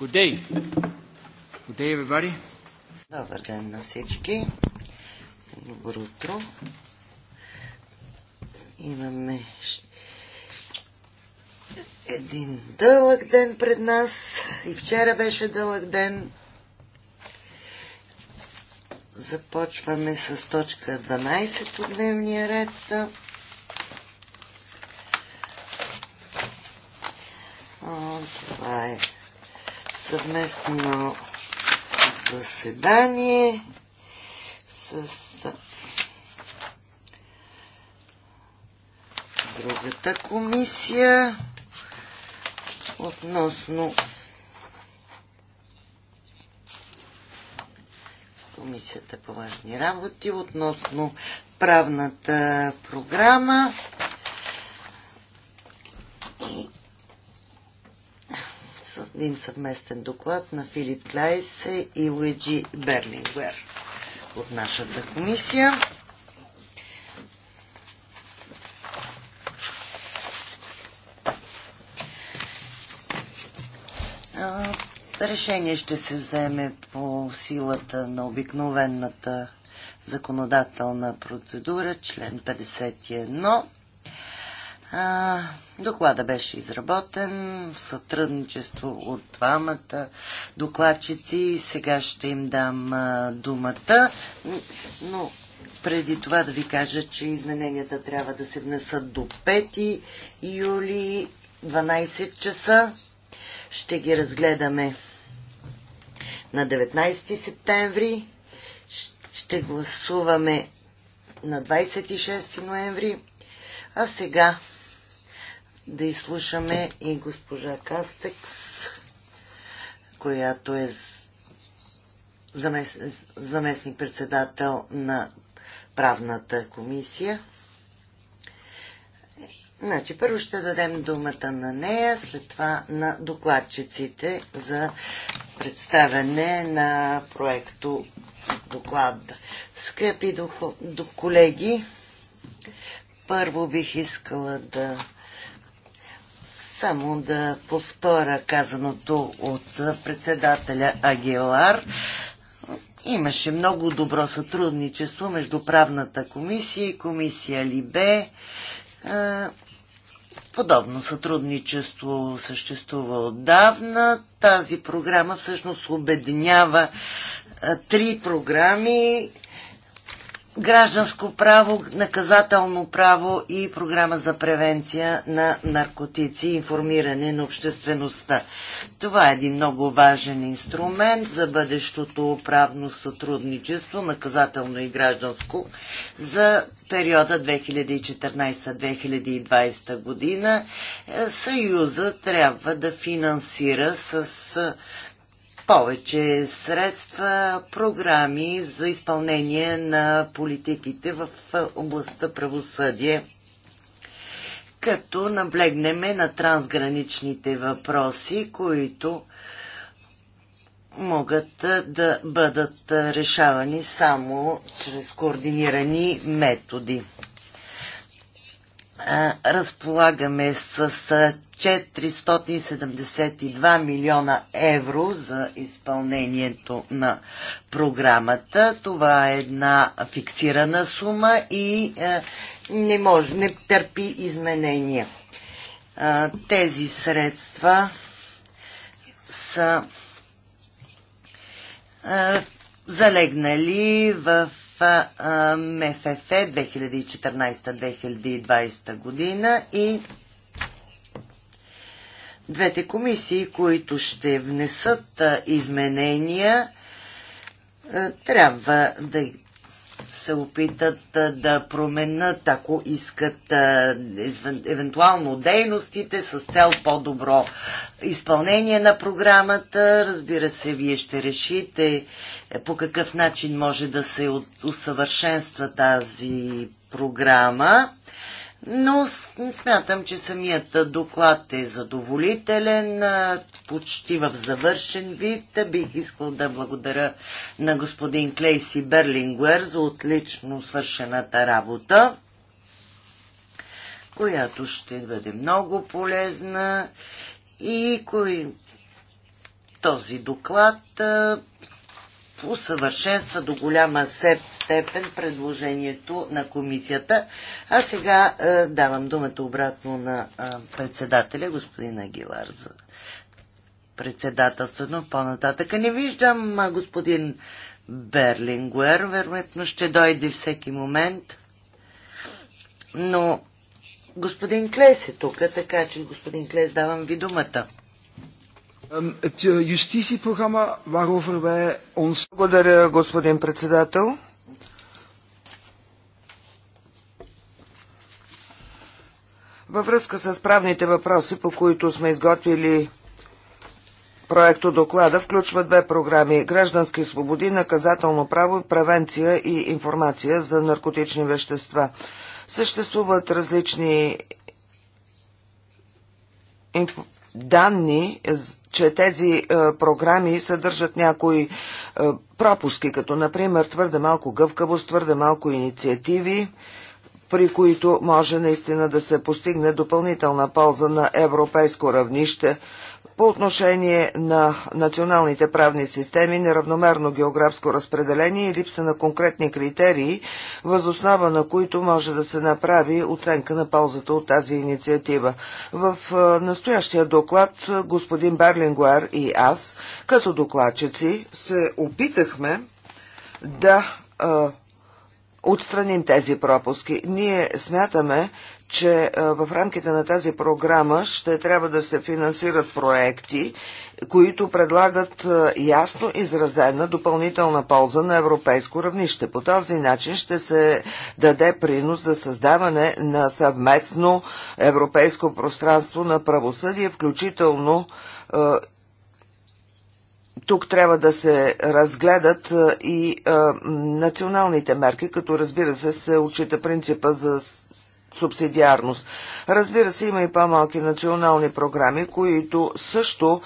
Good day. Good day, everybody. Добър ден на всички. Добро утро. Имаме един дълъг ден пред нас. И вчера беше дълъг ден. Започваме с точка 12 от дневния ред. съвместно заседание с другата комисия относно Комисията по важни работи относно правната програма. един съвместен доклад на Филип Клайс и Луиджи Берлингуер от нашата комисия. Решение ще се вземе по силата на обикновената законодателна процедура, член 51. А, доклада беше изработен в сътрудничество от двамата докладчици. Сега ще им дам а, думата, но преди това да ви кажа, че измененията трябва да се внесат до 5 юли 12 часа. Ще ги разгледаме на 19 септември. Ще гласуваме на 26 ноември. А сега да изслушаме и госпожа Кастекс, която е заместник-председател на правната комисия. Значи, първо ще дадем думата на нея, след това на докладчиците за представяне на проекто доклад. Скъпи до колеги, първо бих искала да само да повторя казаното от председателя Агилар. Имаше много добро сътрудничество между правната комисия и комисия Либе. Подобно сътрудничество съществува отдавна. Тази програма всъщност обединява три програми гражданско право, наказателно право и програма за превенция на наркотици и информиране на обществеността. Това е един много важен инструмент за бъдещото правно сътрудничество, наказателно и гражданско, за периода 2014-2020 година. Е, Съюза трябва да финансира с повече средства, програми за изпълнение на политиките в областта правосъдие, като наблегнеме на трансграничните въпроси, които могат да бъдат решавани само чрез координирани методи. Разполагаме с 472 милиона евро за изпълнението на програмата. Това е една фиксирана сума и е, не може, не търпи изменения. Е, тези средства са е, залегнали в МФФ 2014-2020 година и двете комисии, които ще внесат изменения, трябва да се опитат да променят, ако искат евентуално дейностите с цел по-добро изпълнение на програмата. Разбира се, вие ще решите е, по какъв начин може да се усъвършенства тази програма. Но смятам, че самият доклад е задоволителен, почти в завършен вид. Бих искал да благодаря на господин Клейси Берлингуер за отлично свършената работа, която ще бъде много полезна и кои... този доклад усъвършенства до голяма степен предложението на комисията. А сега е, давам думата обратно на е, председателя, господин Агилар, за председателството по-нататък. Не виждам е, господин Берлингуер, вероятно ще дойде всеки момент. Но господин Клес е тук, така че господин Клес давам ви думата. Ehm, het eh, justitieprogramma waarover wij ons... Благодаря, господин председател. Във връзка с правните въпроси, по които сме изготвили проекто доклада, включва две програми – Граждански свободи, наказателно право, превенция и информация за наркотични вещества. Съществуват различни данни че тези е, програми съдържат някои е, пропуски, като например твърде малко гъвкавост, твърде малко инициативи, при които може наистина да се постигне допълнителна полза на европейско равнище. По отношение на националните правни системи, неравномерно географско разпределение и липса на конкретни критерии, възоснова на които може да се направи оценка на ползата от тази инициатива. В настоящия доклад господин Берлингуер и аз, като докладчици, се опитахме да отстраним тези пропуски. Ние смятаме, че в рамките на тази програма ще трябва да се финансират проекти, които предлагат ясно изразена допълнителна полза на европейско равнище. По този начин ще се даде принос за създаване на съвместно европейско пространство на правосъдие, включително тук трябва да се разгледат и националните мерки, като разбира се се отчита принципа за субсидиарност. Разбира се, има и по-малки национални програми, които също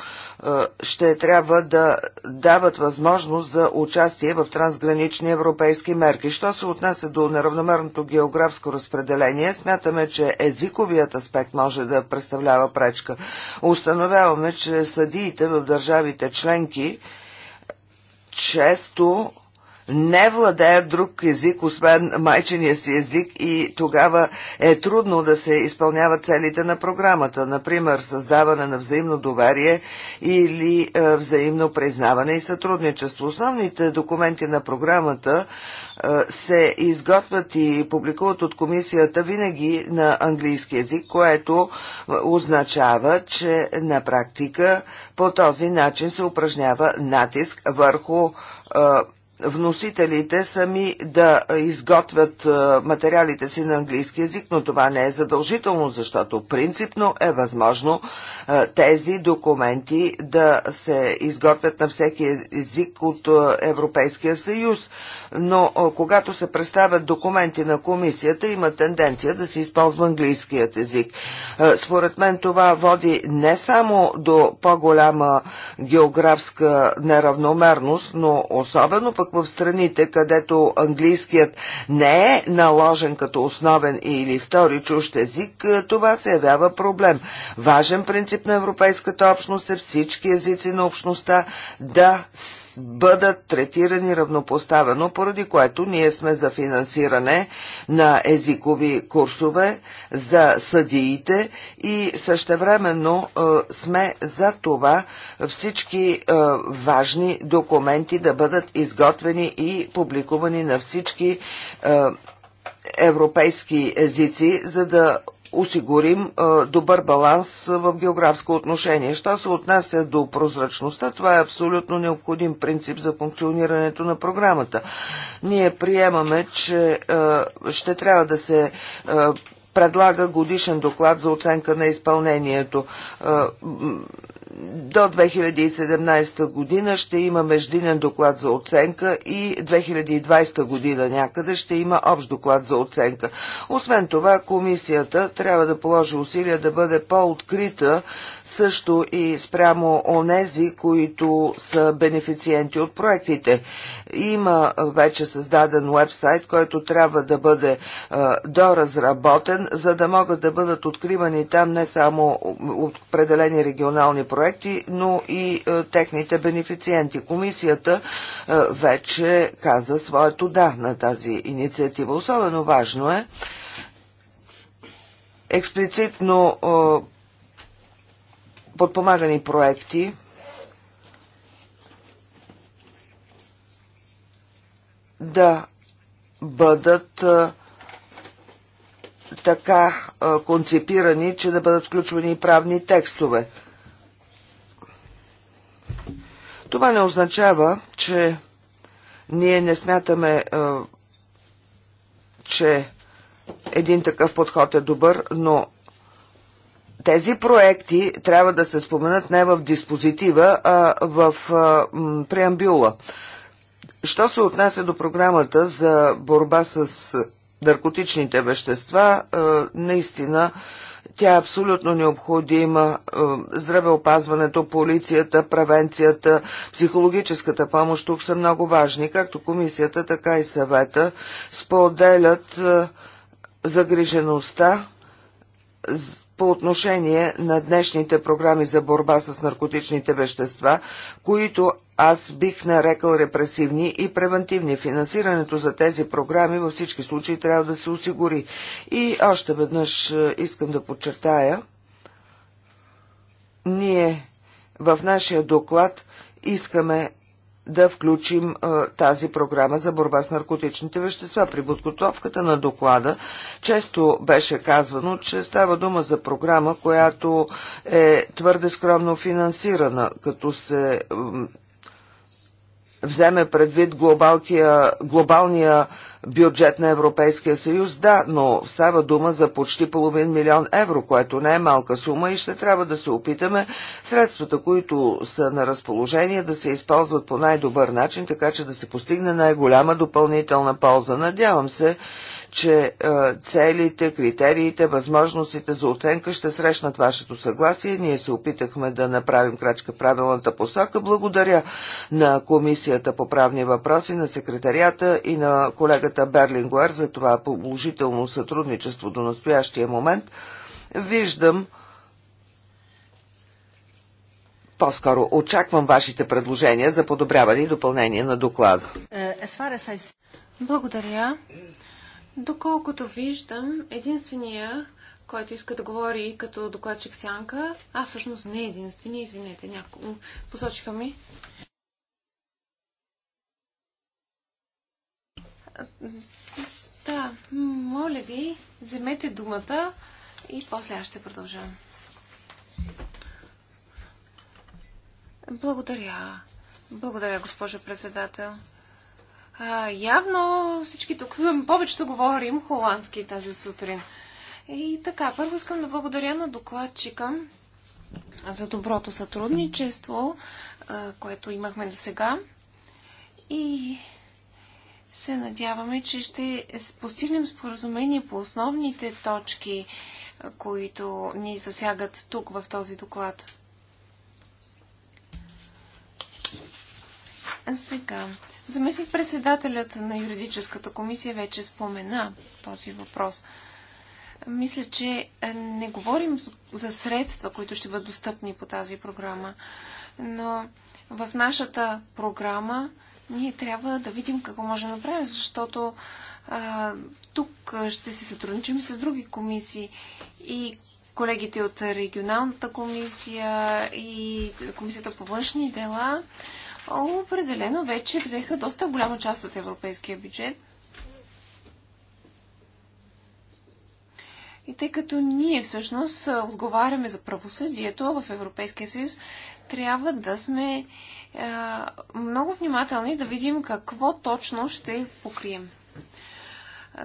е, ще трябва да дават възможност за участие в трансгранични европейски мерки. Що се отнася до неравномерното географско разпределение, смятаме, че езиковият аспект може да представлява пречка. Установяваме, че съдиите в държавите членки често не владеят друг език, освен майчения си език и тогава е трудно да се изпълняват целите на програмата, например създаване на взаимно доверие или е, взаимно признаване и сътрудничество. Основните документи на програмата е, се изготвят и публикуват от комисията винаги на английски язик, което е, означава, че на практика по този начин се упражнява натиск върху вносителите сами да изготвят е, материалите си на английски язик, но това не е задължително, защото принципно е възможно е, тези документи да се изготвят на всеки език от е, Европейския съюз. Но когато се представят документи на комисията, има тенденция да се използва английският език. Според мен това води не само до по-голяма географска неравномерност, но особено пък в страните, където английският не е наложен като основен или втори чужд език, е, това се явява проблем. Важен принцип на Европейската общност е всички езици на общността да бъдат третирани равнопоставено, поради което ние сме за финансиране на езикови курсове за съдиите и същевременно е, сме за това всички е, важни документи да бъдат изготвени изготвени и публикувани на всички е, европейски езици, за да осигурим е, добър баланс в географско отношение. Що се отнася до прозрачността, това е абсолютно необходим принцип за функционирането на програмата. Ние приемаме, че е, ще трябва да се е, предлага годишен доклад за оценка на изпълнението. Е, до 2017 година ще има междинен доклад за оценка и 2020 година някъде ще има общ доклад за оценка. Освен това, комисията трябва да положи усилия да бъде по-открита също и спрямо онези, които са бенефициенти от проектите. Има вече създаден вебсайт, който трябва да бъде доразработен, за да могат да бъдат откривани там не само определени регионални проекти, проекти, но и е, техните бенефициенти. Комисията е, вече каза своето да на тази инициатива. Особено важно е експлицитно е, подпомагани проекти, да бъдат а, така а, концепирани, че да бъдат включвани и правни текстове. Това не означава, че ние не смятаме, е, че един такъв подход е добър, но тези проекти трябва да се споменат не в диспозитива, а в е, преамбюла. Що се отнася до програмата за борба с наркотичните вещества, е, наистина тя е абсолютно необходима. Е, здравеопазването, полицията, превенцията, психологическата помощ тук са много важни. Както комисията, така и съвета споделят е, загрижеността по отношение на днешните програми за борба с наркотичните вещества, които аз бих нарекал репресивни и превентивни. Финансирането за тези програми във всички случаи трябва да се осигури. И още веднъж е, искам да подчертая, ние в нашия доклад искаме да включим а, тази програма за борба с наркотичните вещества. При подготовката на доклада често беше казвано, че става дума за програма, която е твърде скромно финансирана, като се вземе предвид глобалния бюджет на Европейския съюз, да, но става дума за почти половин милион евро, което не е малка сума и ще трябва да се опитаме средствата, които са на разположение, да се използват по най-добър начин, така че да се постигне най-голяма допълнителна полза. Надявам се, че е, целите, критериите, възможностите за оценка ще срещнат вашето съгласие. Ние се опитахме да направим крачка правилната посока. Благодаря на Комисията по правни въпроси, на секретарията и на колегата Берлингуер за това положително сътрудничество до настоящия момент. Виждам, по-скоро очаквам вашите предложения за подобряване и допълнение на доклада. Благодаря. Доколкото виждам, единствения, който иска да говори като докладчик Сянка, а всъщност не единствения, извинете, няколко посочиха ми. Да, моля ви, вземете думата и после аз ще продължа. Благодаря. Благодаря, госпожо председател. А, явно всички тук повечето говорим холандски тази сутрин. И така, първо искам да благодаря на докладчика за доброто сътрудничество, което имахме до сега. И се надяваме, че ще постигнем споразумение по основните точки, които ни засягат тук в този доклад. Сега, Заместник председателят на юридическата комисия вече спомена този въпрос. Мисля, че е, не говорим за средства, които ще бъдат достъпни по тази програма, но в нашата програма ние трябва да видим какво можем да направим, защото а, тук ще се сътрудничим с други комисии и колегите от регионалната комисия и комисията по външни дела определено вече взеха доста голяма част от европейския бюджет. И тъй като ние всъщност отговаряме за правосъдието в Европейския съюз, трябва да сме а, много внимателни да видим какво точно ще покрием.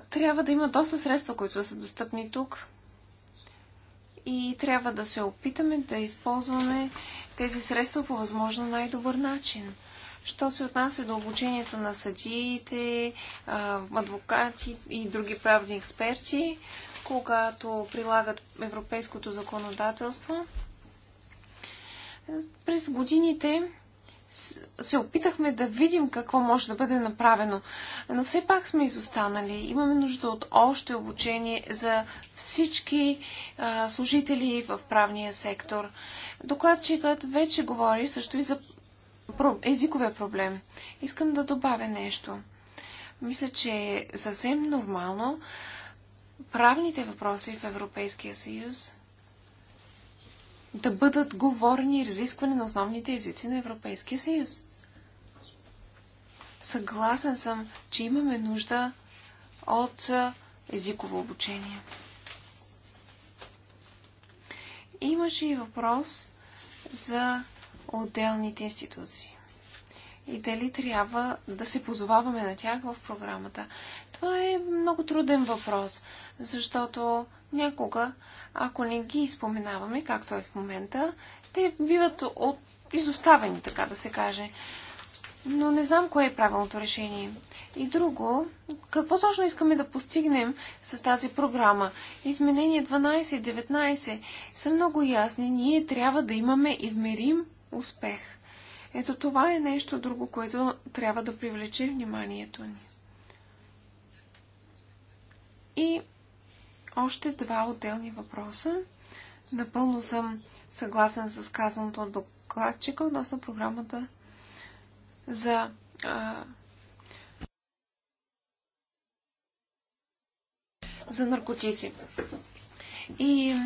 Трябва да има доста средства, които да са достъпни тук. И трябва да се опитаме да използваме тези средства по възможно най-добър начин. Що се отнася до обучението на съдиите, адвокати и други правни експерти, когато прилагат европейското законодателство, през годините се опитахме да видим какво може да бъде направено, но все пак сме изостанали. Имаме нужда от още обучение за всички служители в правния сектор. Докладчикът вече говори също и за езиковия проблем. Искам да добавя нещо. Мисля, че е съвсем нормално правните въпроси в Европейския съюз да бъдат говорени и разисквани на основните езици на Европейския съюз. Съгласен съм, че имаме нужда от езиково обучение. Имаше и въпрос за отделните институции. И дали трябва да се позоваваме на тях в програмата. Това е много труден въпрос, защото някога, ако не ги споменаваме, както е в момента, те биват от... изоставени, така да се каже но не знам кое е правилното решение. И друго, какво точно искаме да постигнем с тази програма? Изменения 12 и 19 са много ясни. Ние трябва да имаме измерим успех. Ето това е нещо друго, което трябва да привлече вниманието ни. И още два отделни въпроса. Напълно съм съгласен с казаното от докладчика относно програмата за а, за наркотици. И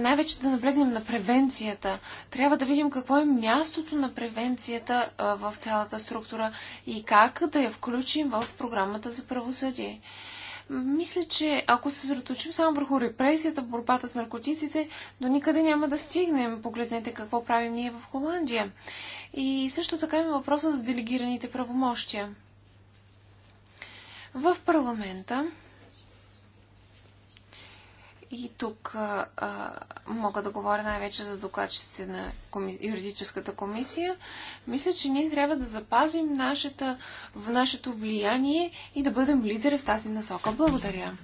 най-вече да наблегнем на превенцията. Трябва да видим какво е мястото на превенцията в цялата структура и как да я включим в програмата за правосъдие. Мисля, че ако се съсредоточим само върху репресията, борбата с наркотиците, до никъде няма да стигнем. Погледнете какво правим ние в Холандия. И също така има въпроса за делегираните правомощия. В парламента и тук а, а, мога да говоря най-вече за докладчиците на коми... юридическата комисия. Мисля, че ние трябва да запазим нашата, в нашето влияние и да бъдем лидери в тази насока. Благодаря.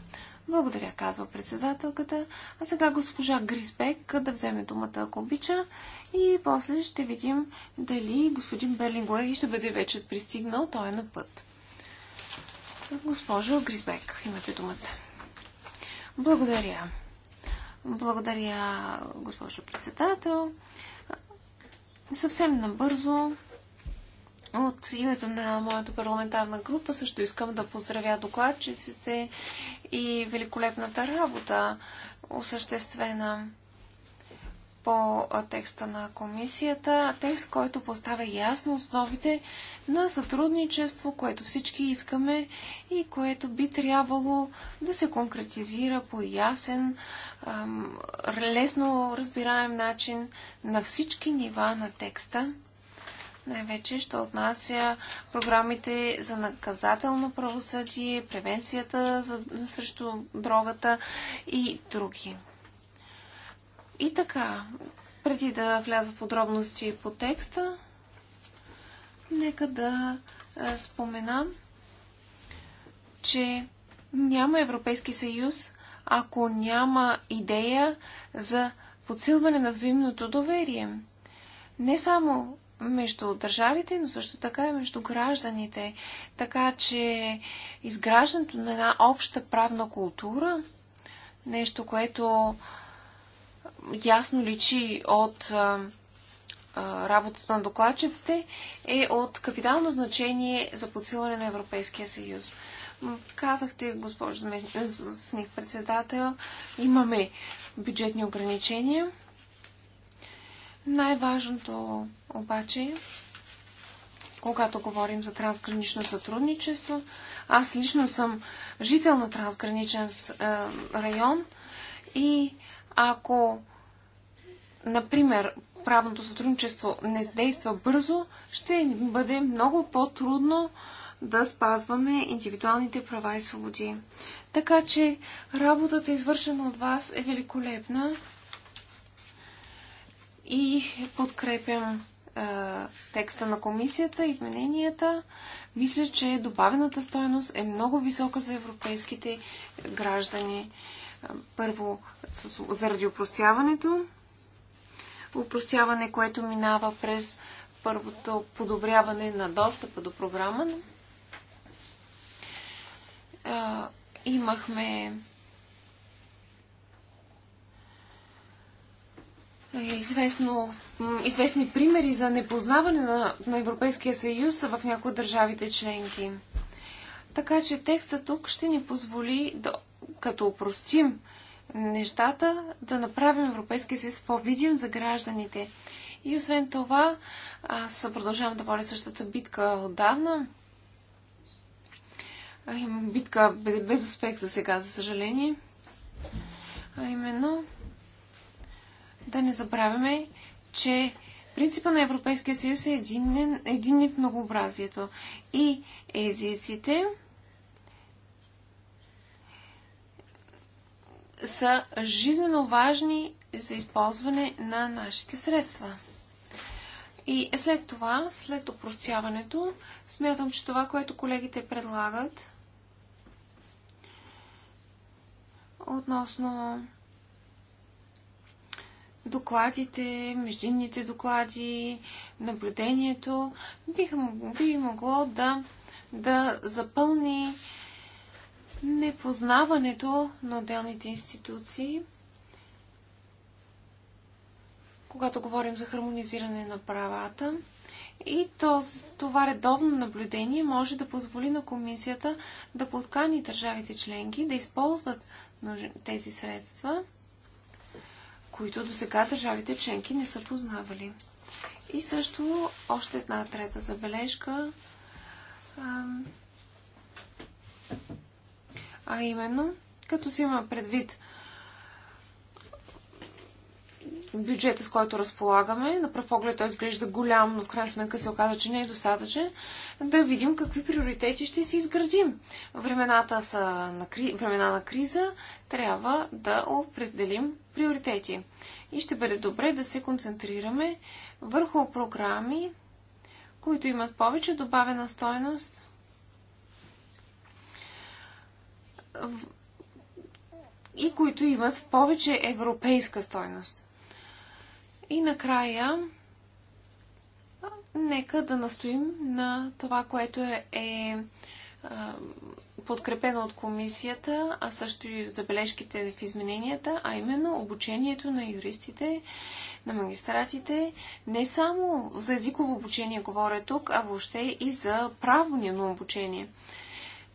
Благодаря, казва председателката. А сега госпожа Грисбек да вземе думата, ако обича. И после ще видим дали господин Берлингуе ще бъде вече пристигнал. Той е на път. Госпожо Грисбек, имате думата. Благодаря. Благодаря, госпожо председател. Съвсем набързо, от името на моята парламентарна група също искам да поздравя докладчиците и великолепната работа, осъществена по текста на комисията, текст, който поставя ясно основите на сътрудничество, което всички искаме и което би трябвало да се конкретизира по ясен, лесно разбираем начин на всички нива на текста. Най-вече ще отнася програмите за наказателно правосъдие, превенцията за, срещу дрогата и други. И така, преди да вляза в подробности по текста, нека да е, спомена, че няма Европейски съюз, ако няма идея за подсилване на взаимното доверие. Не само между държавите, но също така и между гражданите. Така че изграждането на една обща правна култура, нещо, което ясно личи от работата на докладчиците, е от капитално значение за подсилване на Европейския съюз. Казахте, госпожо заместник председател, имаме бюджетни ограничения. Най-важното обаче, когато говорим за трансгранично сътрудничество, аз лично съм жител на трансграничен район и ако, например, правното сътрудничество не действа бързо, ще бъде много по-трудно да спазваме индивидуалните права и свободи. Така че работата, извършена от вас, е великолепна и подкрепям е, текста на комисията, измененията. Мисля, че добавената стоеност е много висока за европейските граждани. Първо, заради упростяването. Упростяване, което минава през първото подобряване на достъпа до програмата. Имахме е, Известно, известни примери за непознаване на, на Европейския съюз в някои от държавите членки. Така че текста тук ще ни позволи да като опростим нещата, да направим Европейския съюз по-видим за гражданите. И освен това, аз продължавам да водя същата битка отдавна. Битка без, без успех за сега, за съжаление. А именно, да не забравяме, че принципа на Европейския съюз е един, един в многообразието. И езиците, са жизненно важни за използване на нашите средства. И след това, след опростяването, смятам, че това, което колегите предлагат относно докладите, междинните доклади, наблюдението, би могло да, да запълни непознаването на отделните институции, когато говорим за хармонизиране на правата. И то, това редовно наблюдение може да позволи на комисията да подкани държавите членки да използват тези средства, които до сега държавите членки не са познавали. И също още една трета забележка. А именно, като си има предвид бюджета, с който разполагаме, на пръв поглед той изглежда голям, но в крайна сметка се оказа, че не е достатъчен, да видим какви приоритети ще си изградим. Времената са на кри... времена на криза, трябва да определим приоритети. И ще бъде добре да се концентрираме върху програми, които имат повече добавена стойност и които имат повече европейска стойност. И накрая, нека да настоим на това, което е, е подкрепено от комисията, а също и от забележките в измененията, а именно обучението на юристите, на магистратите, не само за езиково обучение говоря тук, а въобще и за правно обучение.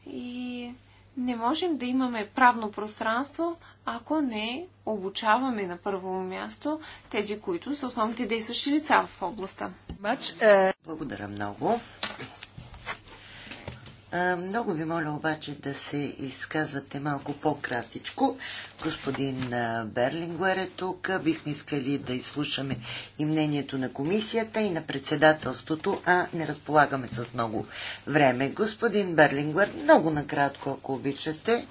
И не можем да имаме правно пространство, ако не обучаваме на първо място тези, които са основните действащи лица в областта. Е, Благодаря много. Много ви моля обаче да се изказвате малко по-кратичко. Господин Берлингуер е тук. Бихме искали да изслушаме и мнението на комисията и на председателството, а не разполагаме с много време. Господин Берлингуер, много накратко, ако обичате.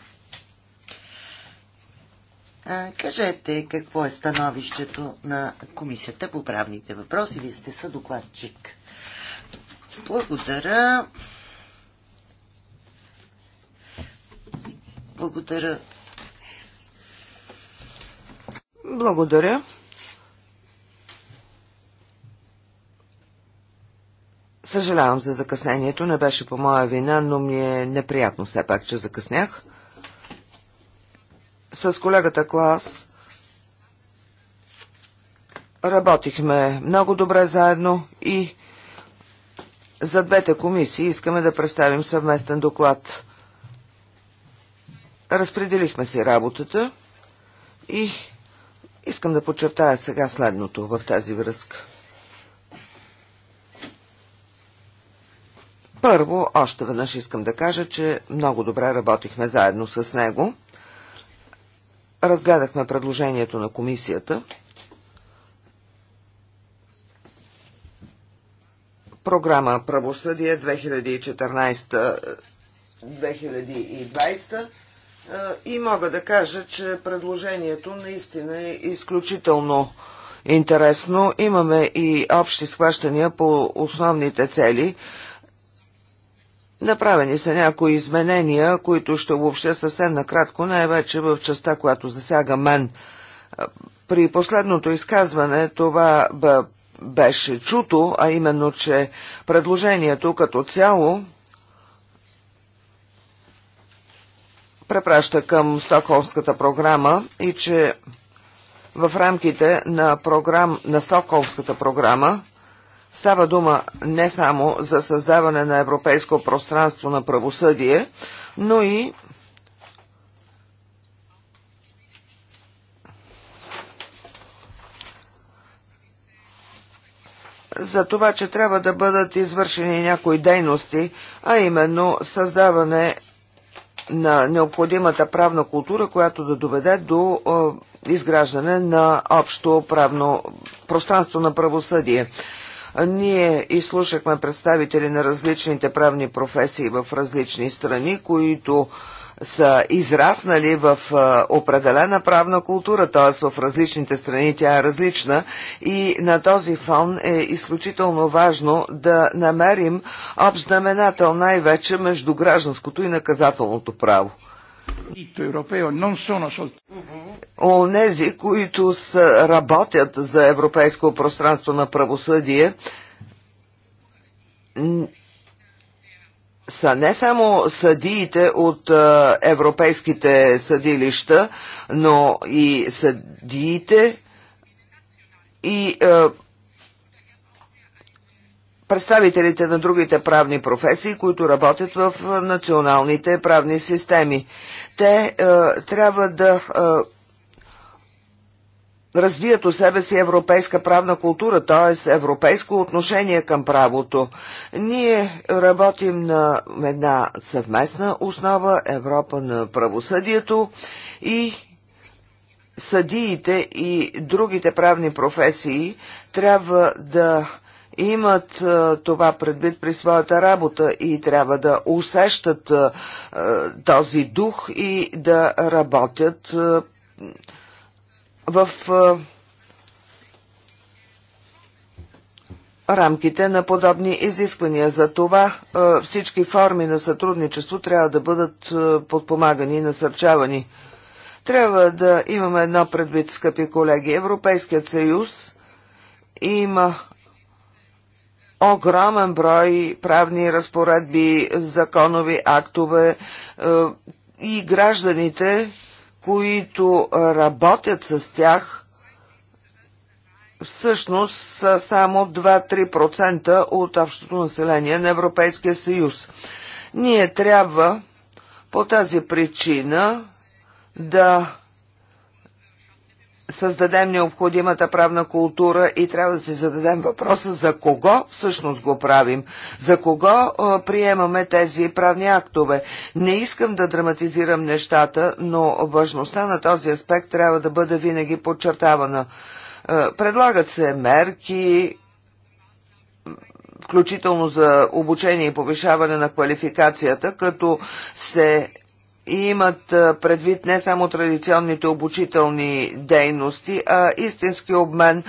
Кажете какво е становището на Комисията по правните въпроси. Вие сте съдокладчик. Благодаря. Благодаря. Благодаря. Съжалявам за закъснението, не беше по моя вина, но ми е неприятно все пак, че закъснях. С колегата Клас работихме много добре заедно и за двете комисии искаме да представим съвместен доклад разпределихме си работата и искам да подчертая сега следното в тази връзка. Първо, още веднъж искам да кажа, че много добре работихме заедно с него. Разгледахме предложението на комисията. Програма Правосъдие 2014-2020 и мога да кажа, че предложението наистина е изключително интересно. Имаме и общи схващания по основните цели. Направени са някои изменения, които ще въобще съвсем накратко, най-вече в частта, която засяга мен. При последното изказване това беше чуто, а именно, че предложението като цяло препраща към Стокхолмската програма и че в рамките на, програм, на Стокхолмската програма става дума не само за създаване на европейско пространство на правосъдие, но и за това, че трябва да бъдат извършени някои дейности, а именно създаване на необходимата правна култура, която да доведе до изграждане на общо правно пространство на правосъдие. Ние изслушахме представители на различните правни професии в различни страни, които са израснали в определена правна култура, т.е. в различните страни тя е различна и на този фон е изключително важно да намерим общ знаменател най-вече между гражданското и наказателното право. Онези, които работят за европейско пространство на правосъдие, са не само съдиите от европейските съдилища, но и съдиите и представителите на другите правни професии, които работят в националните правни системи. Те трябва да развият у себе си европейска правна култура, т.е. европейско отношение към правото. Ние работим на една съвместна основа Европа на правосъдието и съдиите и другите правни професии трябва да имат това предвид при своята работа и трябва да усещат този дух и да работят в рамките на подобни изисквания. За това всички форми на сътрудничество трябва да бъдат подпомагани и насърчавани. Трябва да имаме едно предвид, скъпи колеги. Европейският съюз има огромен брой правни разпоредби, законови актове и гражданите които работят с тях, всъщност са само 2-3% от общото население на Европейския съюз. Ние трябва по тази причина да създадем необходимата правна култура и трябва да си зададем въпроса за кого всъщност го правим, за кого а, приемаме тези правни актове. Не искам да драматизирам нещата, но важността на този аспект трябва да бъде винаги подчертавана. А, предлагат се мерки, включително за обучение и повишаване на квалификацията, като се и имат предвид не само традиционните обучителни дейности, а истински обмен,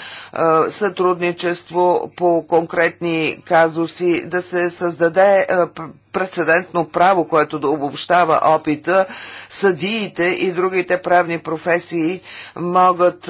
сътрудничество по конкретни казуси, да се създаде прецедентно право, което да обобщава опита. Съдиите и другите правни професии могат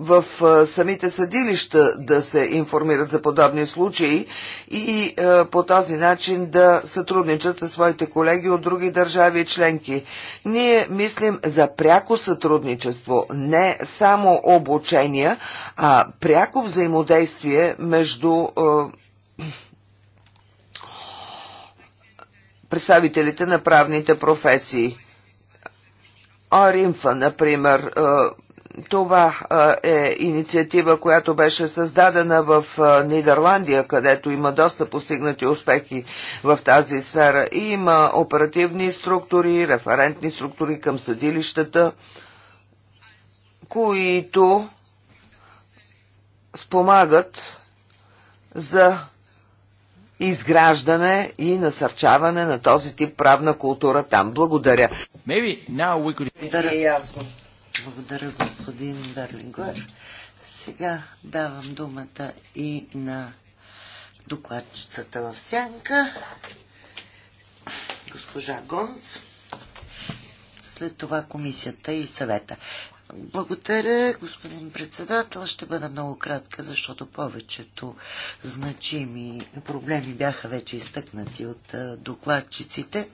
в самите съдилища да се информират за подобни случаи и по този начин да сътрудничат със своите колеги от други държави и членки. Ние мислим за пряко сътрудничество, не само обучение, а пряко взаимодействие между представителите на правните професии. Оринфа, например, това е инициатива, която беше създадена в Нидерландия, където има доста постигнати успехи в тази сфера. И има оперативни структури, референтни структури към съдилищата, които спомагат за изграждане и насърчаване на този тип правна култура там. Благодаря. Maybe now we could... Да, е ясно. Благодаря, господин Берлингуер. Сега давам думата и на докладчицата в сянка, госпожа Гонц, след това комисията и съвета. Благодаря, господин председател. Ще бъда много кратка, защото повечето значими проблеми бяха вече изтъкнати от докладчиците.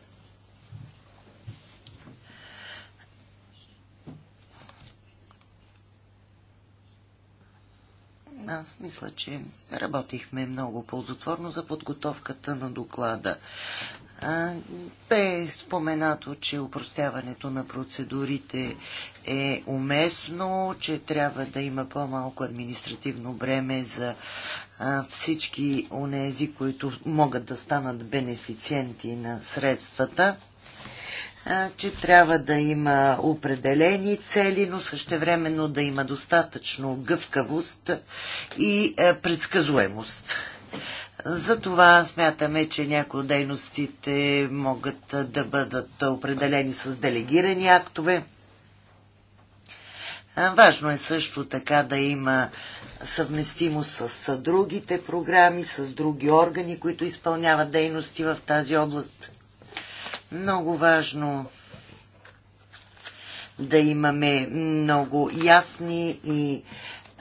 Аз мисля, че работихме много ползотворно за подготовката на доклада. Бе споменато, че упростяването на процедурите е уместно, че трябва да има по-малко административно бреме за всички онези, които могат да станат бенефициенти на средствата че трябва да има определени цели, но същевременно да има достатъчно гъвкавост и е, предсказуемост. Затова смятаме, че някои от дейностите могат да бъдат определени с делегирани актове. Важно е също така да има съвместимост с другите програми, с други органи, които изпълняват дейности в тази област. Много важно да имаме много ясни и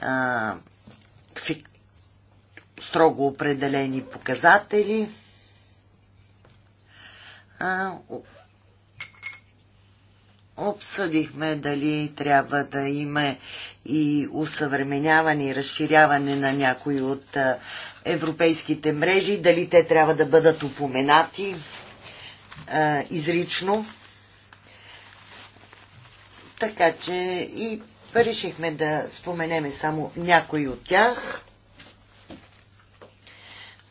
а, фик, строго определени показатели. А, обсъдихме дали трябва да има и усъвременяване и разширяване на някои от европейските мрежи, дали те трябва да бъдат упоменати а, изрично. Така че и решихме да споменеме само някои от тях.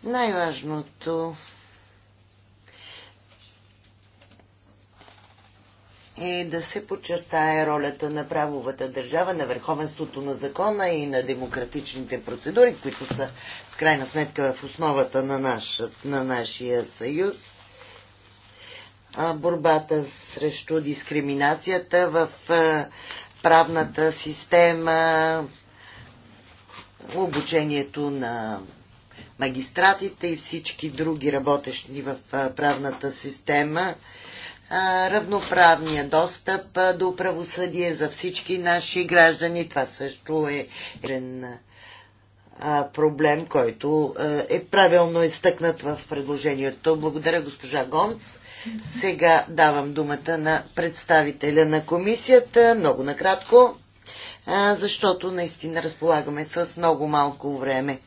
Най-важното е да се подчертае ролята на правовата държава, на върховенството на закона и на демократичните процедури, които са в крайна сметка в основата на, наш, на нашия съюз борбата срещу дискриминацията в правната система, обучението на магистратите и всички други работещи в правната система, равноправния достъп до правосъдие за всички наши граждани. Това също е проблем, който е правилно изтъкнат в предложението. Благодаря, госпожа Гонц. Сега давам думата на представителя на комисията, много накратко, защото наистина разполагаме с много малко време.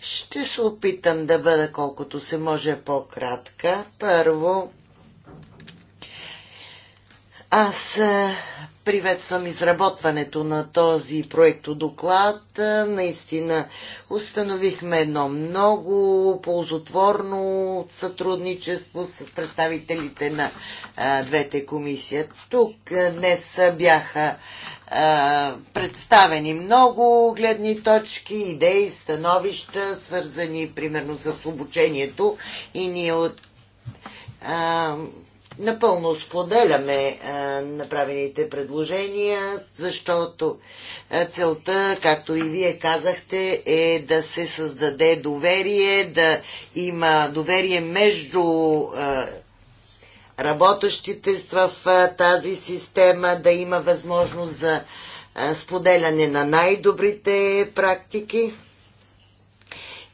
Ще се опитам да бъда колкото се може по-кратка. Първо, аз приветствам изработването на този проект доклад. Е, наистина установихме едно много ползотворно сътрудничество с представителите на а, е, двете комисии. Тук е, днес бяха а, представени много гледни точки, идеи, становища, свързани примерно с обучението и ние от Напълно споделяме а, е, направените предложения, защото а, е, целта, както и вие казахте, е да се създаде доверие, да има доверие между а, е, работещите в а, тази система, да има възможност за а, споделяне на най-добрите практики.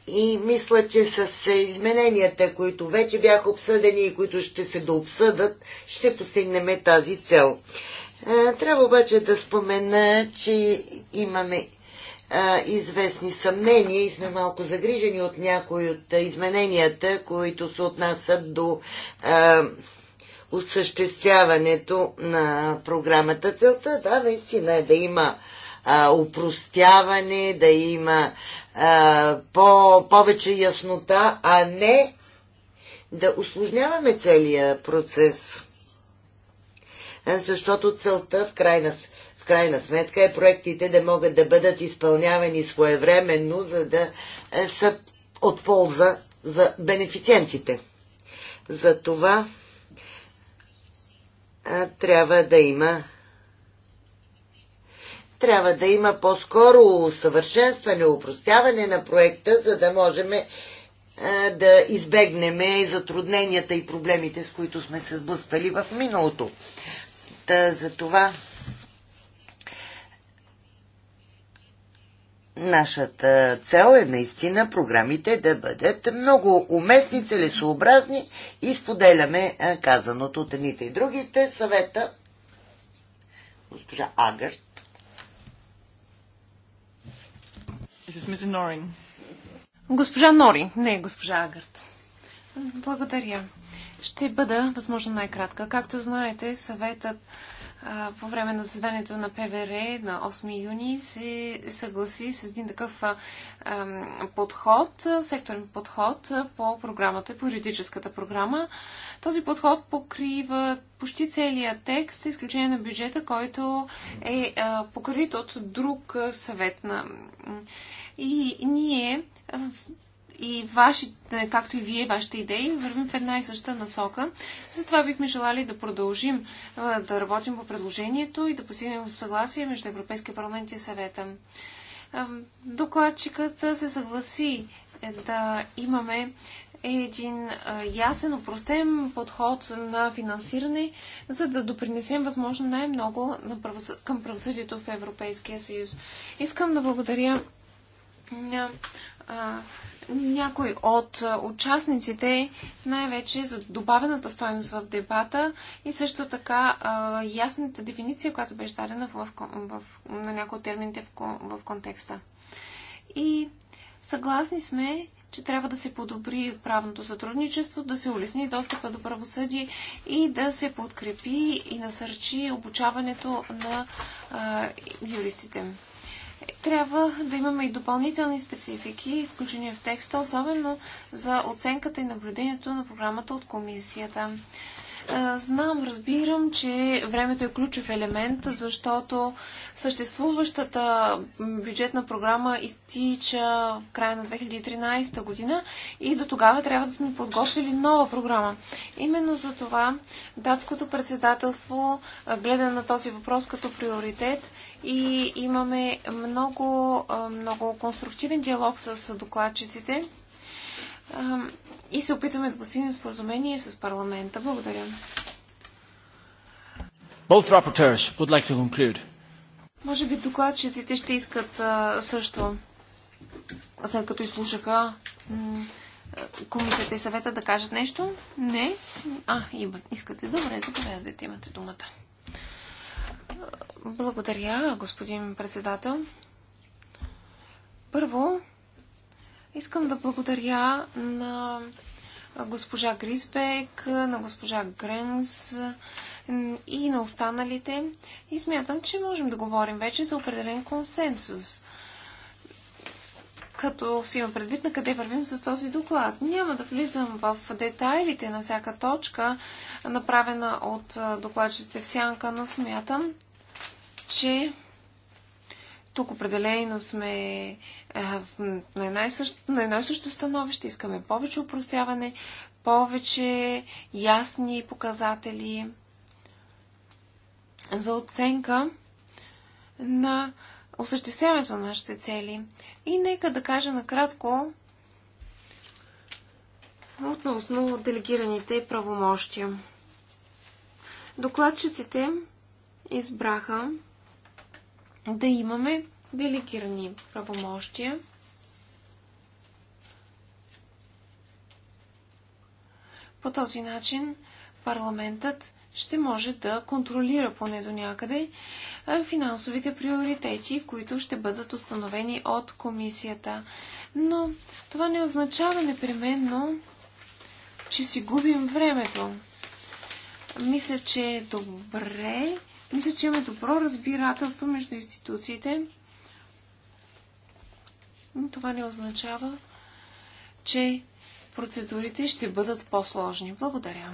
И мисля, че с е, измененията, които вече бяха обсъдени и които ще се дообсъдат, ще постигнем тази цел. Е, трябва обаче да спомена, че имаме е, известни съмнения и сме малко загрижени от някои от измененията, които се отнасят до осъществяването на програмата. Целта, да, наистина е да има упростяване, да има а, по повече яснота, а не да усложняваме целия процес. Защото целта в крайна, в крайна сметка е проектите да могат да бъдат изпълнявани своевременно, за да е, са от полза за бенефициентите. За това а, трябва да има трябва да има по-скоро съвършенстване, упростяване на проекта, за да можем е, да избегнем затрудненията и проблемите, с които сме се сблъскали в миналото. Та, за това нашата цел е наистина програмите да бъдат много уместни, целесообразни и споделяме е, казаното от едните и другите. Съвета госпожа Агърт. Госпожа Норин, не госпожа Агърт. Благодаря. Ще бъда, възможно, най-кратка. Както знаете, съветът а, по време на заседанието на ПВР на 8 юни се съгласи с един такъв а, а, подход, секторен подход по програмата, по юридическата програма. Този подход покрива почти целия текст, изключение на бюджета, който е покрит от друг съвет на. И ние и вашите, както и вие, вашите идеи, вървим в една и съща насока. Затова бихме желали да продължим да работим по предложението и да постигнем съгласие между Европейския парламент и съвета. Докладчикът се съгласи е, да имаме е един ясен, опростен подход на финансиране, за да допринесем възможно най-много към правосъдието в Европейския съюз. Искам да благодаря на някой от участниците, най-вече за добавената стойност в дебата и също така ясната дефиниция, която беше дадена в, в, на някои от термините в, в контекста. И съгласни сме, че трябва да се подобри правното сътрудничество, да се улесни достъпа до правосъдие и да се подкрепи и насърчи обучаването на а, юристите. Трябва да имаме и допълнителни специфики, включени в текста, особено за оценката и наблюдението на програмата от комисията. Знам, разбирам, че времето е ключов елемент, защото Съществуващата бюджетна програма изтича в края на 2013 година и до тогава трябва да сме подготвили нова програма. Именно за това датското председателство гледа на този въпрос като приоритет и имаме много, много конструктивен диалог с докладчиците и се опитваме да постигнем споразумение с парламента. Благодаря. Both rapporteurs would like to conclude. Може би докладчиците ще искат а, също, след като изслушаха комисията и съвета да кажат нещо? Не? А, има. Искате. Добре, заповядайте, имате думата. Благодаря, господин председател. Първо, искам да благодаря на госпожа Грисбек, на госпожа Гренс, и на останалите. И смятам, че можем да говорим вече за определен консенсус. Като си има предвид на къде вървим с този доклад. Няма да влизам в детайлите на всяка точка, направена от докладчите в сянка, но смятам, че тук определено сме на, една и също, на едно и също становище. Искаме повече упростяване, повече ясни показатели за оценка на осъществяването на нашите цели. И нека да кажа накратко относно делегираните правомощия. Докладчиците избраха да имаме делегирани правомощия. По този начин парламентът ще може да контролира поне до някъде финансовите приоритети, които ще бъдат установени от комисията. Но това не означава непременно, че си губим времето. Мисля, че е добре, мисля, че има добро разбирателство между институциите. Но това не означава, че процедурите ще бъдат по-сложни. Благодаря.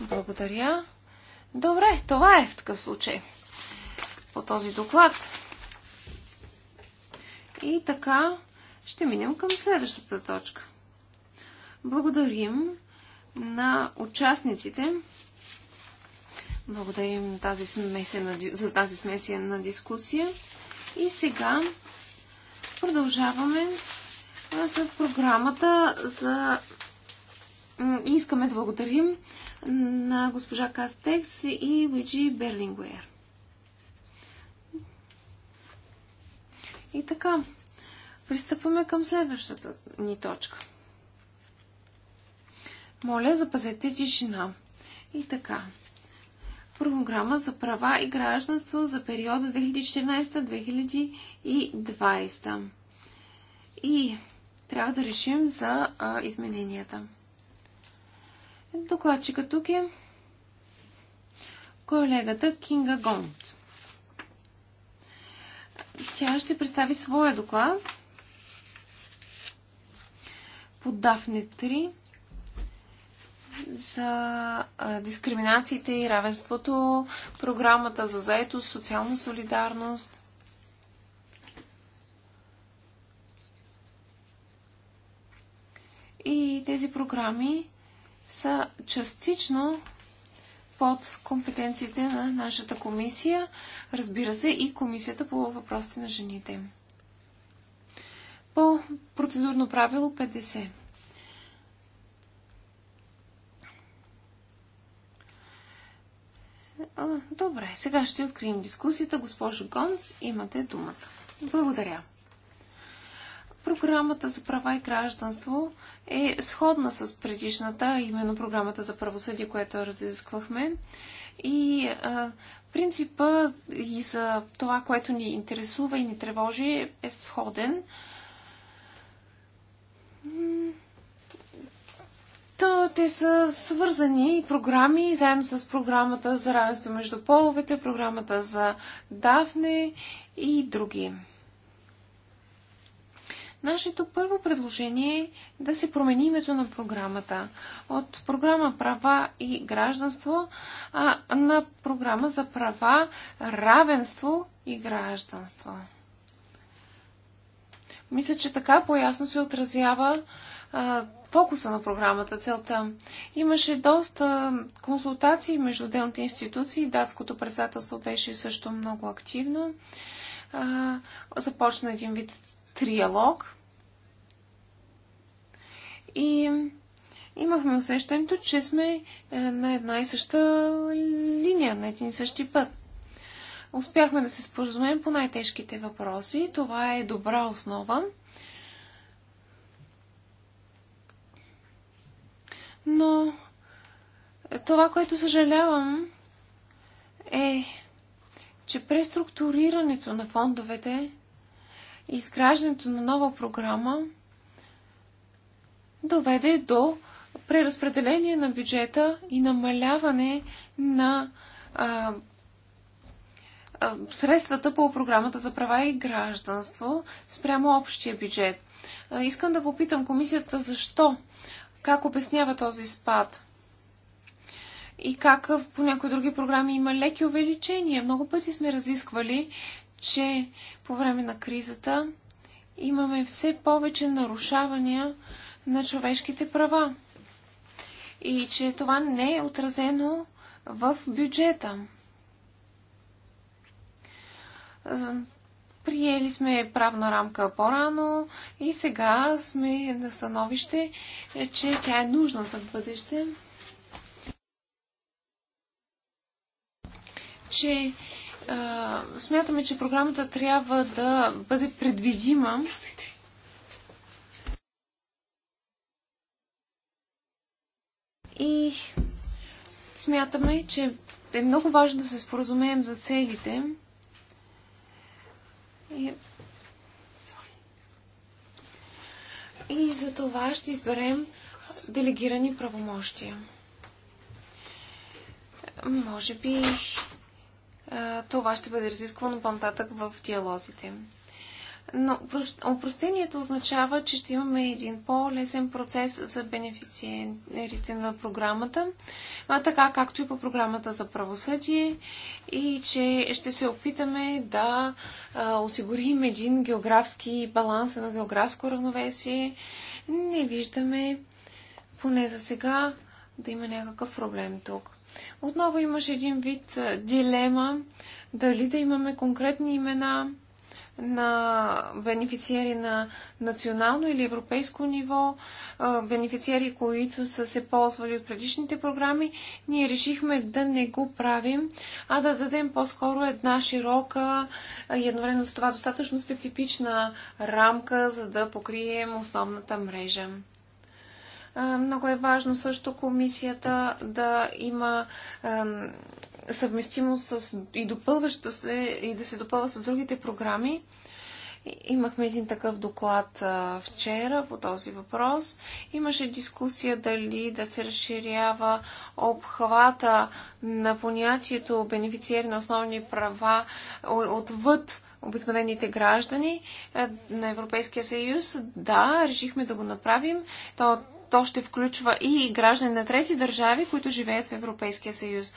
Благодаря. Добре, това е в такъв случай по този доклад. И така ще минем към следващата точка. Благодарим на участниците. Благодарим тази смесена, за тази смесена дискусия. И сега продължаваме за програмата за... Искаме да благодарим на госпожа Кастекс и Луиджи Берлингуер. И така, пристъпваме към следващата ни точка. Моля, запазете тишина. И така. Програма за права и гражданство за периода 2014-2020. И трябва да решим за а, измененията. Докладчика тук е колегата Кинга Гонт. Тя ще представи своя доклад по Дафне 3 за дискриминациите и равенството, програмата за заетост, социална солидарност. И тези програми са частично под компетенциите на нашата комисия, разбира се и комисията по въпросите на жените. По процедурно правило 50. Добре, сега ще открием дискусията. Госпожо Гонц, имате думата. Благодаря. Програмата за права и гражданство е сходна с предишната, именно програмата за правосъдие, която разисквахме. И а, принципа и за това, което ни интересува и ни тревожи, е сходен. То, те са свързани програми, заедно с програмата за равенство между половете, програмата за Дафне и други. Нашето първо предложение е да се промени името на програмата от програма права и гражданство а, на програма за права, равенство и гражданство. Мисля, че така по-ясно се отразява а, фокуса на програмата, целта. Имаше доста консултации между отделните институции. Датското председателство беше също много активно. А, започна един вид триалог и имахме усещането, че сме е, на една и съща линия, на един и същи път. Успяхме да се споразумеем по най-тежките въпроси. Това е добра основа. Но е, това, което съжалявам, е, че преструктурирането на фондовете изграждането на нова програма доведе до преразпределение на бюджета и намаляване на а, а, средствата по програмата за права и гражданство спрямо общия бюджет. А, искам да попитам комисията защо, как обяснява този спад и как по някои други програми има леки увеличения. Много пъти сме разисквали че по време на кризата имаме все повече нарушавания на човешките права и че това не е отразено в бюджета. Приели сме правна рамка по-рано и сега сме на становище, че тя е нужна за бъдеще. Че смятаме, че програмата трябва да бъде предвидима. И смятаме, че е много важно да се споразумеем за целите. И, и за това ще изберем делегирани правомощия. Може би това ще бъде разисквано по-нататък в диалозите. Но опростението означава, че ще имаме един по-лесен процес за бенефициерите на програмата, а така както и по програмата за правосъдие и че ще се опитаме да а, осигурим един географски баланс, едно географско равновесие. Не виждаме, поне за сега, да има някакъв проблем тук. Отново имаше един вид дилема дали да имаме конкретни имена на бенефициери на национално или европейско ниво, бенефициери, които са се ползвали от предишните програми, ние решихме да не го правим, а да дадем по-скоро една широка и едновременно с това достатъчно специфична рамка, за да покрием основната мрежа. Много е важно също комисията да има съвместимост с, и допълваща се и да се допълва с другите програми. Имахме един такъв доклад вчера по този въпрос. Имаше дискусия дали да се разширява обхвата на понятието бенефициери на основни права отвъд обикновените граждани е, на Европейския съюз. Да, решихме да го направим. То то ще включва и граждани на трети държави, които живеят в Европейския съюз.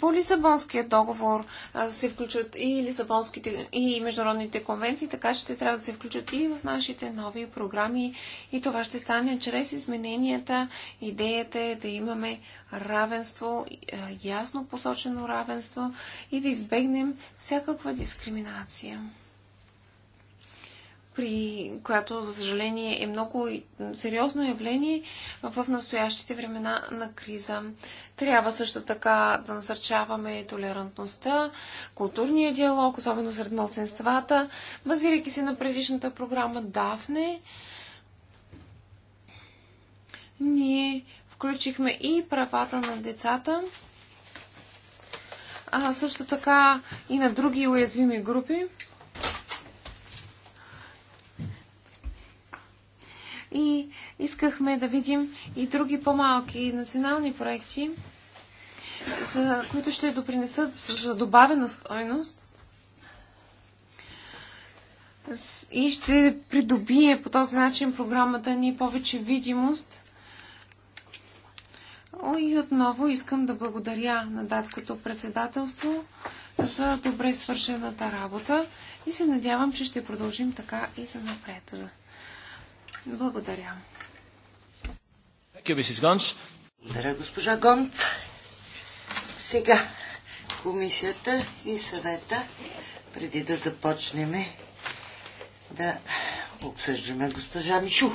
По Лисабонския договор се включват и Лисабонските и международните конвенции, така че ще трябва да се включат и в нашите нови програми. И това ще стане чрез измененията. Идеята е да имаме равенство, ясно посочено равенство и да избегнем всякаква дискриминация при която, за съжаление, е много сериозно явление в настоящите времена на криза. Трябва също така да насърчаваме толерантността, културния диалог, особено сред мълценствата, базирайки се на предишната програма Дафне. Ние включихме и правата на децата, а също така и на други уязвими групи. и искахме да видим и други по-малки национални проекти, за които ще допринесат за добавена стойност и ще придобие по този начин програмата ни повече видимост. и отново искам да благодаря на датското председателство за добре свършената работа и се надявам, че ще продължим така и за напред. Благодаря. Благодаря, госпожа Гонц. Сега комисията и съвета, преди да започнем да обсъждаме госпожа Мишу.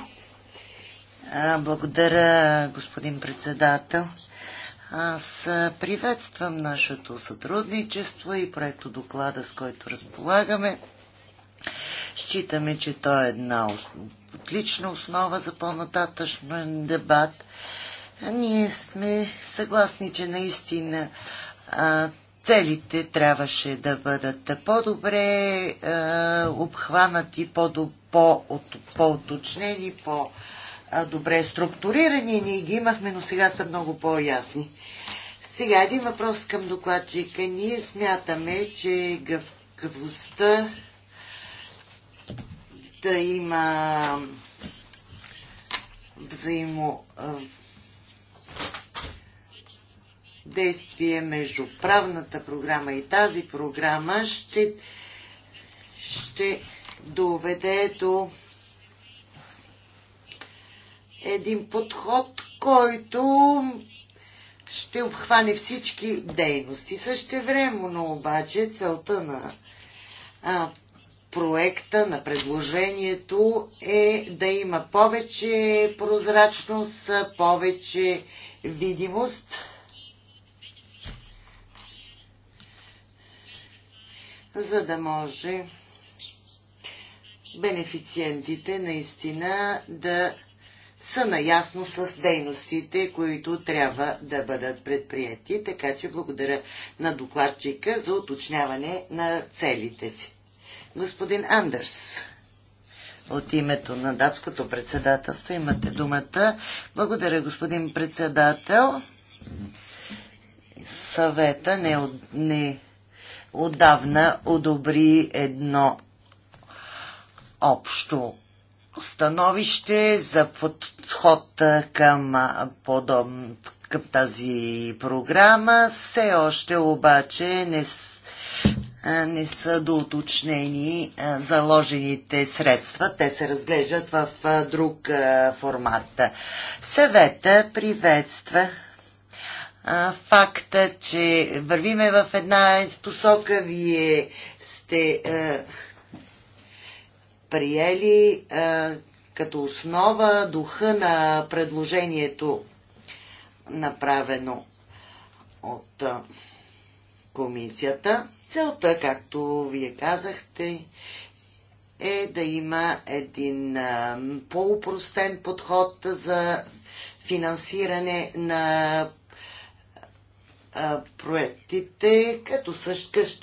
А, благодаря, господин председател. Аз приветствам нашето сътрудничество и проекто доклада, с който разполагаме. Считаме, че той е една отлична основа за по-нататъчен дебат. Ние сме съгласни, че наистина целите трябваше да бъдат по-добре обхванати, по-уточнени, по по-добре структурирани. Ние ги имахме, но сега са много по-ясни. Сега един въпрос към докладчика. Ние смятаме, че гъвкавостта да има взаимо действие между правната програма и тази програма ще, ще доведе до един подход, който ще обхване всички дейности. но обаче целта на а, проекта, на предложението е да има повече прозрачност, повече видимост. за да може бенефициентите наистина да са наясно с дейностите, които трябва да бъдат предприяти. Така че благодаря на докладчика за уточняване на целите си. Господин Андерс, от името на датското председателство имате думата. Благодаря, господин председател. Съвета не, от, не отдавна одобри едно общо становище за подход към, подоб, към тази програма. Все още обаче не са не са доуточнени заложените средства. Те се разглеждат в друг формат. Съвета приветства факта, че вървиме в една посока. Вие сте приели като основа духа на предложението направено от комисията. Целта, както вие казахте, е да има един по-упростен подход за финансиране на проектите, като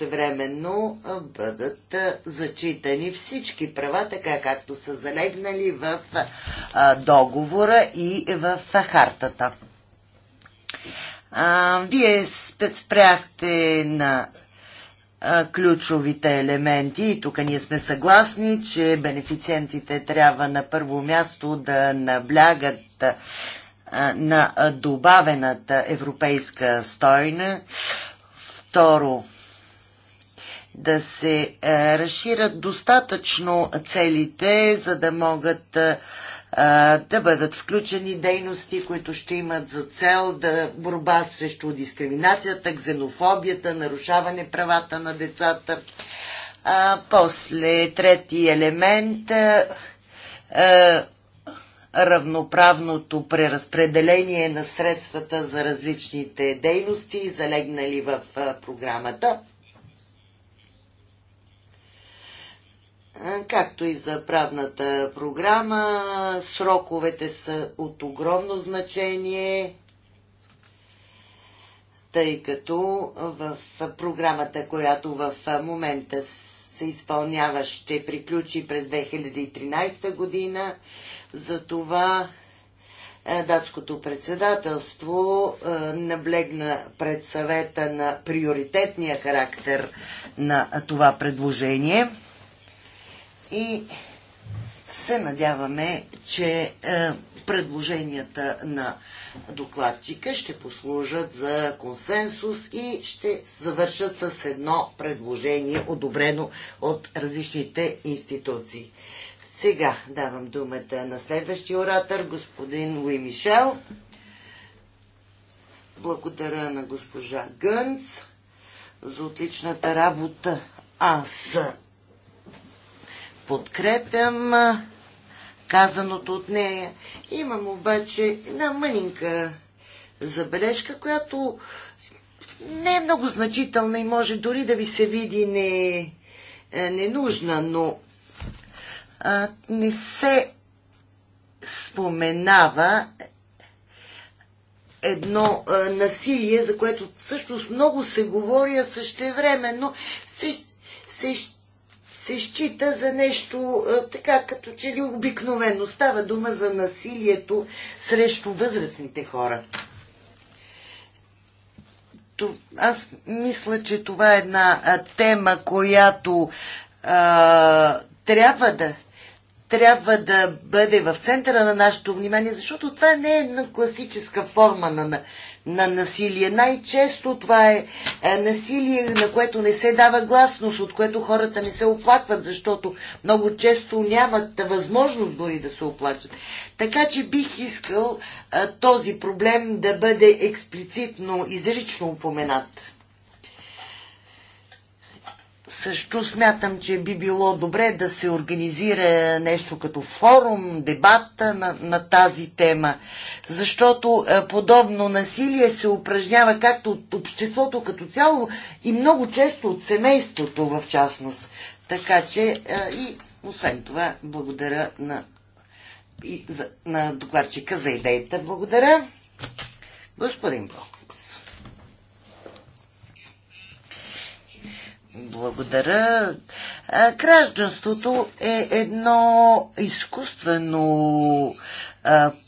временно бъдат зачитани всички права, така както са залегнали в договора и в хартата. Вие спряхте на ключовите елементи. И тук ние сме съгласни, че бенефициентите трябва на първо място да наблягат на добавената европейска стойна. Второ, да се разширят достатъчно целите, за да могат да бъдат включени дейности, които ще имат за цел да борба срещу дискриминацията, ксенофобията, нарушаване правата на децата. А, после трети елемент а, а, равноправното преразпределение на средствата за различните дейности, залегнали в а, програмата. както и за правната програма. Сроковете са от огромно значение, тъй като в програмата, която в момента се изпълнява, ще приключи през 2013 година. Затова е, датското председателство е, наблегна пред съвета на приоритетния характер на това предложение – и се надяваме, че е, предложенията на докладчика ще послужат за консенсус и ще завършат с едно предложение, одобрено от различните институции. Сега давам думата на следващия оратор, господин Луи Мишел. Благодаря на госпожа Гънц за отличната работа. Аз подкрепям казаното от нея. Имам обаче една мънинка забележка, която не е много значителна и може дори да ви се види не, е, ненужна, но а, не се споменава едно а, насилие, за което всъщност много се говори, а същевременно се, се се счита за нещо така, като че ли обикновено. Става дума за насилието срещу възрастните хора. Аз мисля, че това е една тема, която а, трябва да трябва да бъде в центъра на нашето внимание, защото това не е една класическа форма на, на, на насилие. Най-често това е, е насилие, на което не се дава гласност, от което хората не се оплакват, защото много често нямат възможност дори да се оплачат. Така че бих искал е, този проблем да бъде експлицитно, изрично упоменат. Също смятам, че би било добре да се организира нещо като форум, дебата на, на тази тема, защото е, подобно насилие се упражнява както от обществото като цяло и много често от семейството в частност. Така че е, и освен това, благодаря на, и за, на докладчика за идеята. Благодаря. Господин Бог. Благодаря. Гражданството е едно изкуствено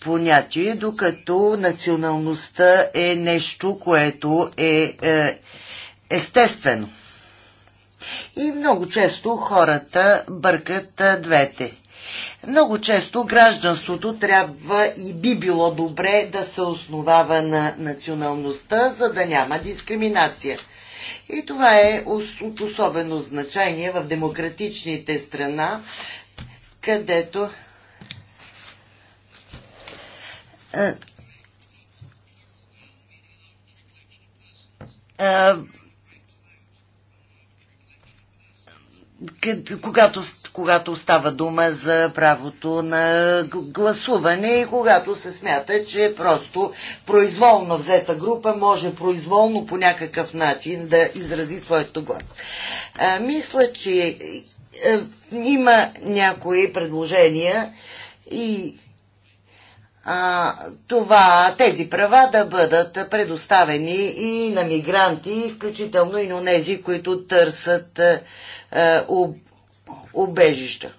понятие, докато националността е нещо, което е, е естествено. И много често хората бъркат двете. Много често гражданството трябва и би било добре да се основава на националността, за да няма дискриминация. И това е от особено значение в демократичните страна, където е, е, когато когато става дума за правото на гласуване и когато се смята, че просто произволно взета група може произволно по някакъв начин да изрази своето глас. А, мисля, че а, е, има някои предложения и а, това, тези права да бъдат предоставени и на мигранти, включително и на тези, които търсят а, е, об, е, обежища.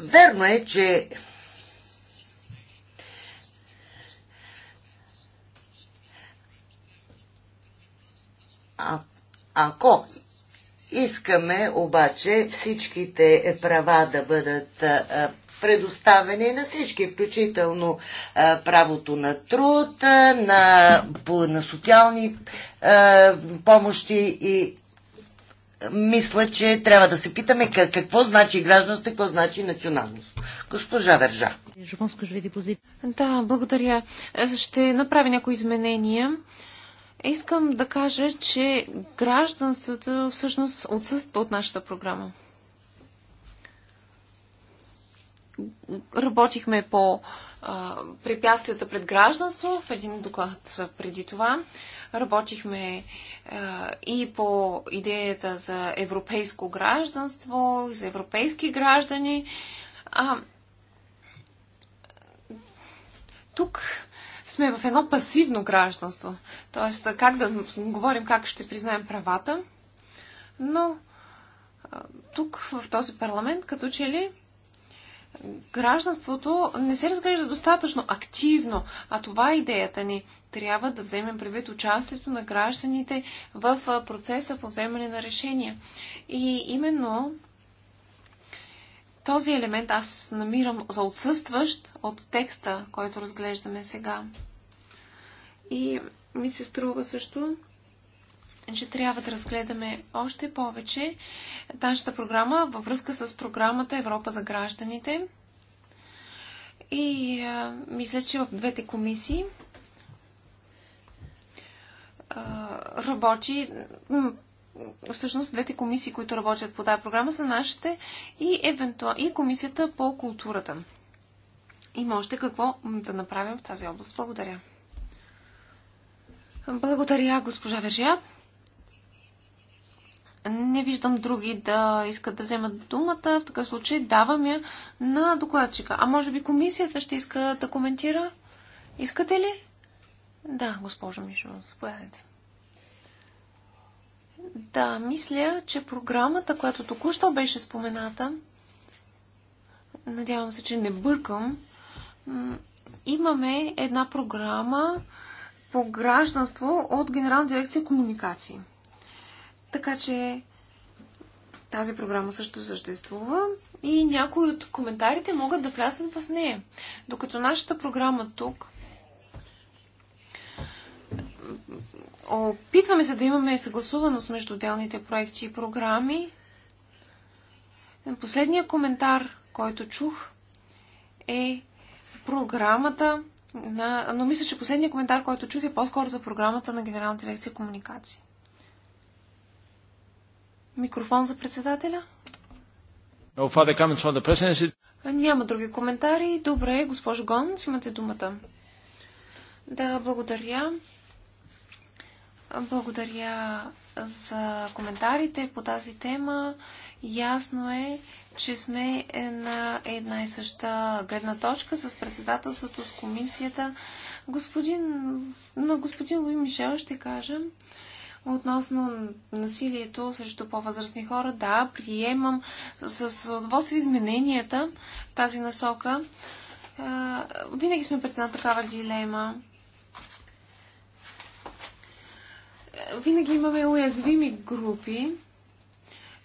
Верно е, че а, ако искаме обаче всичките права да бъдат предоставени на всички, включително а, правото на труд, а, на, по, на социални а, помощи и мисля, че трябва да се питаме какво значи гражданство, какво значи националност. Госпожа Държа. Да, благодаря. Ще направя някои изменения. Искам да кажа, че гражданството всъщност отсъства от нашата програма. Работихме по а, препятствията пред гражданство в един доклад преди това. Работихме и по идеята за европейско гражданство, за европейски граждани. А, тук сме в едно пасивно гражданство. Тоест, как да говорим как ще признаем правата, но тук в този парламент, като че ли гражданството не се разглежда достатъчно активно, а това е идеята ни. Трябва да вземем предвид участието на гражданите в процеса по вземане на решения. И именно този елемент аз намирам за отсъстващ от текста, който разглеждаме сега. И ми се струва също, че трябва да разгледаме още повече нашата програма във връзка с програмата Европа за гражданите. И а, мисля, че в двете комисии а, работи. Всъщност, двете комисии, които работят по тази програма, са нашите и, евентуал, и комисията по културата. Има още какво да направим в тази област. Благодаря. Благодаря, госпожа Вержият. Не виждам други да искат да вземат думата. В такъв случай давам я на докладчика. А може би комисията ще иска да коментира? Искате ли? Да, госпожо Мишо, заповядайте. Да, мисля, че програмата, която току-що беше спомената, надявам се, че не бъркам, имаме една програма по гражданство от Генерална дирекция комуникации – така че тази програма също съществува и някои от коментарите могат да влязат в нея. Докато нашата програма тук опитваме се да имаме съгласуваност между отделните проекти и програми. Последния коментар, който чух, е програмата на... Но мисля, че последният коментар, който чух е по-скоро за програмата на Генерална дирекция комуникации. Микрофон за председателя. No Няма други коментари. Добре, госпожо Гонц, имате думата. Да, благодаря. Благодаря за коментарите по тази тема. Ясно е, че сме на една и съща гледна точка с председателството, с комисията. Господин, на господин Луи Мишел ще кажа, Относно насилието срещу по-възрастни хора, да, приемам с удоволствие измененията в тази насока. Винаги сме пред една такава дилема. Винаги имаме уязвими групи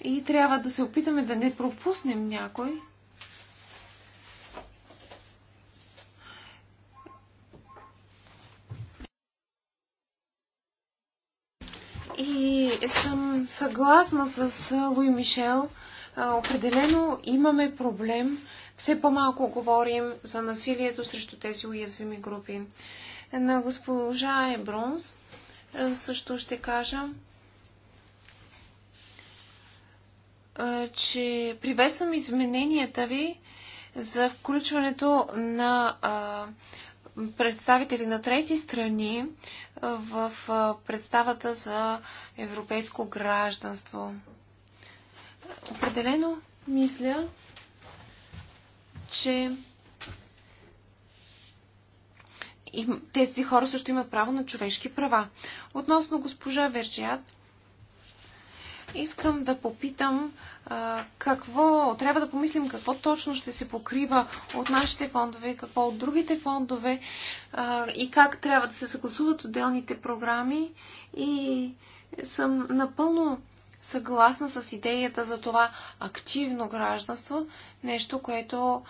и трябва да се опитаме да не пропуснем някой. съгласна с Луи Мишел. Определено имаме проблем. Все по-малко говорим за насилието срещу тези уязвими групи. На госпожа Ебронс също ще кажа, че приветствам измененията ви за включването на представители на трети страни е, в е, представата за европейско гражданство. Определено мисля, че и тези хора също имат право на човешки права. Относно госпожа Верджият, Искам да попитам а, какво, трябва да помислим какво точно ще се покрива от нашите фондове, какво от другите фондове а, и как трябва да се съгласуват отделните програми. И съм напълно съгласна с идеята за това активно гражданство, нещо, което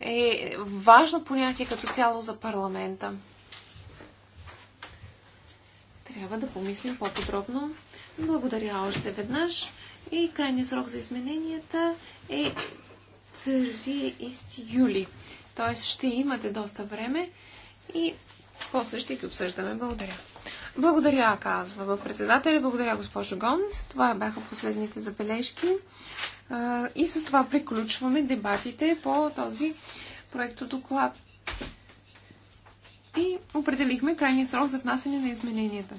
е важно понятие като цяло за парламента. Трябва да помислим по-подробно благодаря още веднъж. И крайният срок за измененията е 30 юли. Т.е. ще имате доста време и после ще ги обсъждаме. Благодаря. Благодаря, казва председателя. Благодаря, госпожо Гон. Това бяха последните забележки. И с това приключваме дебатите по този проектодоклад. И определихме крайния срок за внасяне на измененията.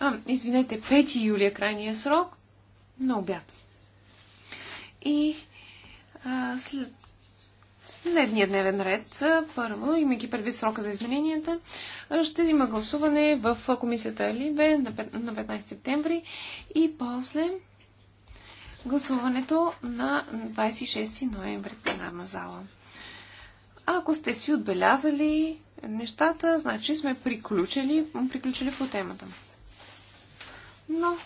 А, извинете, 5 юли е крайния срок на обяд. И а, след, следния дневен ред, първо, имайки предвид срока за измененията, ще има гласуване в комисията Либе на 15 септември и после гласуването на 26 ноември в пленарна зала. Ако сте си отбелязали нещата, значи сме приключили, приключили по темата. Но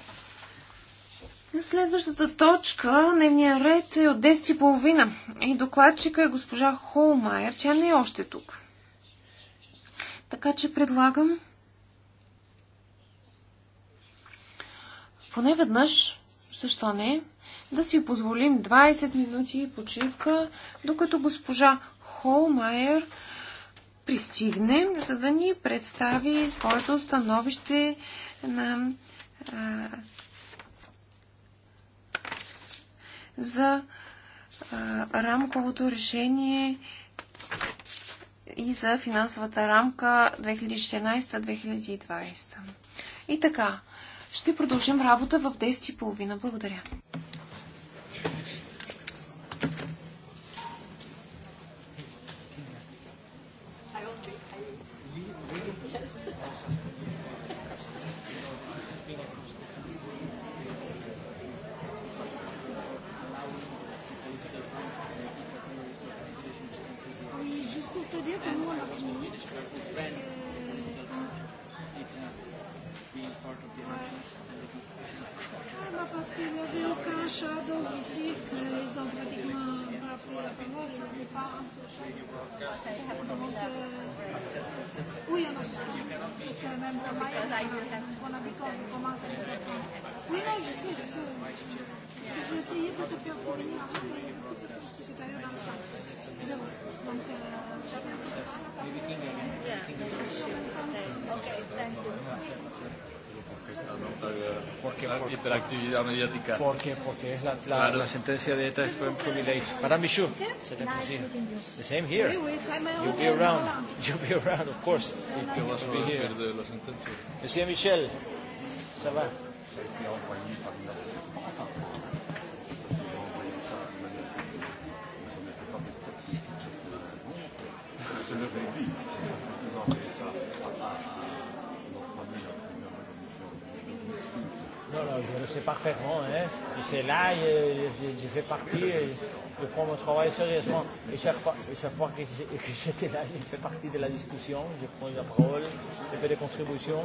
На следващата точка, дневния ред е от 10.30 и докладчика е госпожа Холмайер. Тя не е още тук. Така че предлагам поне веднъж, защо не, да си позволим 20 минути почивка, докато госпожа Холмайер пристигне, за да ни представи своето становище на за рамковото решение и за финансовата рамка 2014-2020. И така, ще продължим работа в 10.30. Благодаря. explicar. ¿Por qué? Porque es la, la, la, la sentencia de ETA fue muy late. Madame Michou, the same here. You'll be around. You'll be around, of course. ¿Y ¿Qué vas a decir de la sentencia? Monsieur Michel, ça va? C'est le débit. je le sais parfaitement. Hein. C'est là, je, je, je fais partie, je prends mon travail sérieusement. Et chaque fois, chaque fois que j'étais là, j'ai fait partie de la discussion, je prends la parole, j'ai fait des contributions.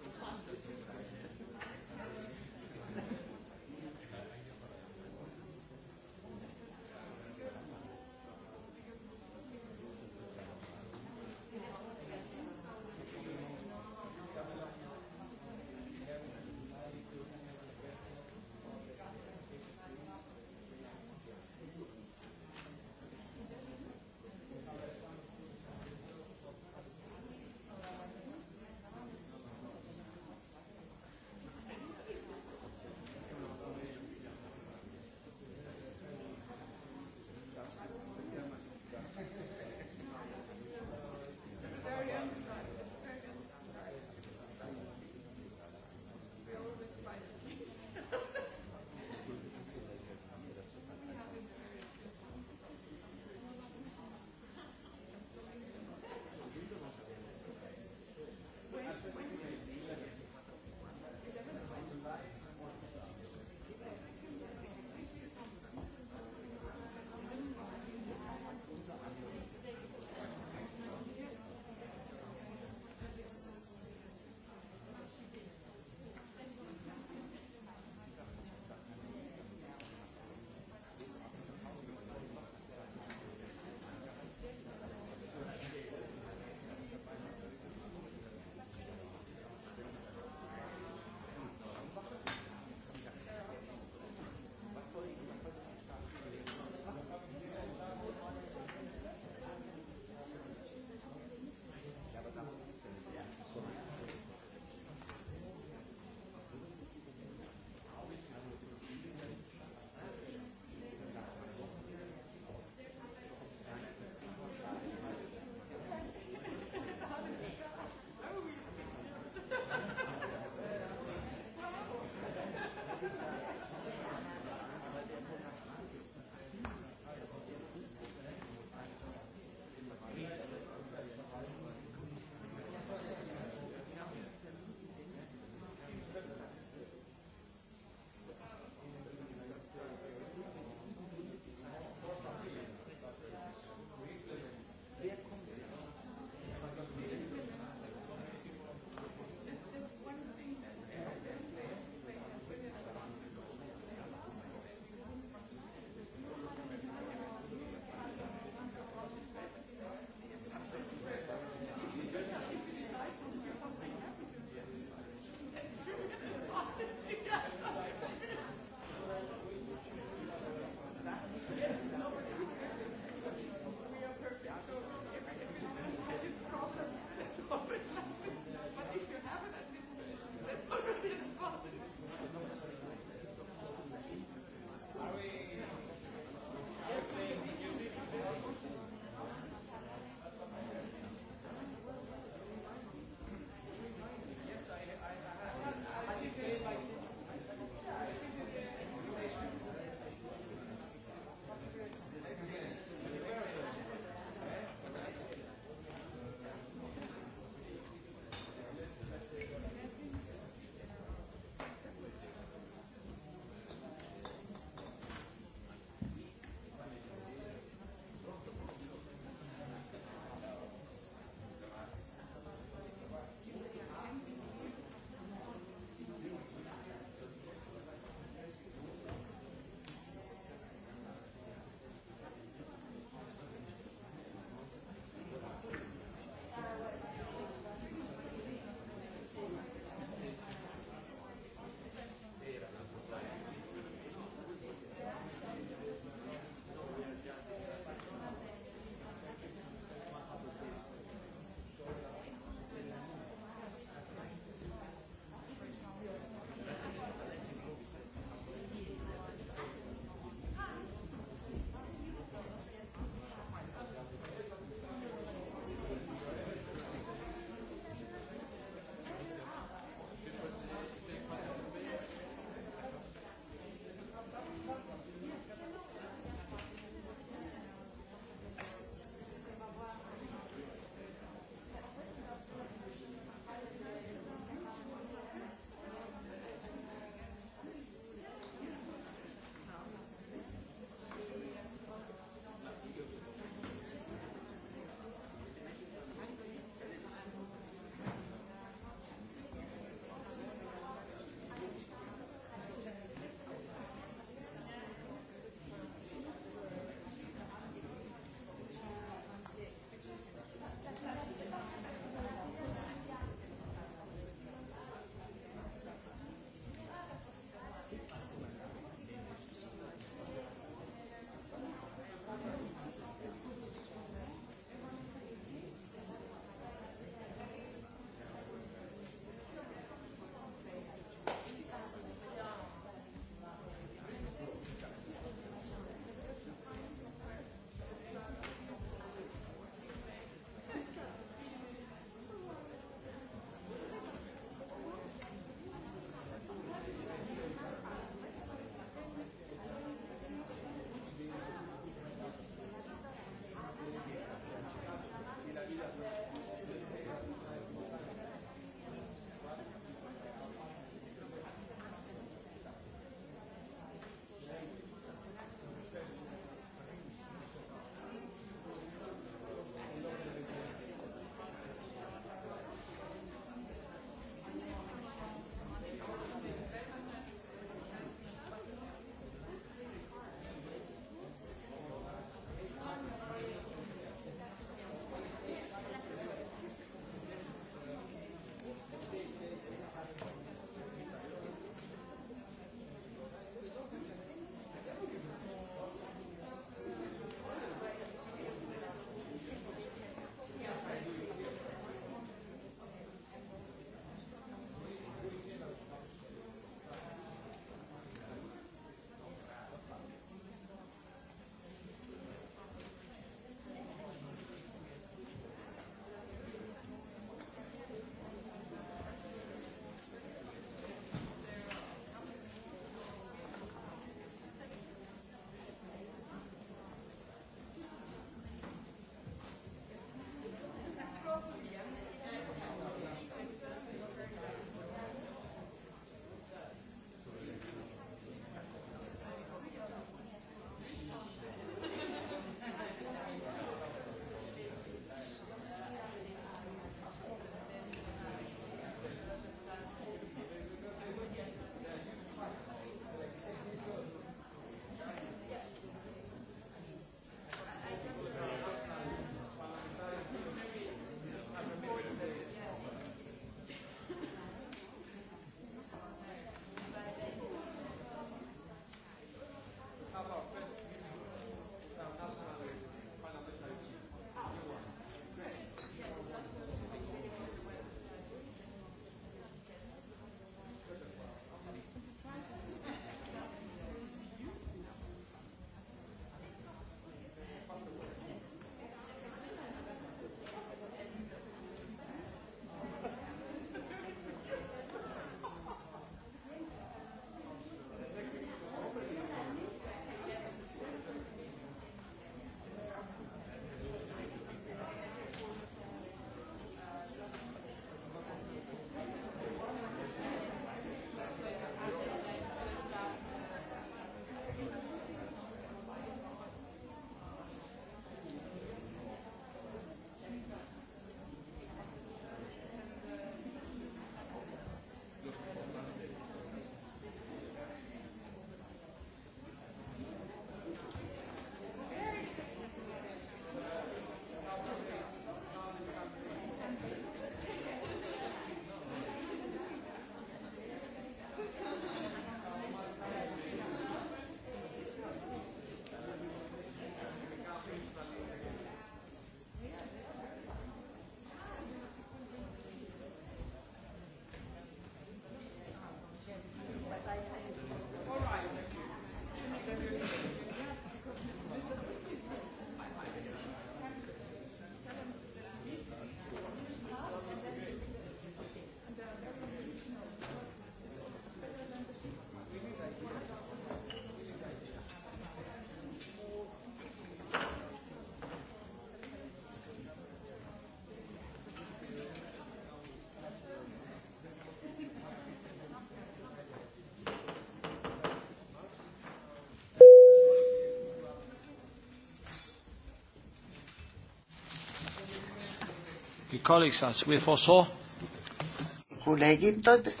Колеги, той без...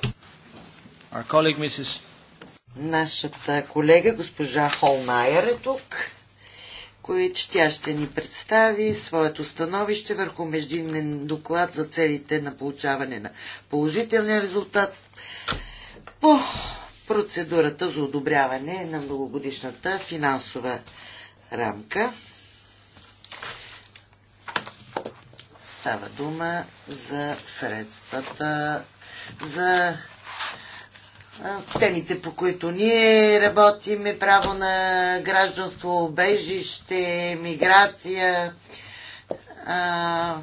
Colleague, Нашата колега, госпожа Холмайер е тук, която тя ще ни представи своето становище върху междинен доклад за целите на получаване на положителния резултат по процедурата за одобряване на многогодишната финансова рамка. Става дума за средствата, за темите, по които ние работиме, право на гражданство, обежище, миграция. А,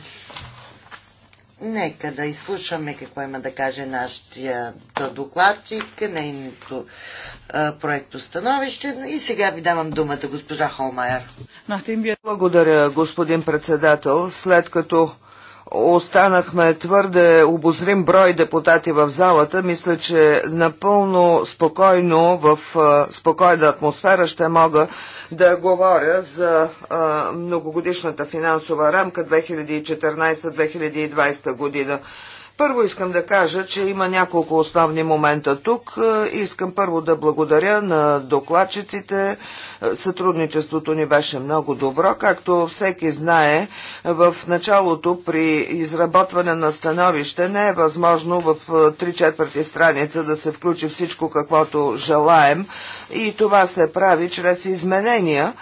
нека да изслушаме какво има да каже нашия докладчик, нейното проекто становище. И сега ви давам думата, госпожа Холмайер. Благодаря, господин председател. След като останахме твърде обозрим брой депутати в залата, мисля, че напълно спокойно, в спокойна атмосфера ще мога да говоря за многогодишната финансова рамка 2014-2020 година. Първо искам да кажа, че има няколко основни момента тук. Е, искам първо да благодаря на докладчиците. Е, сътрудничеството ни беше много добро. Както всеки знае, в началото при изработване на становище не е възможно в е, три четвърти страница да се включи всичко каквото желаем и това се прави чрез изменения.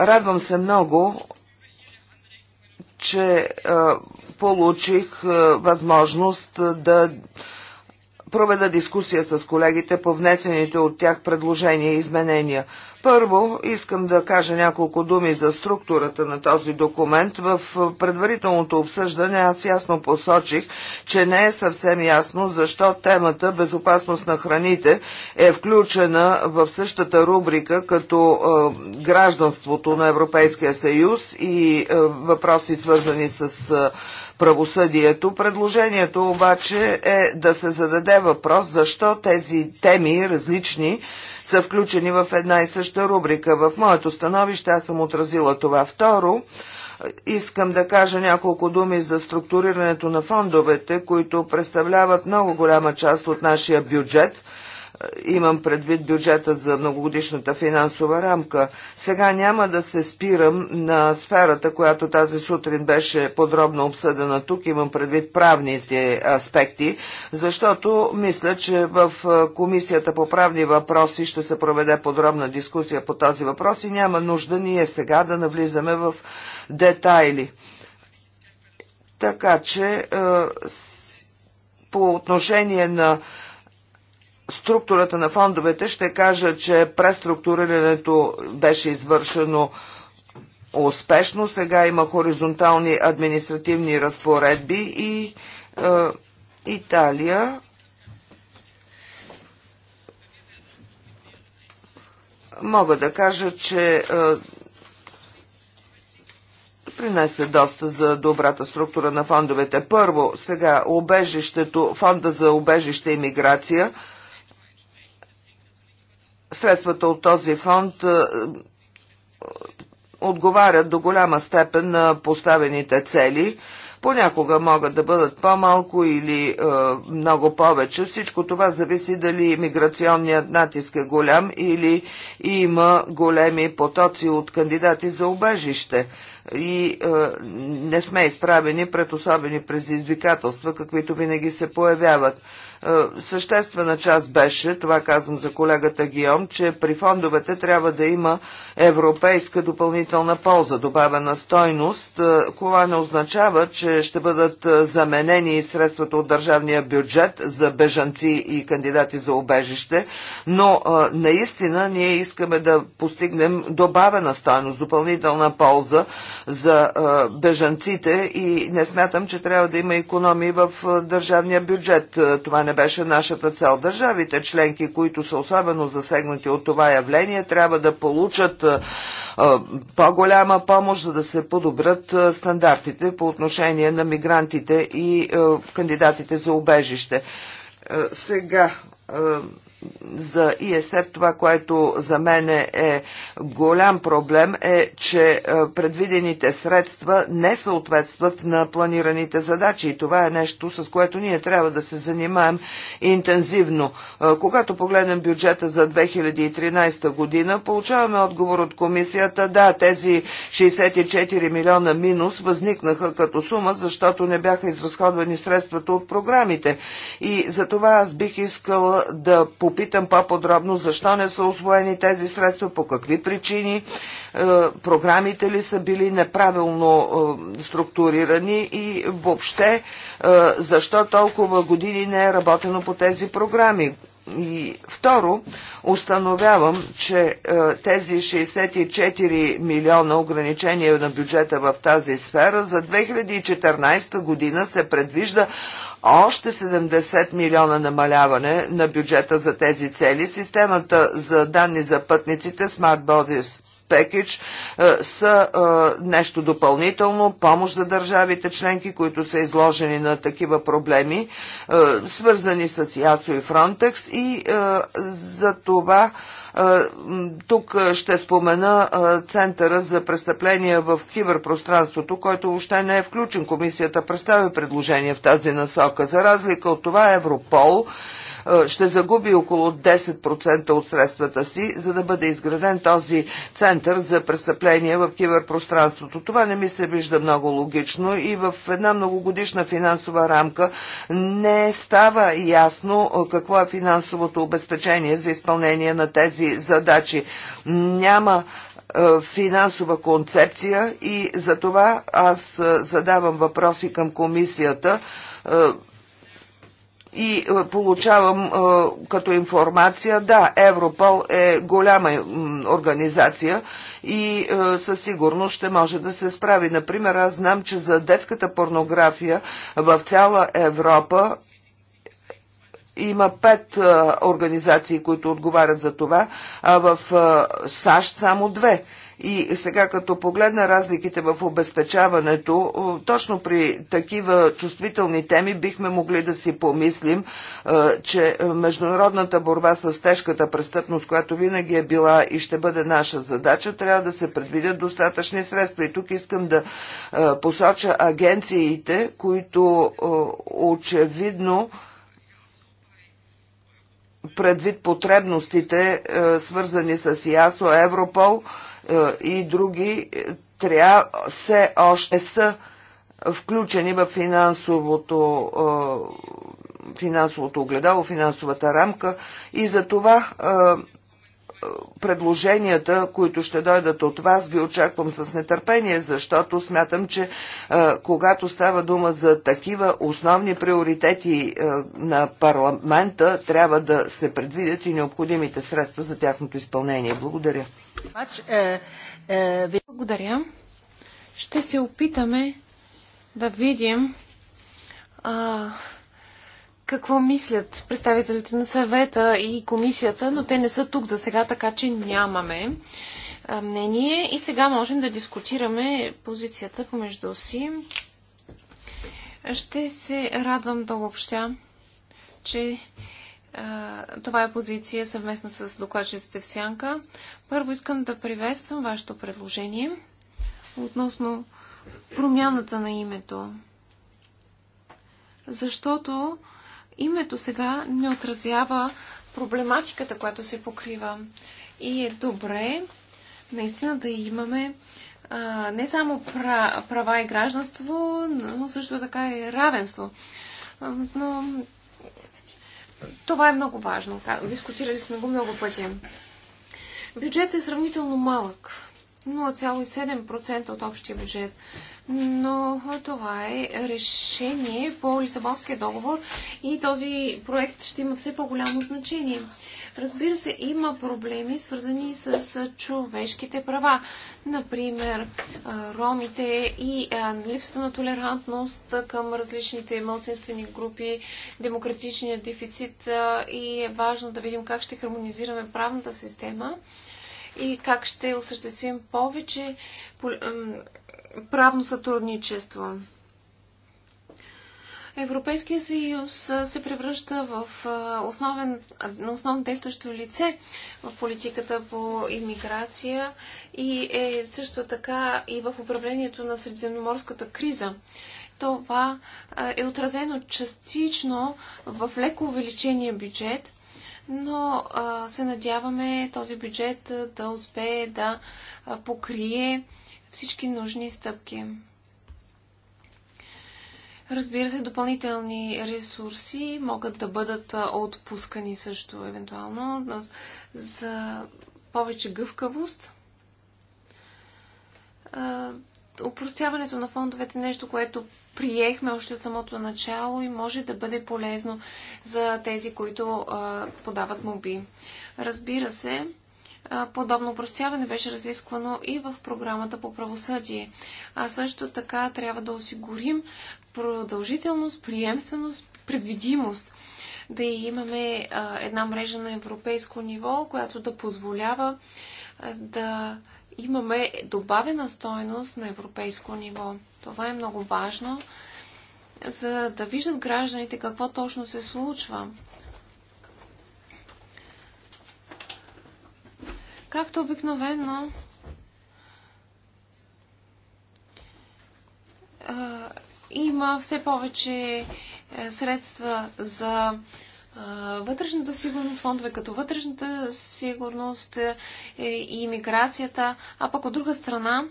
Радвам се много, че получих е, възможност е, да проведа дискусия с колегите по внесените от тях предложения и изменения. Първо, искам да кажа няколко думи за структурата на този документ. В е, предварителното обсъждане аз ясно посочих, че не е съвсем ясно защо темата безопасност на храните е включена в същата рубрика като е, гражданството на Европейския съюз и е, въпроси свързани с е, правосъдието. Предложението обаче е да се зададе въпрос защо тези теми различни са включени в една и съща рубрика. В моето становище аз съм отразила това. Второ, искам да кажа няколко думи за структурирането на фондовете, които представляват много голяма част от нашия бюджет – имам предвид бюджета за многогодишната финансова рамка. Сега няма да се спирам на сферата, която тази сутрин беше подробно обсъдена тук. Имам предвид правните аспекти, защото мисля, че в Комисията по правни въпроси ще се проведе подробна дискусия по този въпрос и няма нужда ние сега да навлизаме в детайли. Така че по отношение на структурата на фондовете ще кажа, че преструктурирането беше извършено успешно. Сега има хоризонтални административни разпоредби и е, Италия мога да кажа, че е, принесе доста за добрата структура на фондовете. Първо, сега обежището, фонда за обежище и миграция – средствата от този фонд е, отговарят до голяма степен на поставените цели. Понякога могат да бъдат по-малко или е, много повече. Всичко това зависи дали миграционният натиск е голям или има големи потоци от кандидати за убежище. И е, не сме изправени пред особени предизвикателства, каквито винаги се появяват. Е, съществена част беше, това казвам за колегата Гиом, че при фондовете трябва да има европейска допълнителна полза, добавена стойност, е, това не означава, че ще бъдат е, заменени средствата от държавния бюджет за бежанци и кандидати за обежище, но наистина ние искаме да постигнем добавена стойност, допълнителна полза за бежанците и не смятам, че трябва да има економии в държавния бюджет. Това не не беше нашата цел. Държавите членки, които са особено засегнати от това явление, трябва да получат по-голяма помощ, за да се подобрят стандартите по отношение на мигрантите и кандидатите за убежище. Сега за ИСФ е това, което за мен е голям проблем, е, че е, предвидените средства не съответстват на планираните задачи и това е нещо, с което ние трябва да се занимаем интензивно. Е, когато погледнем бюджета за 2013 година, получаваме отговор от комисията, да, тези 64 милиона минус възникнаха като сума, защото не бяха изразходвани средствата от програмите. И за това аз бих искал да по попитам по-подробно защо не са освоени тези средства, по какви причини, е, програмите ли са били неправилно е, структурирани и въобще е, защо толкова години не е работено по тези програми. И второ, установявам, че е, тези 64 милиона ограничения на бюджета в тази сфера за 2014 година се предвижда още 70 милиона намаляване на бюджета за тези цели. Системата за данни за пътниците Smart Bodies Пекич е, са е, нещо допълнително, помощ за държавите членки, които са изложени на такива проблеми, е, свързани с ЯСО и Фронтекс и за това тук ще спомена Центъра за престъпления в киберпространството, който още не е включен. Комисията представи предложение в тази насока. За разлика от това Европол е, ще загуби около 10% от средствата си, за да бъде изграден този център за престъпления в киберпространството. Това не ми се вижда много логично и в една многогодишна финансова рамка не става ясно е, какво е финансовото обезпечение за изпълнение на тези задачи. Няма е, финансова концепция и за това аз задавам въпроси към комисията и е, получавам е, като информация, да, Европол е голяма организация и е, със сигурност ще може да се справи. Например, аз знам, че за детската порнография в цяла Европа има пет организации, които отговарят за това, а в САЩ само две. И сега, като погледна разликите в обезпечаването, точно при такива чувствителни теми бихме могли да си помислим, е, че международната борба с тежката престъпност, която винаги е била и ще бъде наша задача, трябва да се предвидят достатъчни средства. И тук искам да е, посоча агенциите, които очевидно предвид потребностите, е, свързани с ИАСО, Европол, е, и други е, трябва все още са включени в финансовото, е, финансовото огледало, финансовата рамка и за това предложенията, които ще дойдат от вас, ги очаквам с нетърпение, защото смятам, че когато става дума за такива основни приоритети на парламента, трябва да се предвидят и необходимите средства за тяхното изпълнение. Благодаря. Благодаря. Ще се опитаме да видим а, какво мислят представителите на съвета и комисията, но те не са тук за сега, така че нямаме мнение. И сега можем да дискутираме позицията помежду си. Ще се радвам да обобщя, че това е позиция съвместна с докладчиците в Сянка. Първо искам да приветствам вашето предложение относно промяната на името. Защото името сега не отразява проблематиката, която се покрива. И е добре наистина да имаме а, не само права и гражданство, но също така и равенство. Но това е много важно. Дискутирали сме го много пъти. Бюджетът е сравнително малък. 0,7% от общия бюджет. Но това е решение по Лисабонския договор и този проект ще има все по-голямо значение. Разбира се, има проблеми, свързани с човешките права. Например, ромите и липсата на толерантност към различните мълцинствени групи, демократичния дефицит и е важно да видим как ще хармонизираме правната система и как ще осъществим повече правно сътрудничество. Европейския съюз се превръща в основен, основно действащо лице в политиката по иммиграция и е също така и в управлението на средиземноморската криза. Това е отразено частично в леко увеличение бюджет, но се надяваме този бюджет да успее да покрие всички нужни стъпки. Разбира се, допълнителни ресурси могат да бъдат отпускани също, евентуално, за повече гъвкавост. Опростяването на фондовете е нещо, което приехме още от самото начало и може да бъде полезно за тези, които подават моби. Разбира се, Подобно простяване беше разисквано и в програмата по правосъдие. А също така трябва да осигурим продължителност, приемственост, предвидимост. Да имаме а, една мрежа на европейско ниво, която да позволява а, да имаме добавена стойност на европейско ниво. Това е много важно, за да виждат гражданите какво точно се случва. Както обикновено, има все повече е, средства за вътрешната сигурност, фондове като вътрешната сигурност е, и иммиграцията, а пък от друга страна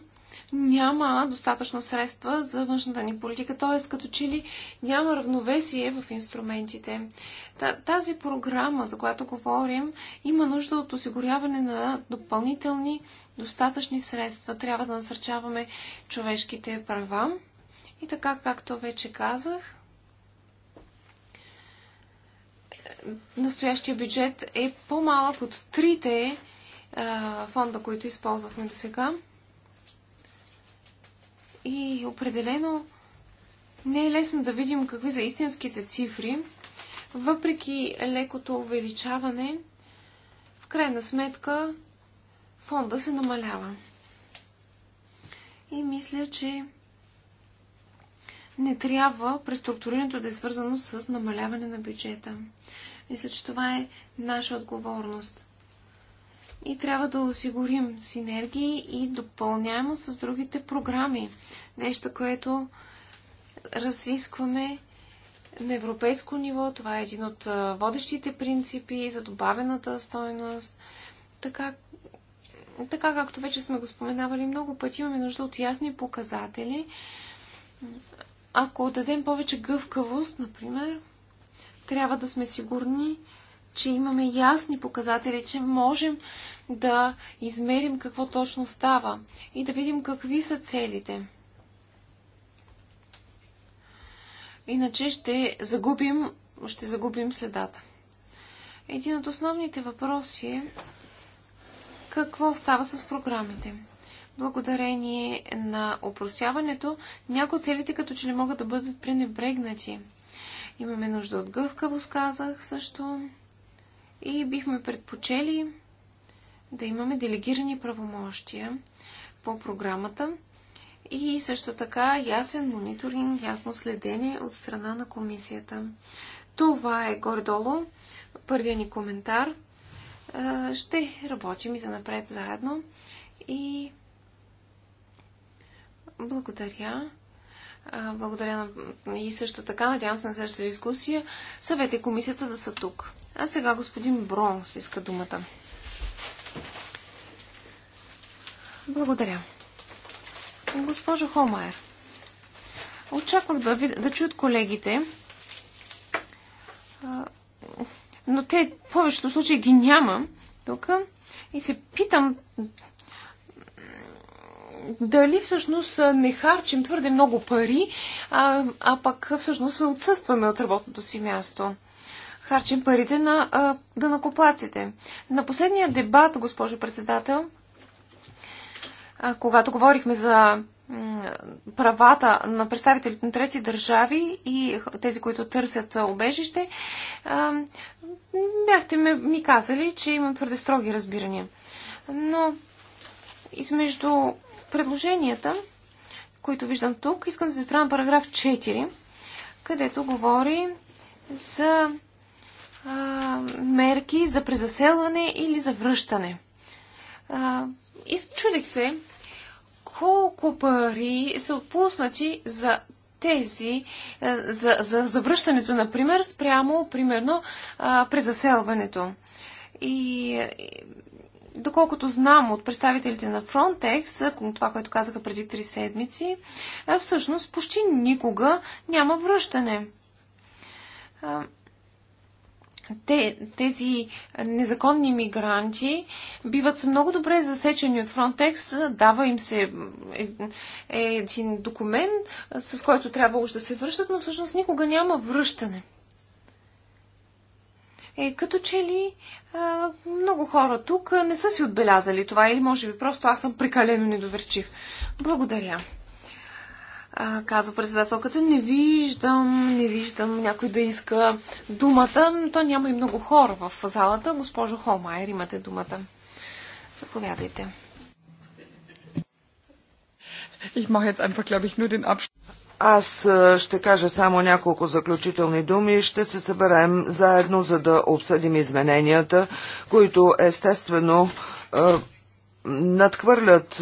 няма достатъчно средства за външната ни политика, т.е. като че ли няма равновесие в инструментите. Тази програма, за която говорим, има нужда от осигуряване на допълнителни достатъчни средства. Трябва да насърчаваме човешките права и така, както вече казах, настоящия бюджет е по-малък от трите а, фонда, които използвахме до сега. И определено не е лесно да видим какви са истинските цифри. Въпреки лекото увеличаване, в крайна сметка фонда се намалява. И мисля, че не трябва преструктурирането да е свързано с намаляване на бюджета. Мисля, че това е наша отговорност. И трябва да осигурим синергии и допълняемо с другите програми. Нещо, което разискваме на европейско ниво. Това е един от водещите принципи за добавената стойност. Така, така както вече сме го споменавали много пъти, имаме нужда от ясни показатели ако дадем повече гъвкавост, например, трябва да сме сигурни, че имаме ясни показатели, че можем да измерим какво точно става и да видим какви са целите. Иначе ще загубим, ще загубим следата. Един от основните въпроси е какво става с програмите благодарение на опросяването, някои от целите като че ли могат да бъдат пренебрегнати. Имаме нужда от гъвкавост, казах също. И бихме предпочели да имаме делегирани правомощия по програмата и също така ясен мониторинг, ясно следение от страна на комисията. Това е горе-долу първия ни коментар. Е, ще работим и занапред заедно и благодаря. Благодаря на... и също така, надявам се на следващата дискусия, съвет и комисията да са тук. А сега господин Бронс иска думата. Благодаря. Госпожо Холмайер, очаквах да, ви... да чуят колегите, но те повечето случаи ги няма тук и се питам дали всъщност не харчим твърде много пари, а, а пък всъщност отсъстваме от работното си място. Харчим парите на а, дънакоплаците. На последния дебат, госпожо председател, а, когато говорихме за правата на представителите на трети държави и тези, които търсят обежище, бяхте ми казали, че имам твърде строги разбирания. Но измежду предложенията, които виждам тук, искам да се спра параграф 4, където говори за а, мерки за презаселване или за връщане. и чудих се колко пари са отпуснати за тези, а, за, за, за връщането, например, спрямо, примерно, а, презаселването. и доколкото знам от представителите на Frontex, това, което казаха преди три седмици, всъщност почти никога няма връщане. Те, тези незаконни мигранти биват много добре засечени от Frontex. Дава им се е, е, един документ, с който трябва още да се връщат, но всъщност никога няма връщане е като че ли а, много хора тук не са си отбелязали това или може би просто аз съм прекалено недоверчив. Благодаря. А, казва председателката, не виждам, не виждам някой да иска думата, но то няма и много хора в залата. Госпожо Холмайер, имате думата. Заповядайте. Ich mache jetzt einfach, glaube ich, nur den Abschluss. Аз ще кажа само няколко заключителни думи. Ще се съберем заедно, за да обсъдим измененията, които естествено надхвърлят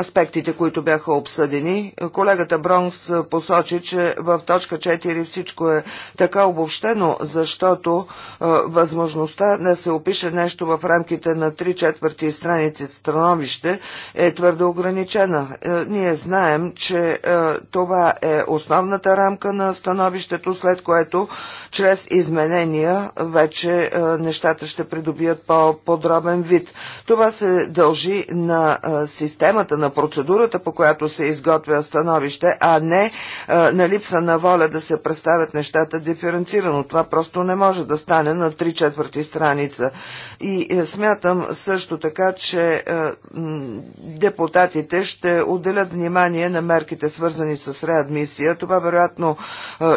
аспектите, които бяха обсъдени. Колегата Бронс посочи, че в точка 4 всичко е така обобщено, защото е, възможността да се опише нещо в рамките на 3 четвърти страници становище е твърдо ограничена. Е, ние знаем, че е, това е основната рамка на становището, след което чрез изменения вече е, нещата ще придобият по-подробен вид. Това се дължи на е, системата на процедурата, по която се изготвя становище, а не е, на липса на воля да се представят нещата диференцирано. Това просто не може да стане на 3 четвърти страница. И е, смятам също така, че е, депутатите ще отделят внимание на мерките свързани с реадмисия. Това вероятно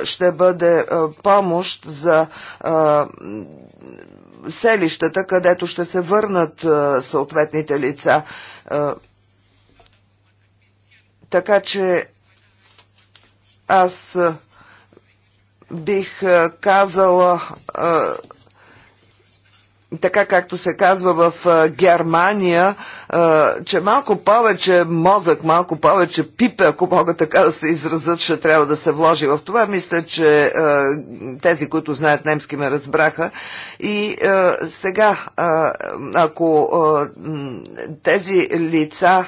ще бъде помощ за селищата, където ще се върнат съответните лица. Така че аз бих казала така както се казва в Германия, че малко повече мозък, малко повече пипе, ако мога така да се изразят, ще трябва да се вложи в това. Мисля, че тези, които знаят немски, ме разбраха. И сега, ако тези лица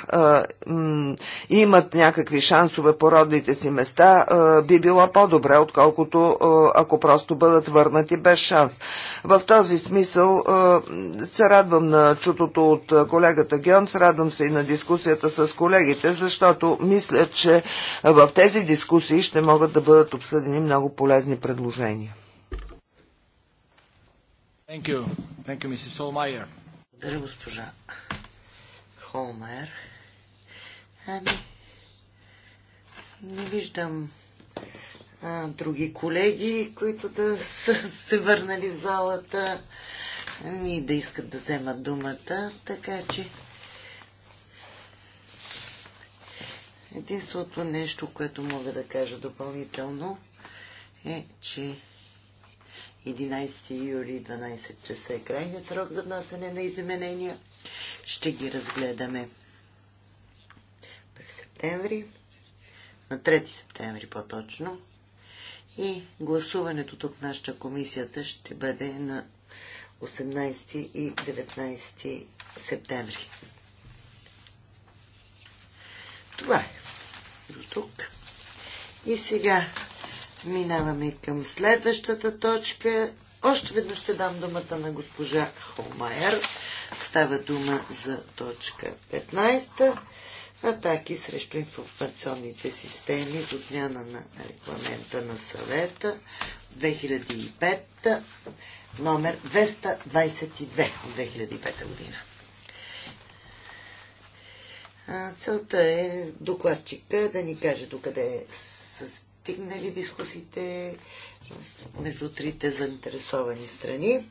имат някакви шансове по родните си места, би било по-добре, отколкото ако просто бъдат върнати без шанс. В този смисъл е, се радвам на чутото от колегата Геонс, радвам се и на дискусията с колегите, защото мисля, че в тези дискусии ще могат да бъдат обсъдени много полезни предложения. Thank you. Thank you, Mrs. Holmeyer. Благодаря, госпожа Холмайер. Ами, не виждам а, други колеги, които да са се върнали в залата ни да искат да вземат думата, така че единството нещо, което мога да кажа допълнително е, че 11 юли 12 часа е крайният срок за внасяне на изменения. Ще ги разгледаме през септември, на 3 септември по-точно. И гласуването тук в нашата комисията ще бъде на 18 и 19 септември. Това е до тук. И сега минаваме към следващата точка. Още веднъж ще дам думата на госпожа Холмайер. Става дума за точка 15. Атаки срещу информационните системи за отмяна на регламента на съвета 2005 номер 222 от 2005 година. Целта е докладчика да ни каже докъде са стигнали дискусите между трите заинтересовани страни.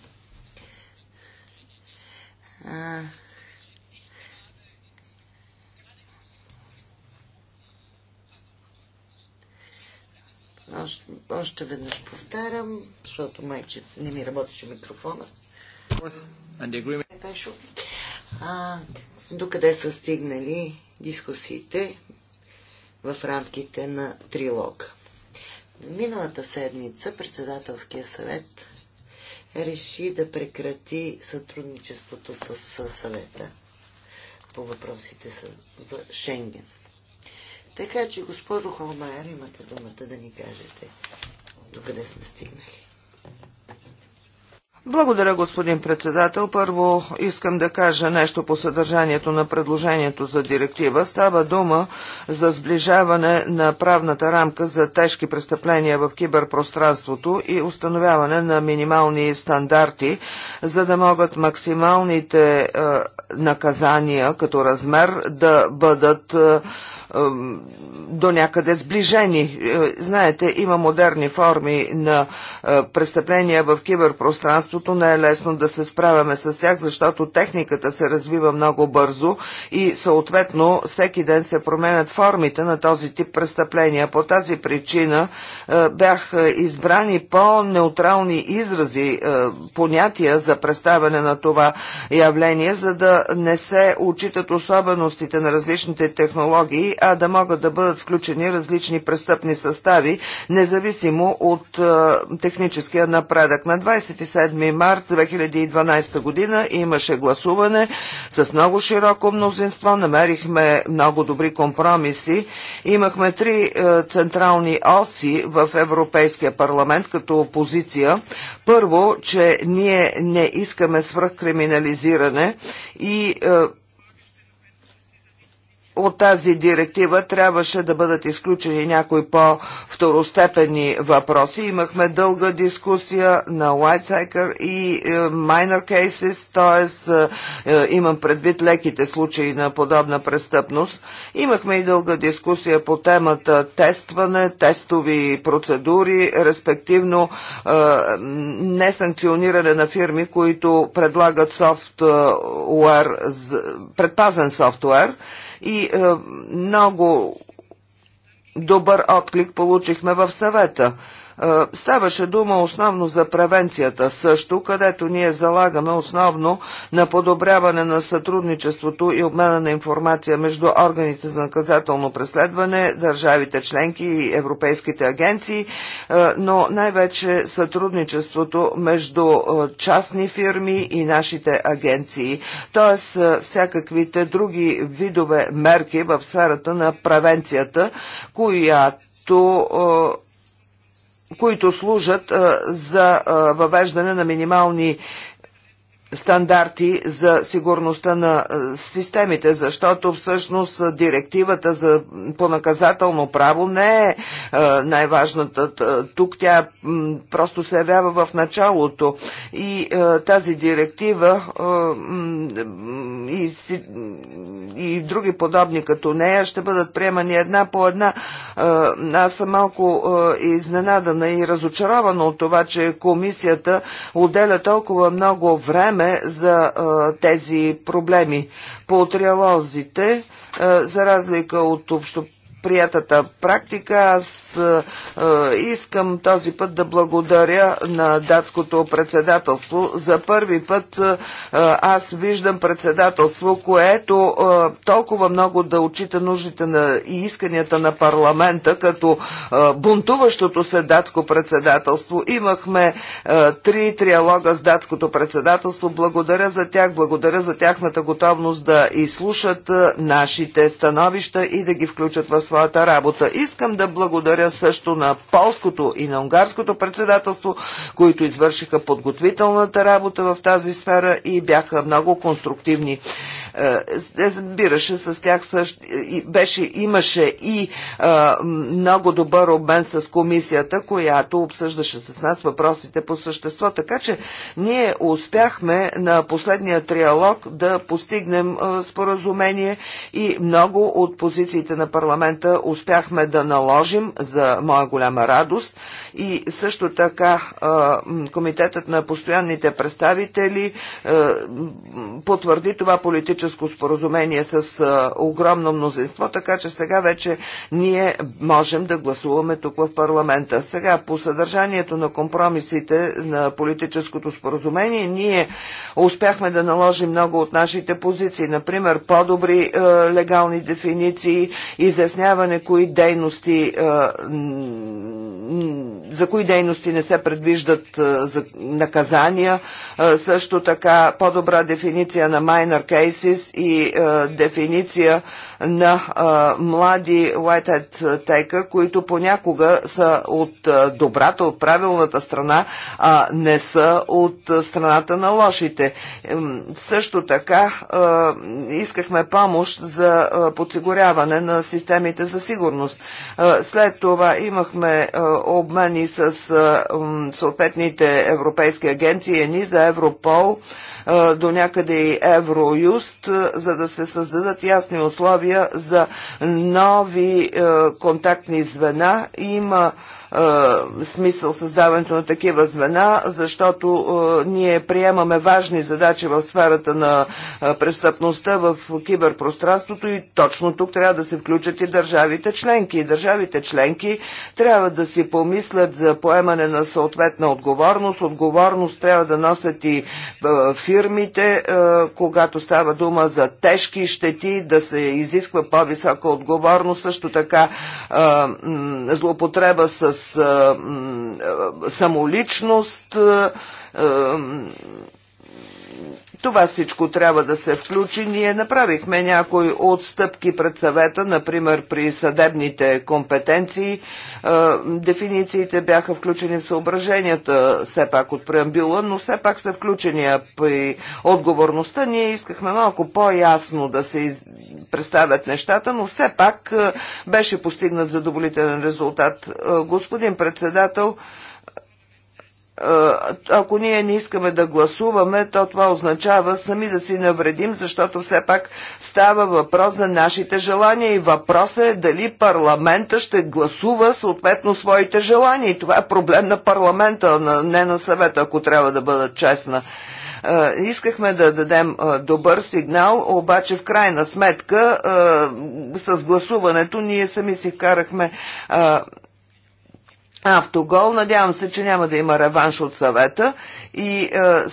Още, още веднъж повтарям, защото майче не ми работеше микрофона. До докъде са стигнали дискусиите в рамките на трилог? Миналата седмица председателския съвет реши да прекрати сътрудничеството с съвета по въпросите за Шенген. Така че, госпожо Холмайер, имате думата да ни кажете къде сме стигнали. Благодаря, господин председател. Първо искам да кажа нещо по съдържанието на предложението за директива. Става дума за сближаване на правната рамка за тежки престъпления в киберпространството и установяване на минимални стандарти, за да могат максималните е, наказания като размер да бъдат е, до някъде сближени. Е, знаете, има модерни форми на е, престъпления в киберпространството. Не е лесно да се справяме с тях, защото техниката се развива много бързо и съответно всеки ден се променят формите на този тип престъпления. По тази причина е, бях избрани по-неутрални изрази, понятия за представяне на това явление, за да не се учитат особеностите на различните технологии, а да могат да бъдат включени различни престъпни състави, независимо от техническия напредък. На 27 март 2012 година имаше гласуване с много широко мнозинство, намерихме много добри компромиси. Имахме три е, централни оси в Европейския парламент като опозиция. Първо, че ние не искаме свръхкриминализиране и е, от тази директива трябваше да бъдат изключени някои по-второстепени въпроси. Имахме дълга дискусия на Whitehacker и е, minor cases, т.е. Е, имам предвид леките случаи на подобна престъпност. Имахме и дълга дискусия по темата тестване, тестови процедури, респективно е, несанкциониране на фирми, които предлагат софтуер, предпазен софтуер и е, много добър отклик получихме в съвета. Е, ставаше дума основно за превенцията също, където ние залагаме основно на подобряване на сътрудничеството и обмена на информация между органите за наказателно преследване, държавите членки и европейските агенции, е, но най-вече сътрудничеството между е, частни фирми и нашите агенции, т.е. всякаквите други видове мерки в сферата на превенцията, която които служат за въвеждане на минимални стандарти за сигурността на е, системите, защото всъщност директивата за, понаказателно право не е, е най-важната. Е, тук тя просто се явява в началото и тази директива и, и други подобни като нея ще бъдат приемани една по една. Аз съм малко изненадана и разочарована от това, че комисията отделя толкова много време говорихме за тези проблеми. По триалозите, за разлика от общо приятата практика. Аз е, е, искам този път да благодаря на датското председателство. За първи път е, аз виждам председателство, което толкова много да отчита нуждите на и исканията на парламента, като бунтуващото се датско председателство. Имахме три триалога с датското председателство. Благодаря за тях, благодаря за тяхната готовност да изслушат нашите становища и да ги включат в своя своята работа. Искам да благодаря също на полското и на унгарското председателство, които извършиха подготвителната работа в тази сфера и бяха много конструктивни се е, с тях също, беше, имаше и а, е, много добър обмен с комисията, която обсъждаше с нас въпросите по същество. Така че ние успяхме на последния триалог да постигнем а, е, споразумение и много от позициите на парламента успяхме да наложим за моя голяма радост и също така Комитетът на постоянните представители потвърди това политическо споразумение с огромно мнозинство, така че сега вече ние можем да гласуваме тук в парламента. Сега по съдържанието на компромисите на политическото споразумение ние успяхме да наложим много от нашите позиции, например по-добри легални дефиниции, изясняване кои дейности за кои дейности не се предвиждат наказания, също така по-добра дефиниция на minor cases и дефиниция на а, млади Whitehead тека, които понякога са от а, добрата, от правилната страна, а не са от а, страната на лошите. Също така а, искахме помощ за а, подсигуряване на системите за сигурност. А, след това имахме а, обмени с а, м, съответните европейски агенции, ни за Европол, а, до някъде и Евроюст, а, за да се създадат ясни условия говоря за нови е, контактни звена. Има смисъл създаването на такива звена, защото ние приемаме важни задачи в сферата на престъпността в киберпространството и точно тук трябва да се включат и държавите членки. И държавите членки трябва да си помислят за поемане на съответна отговорност. Отговорност трябва да носят и фирмите, когато става дума за тежки щети, да се изисква по-висока отговорност, също така злоупотреба с с самоличност. Това всичко трябва да се включи. Ние направихме някои отстъпки пред съвета, например при съдебните компетенции. Дефинициите бяха включени в съображенията, все пак от преамбюла, но все пак са включени при отговорността. Ние искахме малко по-ясно да се представят нещата, но все пак е, беше постигнат задоволителен резултат. Е, господин председател, е, ако ние не искаме да гласуваме, то това означава сами да си навредим, защото все пак става въпрос за нашите желания и въпросът е дали парламента ще гласува съответно своите желания. И това е проблем на парламента, не на съвета, ако трябва да бъда честна. Искахме да дадем добър сигнал, обаче в крайна сметка с гласуването ние сами си карахме автогол. Надявам се, че няма да има реванш от съвета и е,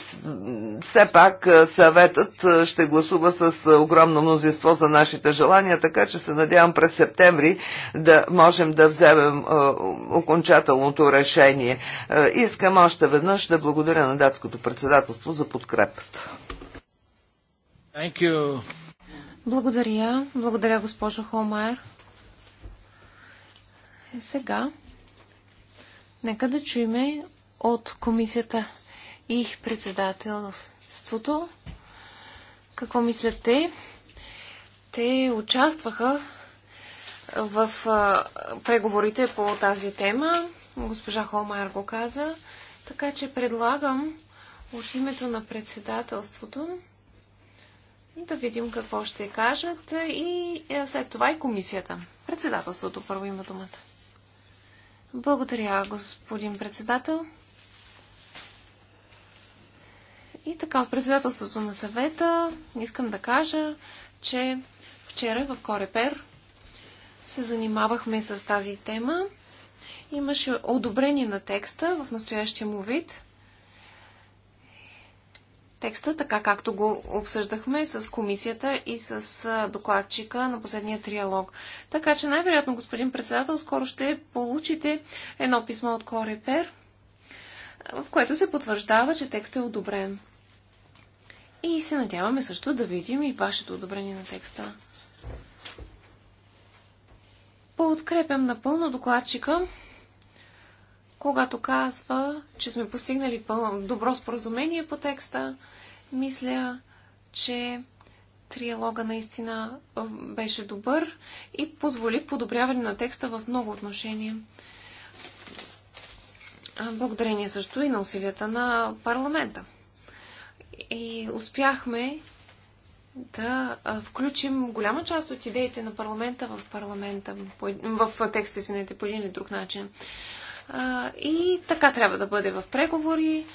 все пак е, съветът е, ще гласува с огромно мнозинство за нашите желания, така че се надявам през септември да можем да вземем е, окончателното решение. Е, искам още веднъж да благодаря на датското председателство за подкрепата. Благодаря. Благодаря, госпожо Холмайер. Е, сега Нека да чуем от комисията и председателството какво мислят те. Те участваха в преговорите по тази тема. Госпожа Холмайер го каза. Така че предлагам от името на председателството да видим какво ще кажат и след това и комисията. Председателството първо има думата. Благодаря, господин председател. И така, от председателството на съвета искам да кажа, че вчера в Корепер се занимавахме с тази тема. Имаше одобрение на текста в настоящия му вид текста, така както го обсъждахме с комисията и с докладчика на последния триалог. Така че най-вероятно, господин председател, скоро ще получите едно писмо от Корепер, в което се потвърждава, че текстът е одобрен. И се надяваме също да видим и вашето одобрение на текста. Подкрепям напълно докладчика когато казва, че сме постигнали добро споразумение по текста, мисля, че триалога наистина беше добър и позволи подобряване на текста в много отношения. Благодарение също и на усилията на парламента. И успяхме да включим голяма част от идеите на парламента в парламента, в текста, извинете, по един или друг начин и така трябва да бъде в преговори.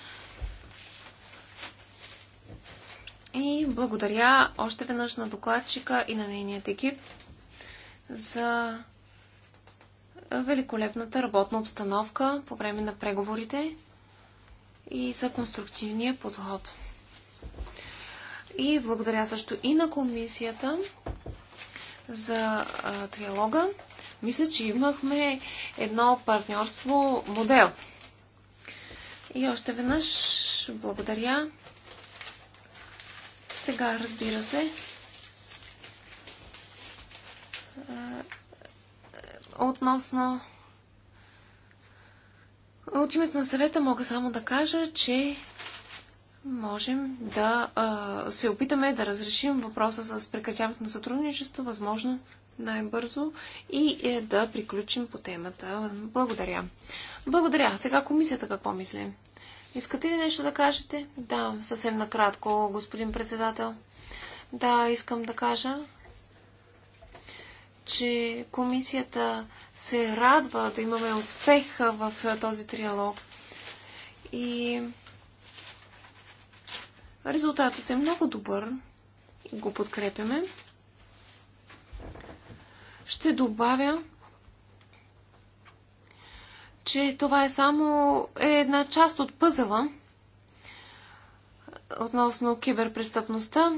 И благодаря още веднъж на докладчика и на нейният екип за великолепната работна обстановка по време на преговорите и за конструктивния подход. И благодаря също и на комисията за а, триалога. Мисля, че имахме едно партньорство модел. И още веднъж благодаря. Сега, разбира се, относно от името на съвета мога само да кажа, че можем да а, се опитаме да разрешим въпроса с прекратяването на сътрудничество, възможно най-бързо и е да приключим по темата. Благодаря. Благодаря. Сега комисията какво мисли? Искате ли нещо да кажете? Да, съвсем накратко, господин председател. Да, искам да кажа, че комисията се радва да имаме успех в този триалог. И резултатът е много добър. Го подкрепяме. Ще добавя, че това е само една част от пъзела относно киберпрестъпността.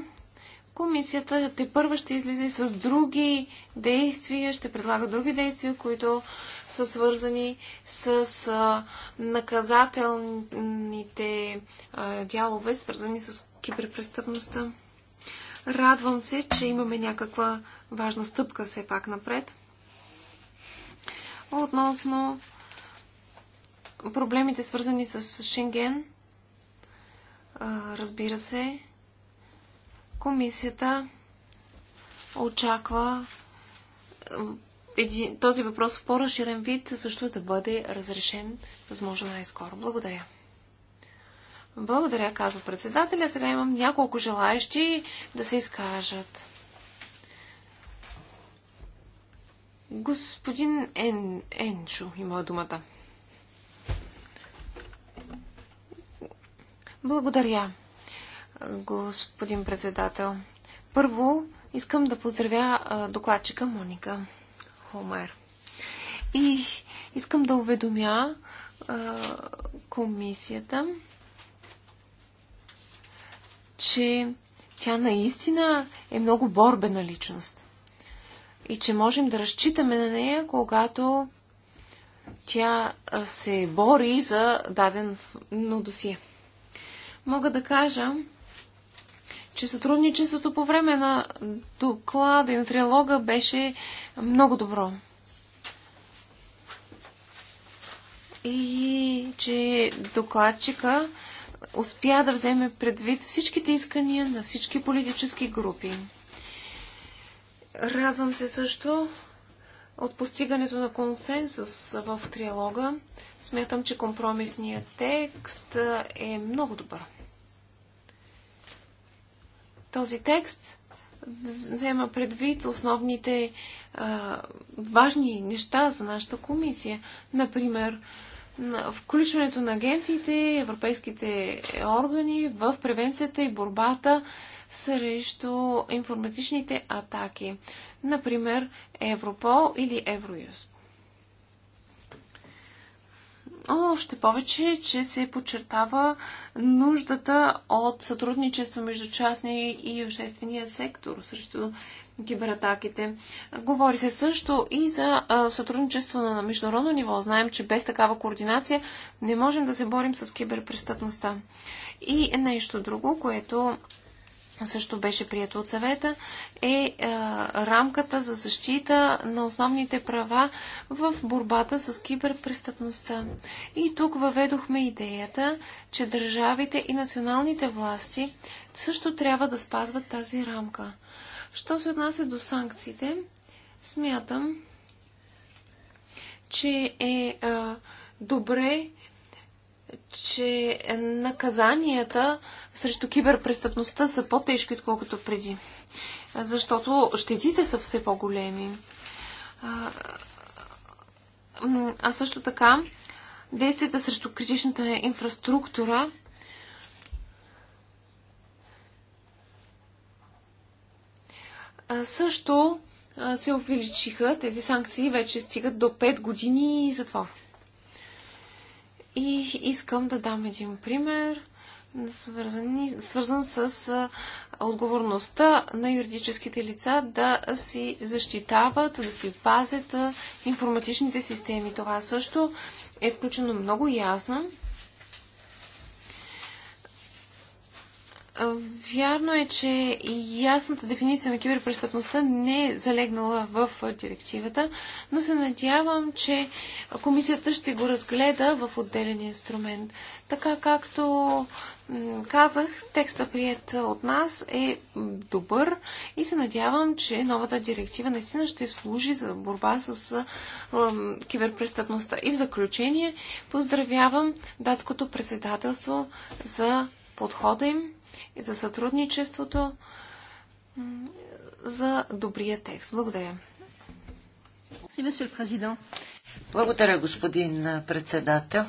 Комисията те първа ще излиза с други действия, ще предлага други действия, които са свързани с наказателните дялове, свързани с киберпрестъпността. Радвам се, че имаме някаква важна стъпка все пак напред. Относно проблемите свързани с Шенген, разбира се, комисията очаква този въпрос в по-разширен вид също да бъде разрешен възможно най-скоро. Благодаря. Благодаря, казва председателя. Сега имам няколко желаящи да се изкажат. Господин Ен... Енчо има думата. Благодаря, господин председател. Първо, искам да поздравя докладчика Моника Хомер. И искам да уведомя комисията, че тя наистина е много борбена личност и че можем да разчитаме на нея, когато тя се бори за даден досие. Мога да кажа, че сътрудничеството по време на доклада и на триалога беше много добро. И че докладчика успя да вземе предвид всичките искания на всички политически групи. Радвам се също от постигането на консенсус в триалога. Смятам, че компромисният текст е много добър. Този текст взема предвид основните а, важни неща за нашата комисия. Например, включването на агенциите, европейските органи в превенцията и борбата срещу информатичните атаки, например Европол или Евроюст. Още повече, че се подчертава нуждата от сътрудничество между частния и обществения сектор срещу кибератаките. Говори се също и за сътрудничество на международно ниво. Знаем, че без такава координация не можем да се борим с киберпрестъпността. И нещо друго, което също беше прието от съвета, е а, е, рамката за защита на основните права в борбата с киберпрестъпността. И тук въведохме идеята, че държавите и националните власти също трябва да спазват тази рамка. Що се отнася до санкциите, смятам, че е а, е, добре че наказанията срещу киберпрестъпността са по-тежки, отколкото преди. Защото щетите са все по-големи. А също така, действията срещу критичната инфраструктура също се увеличиха. Тези санкции вече стигат до 5 години и затвор. И искам да дам един пример, свързани, свързан с отговорността на юридическите лица да си защитават, да си пазят информатичните системи. Това също е включено много ясно Вярно е, че ясната дефиниция на киберпрестъпността не е залегнала в директивата, но се надявам, че комисията ще го разгледа в отделен инструмент. Така както казах, текста прият от нас е добър и се надявам, че новата директива наистина ще служи за борба с киберпрестъпността. И в заключение поздравявам датското председателство за подхода им и за сътрудничеството, за добрия текст. Благодаря. Благодаря, господин председател.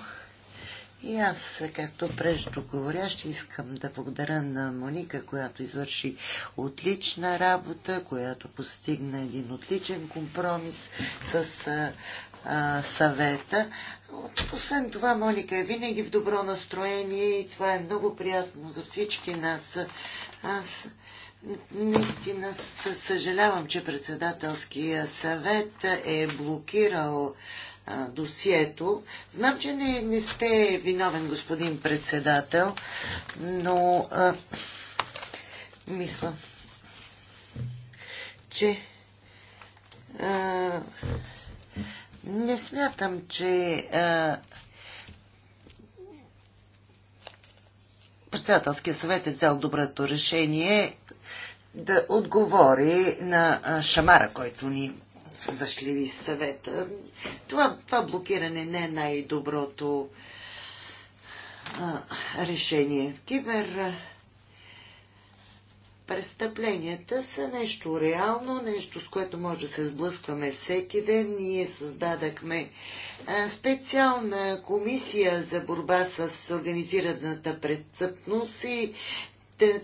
И аз, както прежде говоря, ще искам да благодаря на Моника, която извърши отлична работа, която постигна един отличен компромис с а, съвета. Освен това, Моника е винаги в добро настроение и това е много приятно за всички нас. Аз наистина съжалявам, че председателския съвет е блокирал досието. Знам, че не, не сте виновен, господин председател, но а, мисля, че а, не смятам, че председателския съвет е взял доброто решение да отговори на шамара, който ни зашли съвета. Това, това блокиране не е най-доброто решение. Кибер престъпленията са нещо реално, нещо с което може да се сблъскваме всеки ден. Ние създадахме специална комисия за борба с организираната престъпност и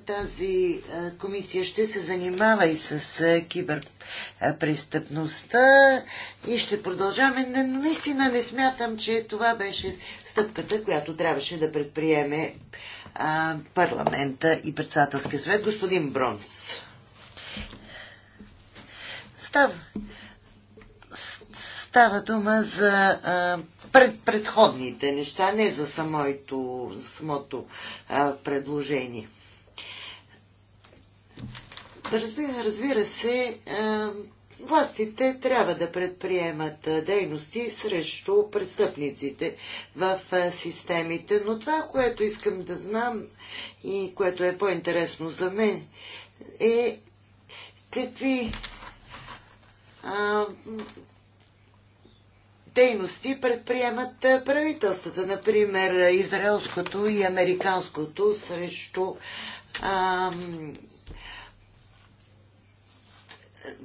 тази комисия ще се занимава и с киберпрестъпността и ще продължаваме. Наистина не смятам, че това беше стъпката, която трябваше да предприеме парламента и председателския съвет, господин Бронс. Става, става дума за а, пред, предходните неща, не за самото, за самото а, предложение. Разбира, разбира се, а, Властите трябва да предприемат дейности срещу престъпниците в системите, но това, което искам да знам и което е по-интересно за мен, е какви а, дейности предприемат правителствата, например израелското и американското срещу а,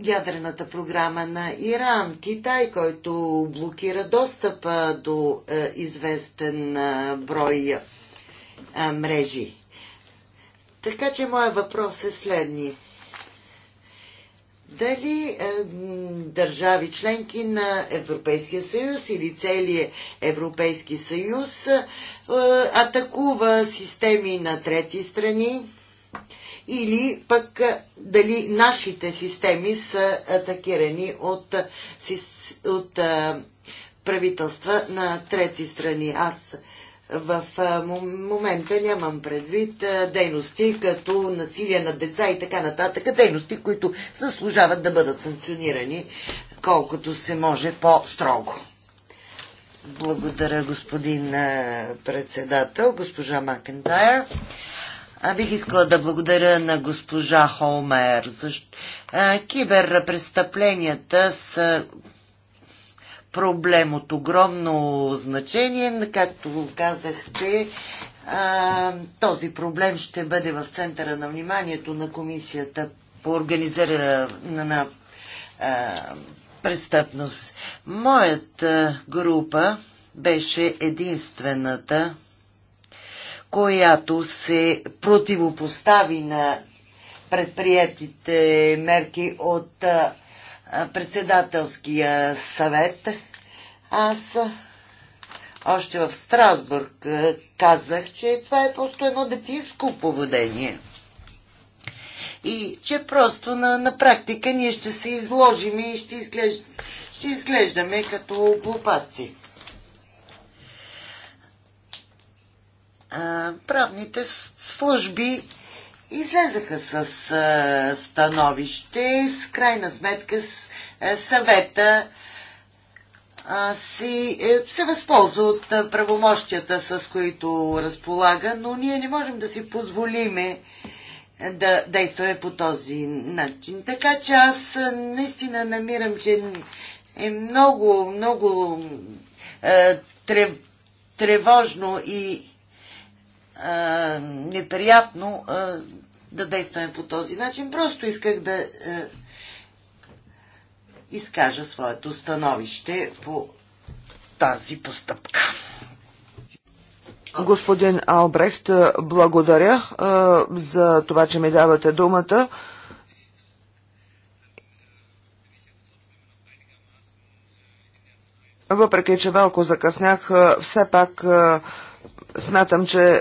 ядрената програма на Иран, Китай, който блокира достъпа до е, известен е, брой е, мрежи. Така че моя въпрос е следния. Дали е, държави членки на Европейския съюз или целият Европейски съюз е, атакува системи на трети страни? или пък дали нашите системи са атакирани от, от правителства на трети страни. Аз в момента нямам предвид дейности като насилие на деца и така нататък, дейности, които заслужават да бъдат санкционирани колкото се може по-строго. Благодаря, господин председател, госпожа Макентайр. А бих искала да благодаря на госпожа Холмер. Защо... киберпрестъпленията са проблем от огромно значение. Както казахте, а, този проблем ще бъде в центъра на вниманието на комисията по организиране на а, престъпност. Моята група беше единствената, която се противопостави на предприятите мерки от председателския съвет. Аз още в Страсбург казах, че това е просто едно детинско поведение. И че просто на, на практика ние ще се изложим и ще, изглежд, ще изглеждаме като глупаци. правните служби излезаха с становище. С крайна сметка е, съвета си, е, се възползва от правомощията, с които разполага, но ние не можем да си позволиме е, да действаме по този начин. Така че аз наистина намирам, че е много, много е, тревожно и а, неприятно а, да действаме по този начин. Просто исках да а, изкажа своето становище по тази постъпка. Господин Албрехт, благодаря а, за това, че ми давате думата. Въпреки, че малко закъснях, все пак Смятам, че е,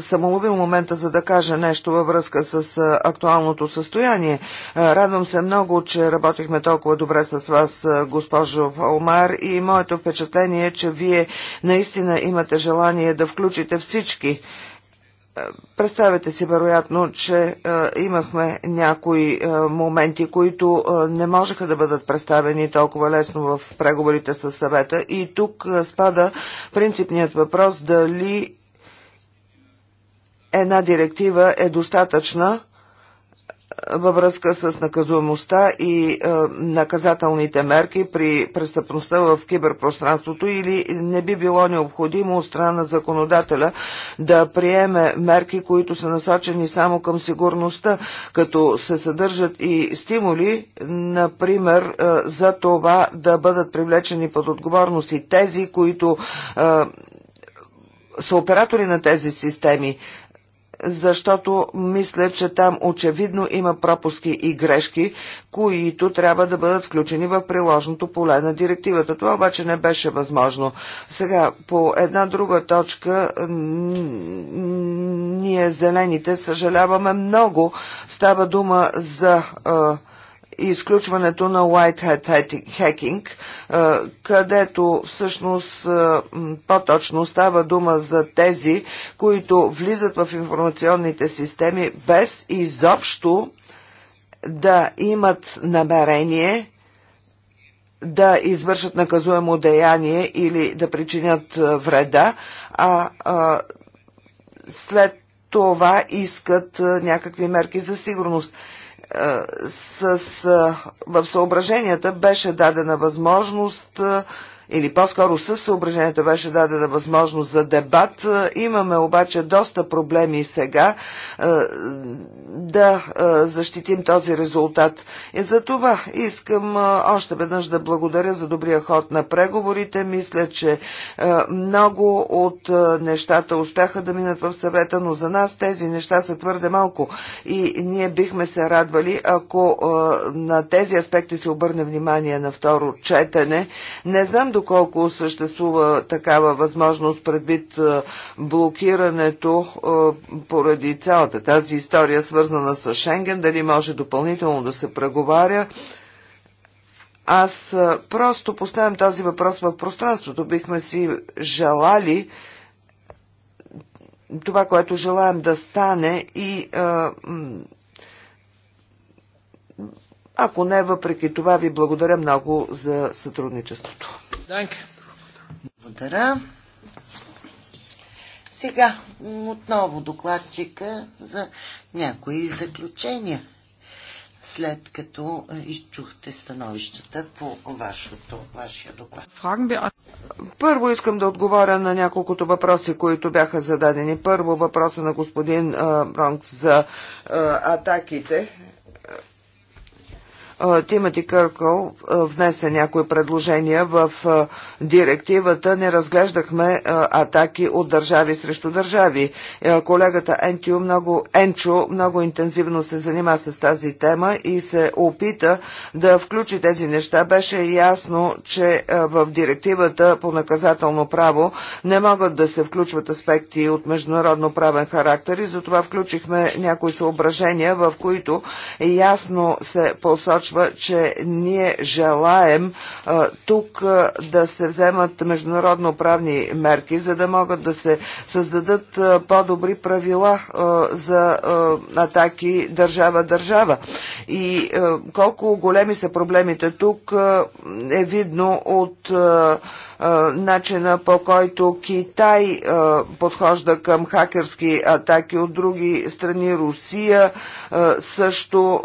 съм уловил момента за да кажа нещо във връзка с е, актуалното състояние. Е, радвам се много, че работихме толкова добре с вас, е, госпожо Олмар, и моето впечатление е, че вие наистина имате желание да включите всички. Е, Представете си вероятно, че е, имахме някои е, моменти, които е, не можеха да бъдат представени толкова лесно в преговорите с съвета и тук е, спада принципният въпрос дали една директива е достатъчна във връзка с наказуемостта и а, е, наказателните мерки при престъпността в киберпространството или не би било необходимо от страна на законодателя да приеме мерки, които са насочени само към сигурността, като се съдържат и стимули, например, а, е, за това да бъдат привлечени под отговорност и тези, които а, е, са оператори на тези системи защото мисля, че там очевидно има пропуски и грешки, които трябва да бъдат включени в приложното поле на директивата. Това обаче не беше възможно. Сега, по една друга точка, ние зелените съжаляваме много. Става дума за а, изключването на Whitehead Hacking, където всъщност по-точно става дума за тези, които влизат в информационните системи без изобщо да имат намерение да извършат наказуемо деяние или да причинят вреда, а, а след това искат някакви мерки за сигурност с, в съображенията беше дадена възможност или по-скоро със съображението беше дадена възможност за дебат. Е, имаме обаче доста проблеми сега е, да е, защитим този резултат. И за това искам още веднъж да благодаря за добрия ход на преговорите. Мисля, че много от нещата успяха да минат в съвета, но за нас тези неща са твърде малко и ние бихме се радвали, ако на тези аспекти се обърне внимание на второ четене. Не знам доколко съществува такава възможност предвид е, блокирането е, поради цялата тази история, свързана с Шенген, дали може допълнително да се преговаря. Аз е, просто поставям този въпрос в пространството. Бихме си желали това, което желаем да стане и а, ако не, въпреки това ви благодаря много за сътрудничеството. Благодаря. Сега отново докладчика за някои заключения, след като изчухте становищата по вашето, вашия доклад. Първо искам да отговоря на няколкото въпроси, които бяха зададени. Първо въпроса на господин Бронкс за атаките Тимати Къркъл внесе някои предложения в директивата. Не разглеждахме атаки от държави срещу държави. Колегата Ентю много, Енчо много интензивно се занима с тази тема и се опита да включи тези неща. Беше ясно, че в директивата по наказателно право не могат да се включват аспекти от международно правен характер и затова включихме някои съображения, в които ясно се посочва посочва, че ние желаем тук да се вземат международно правни мерки, за да могат да се създадат по-добри правила за атаки държава-държава. И колко големи са проблемите тук е видно от начина по който Китай подхожда към хакерски атаки от други страни, Русия също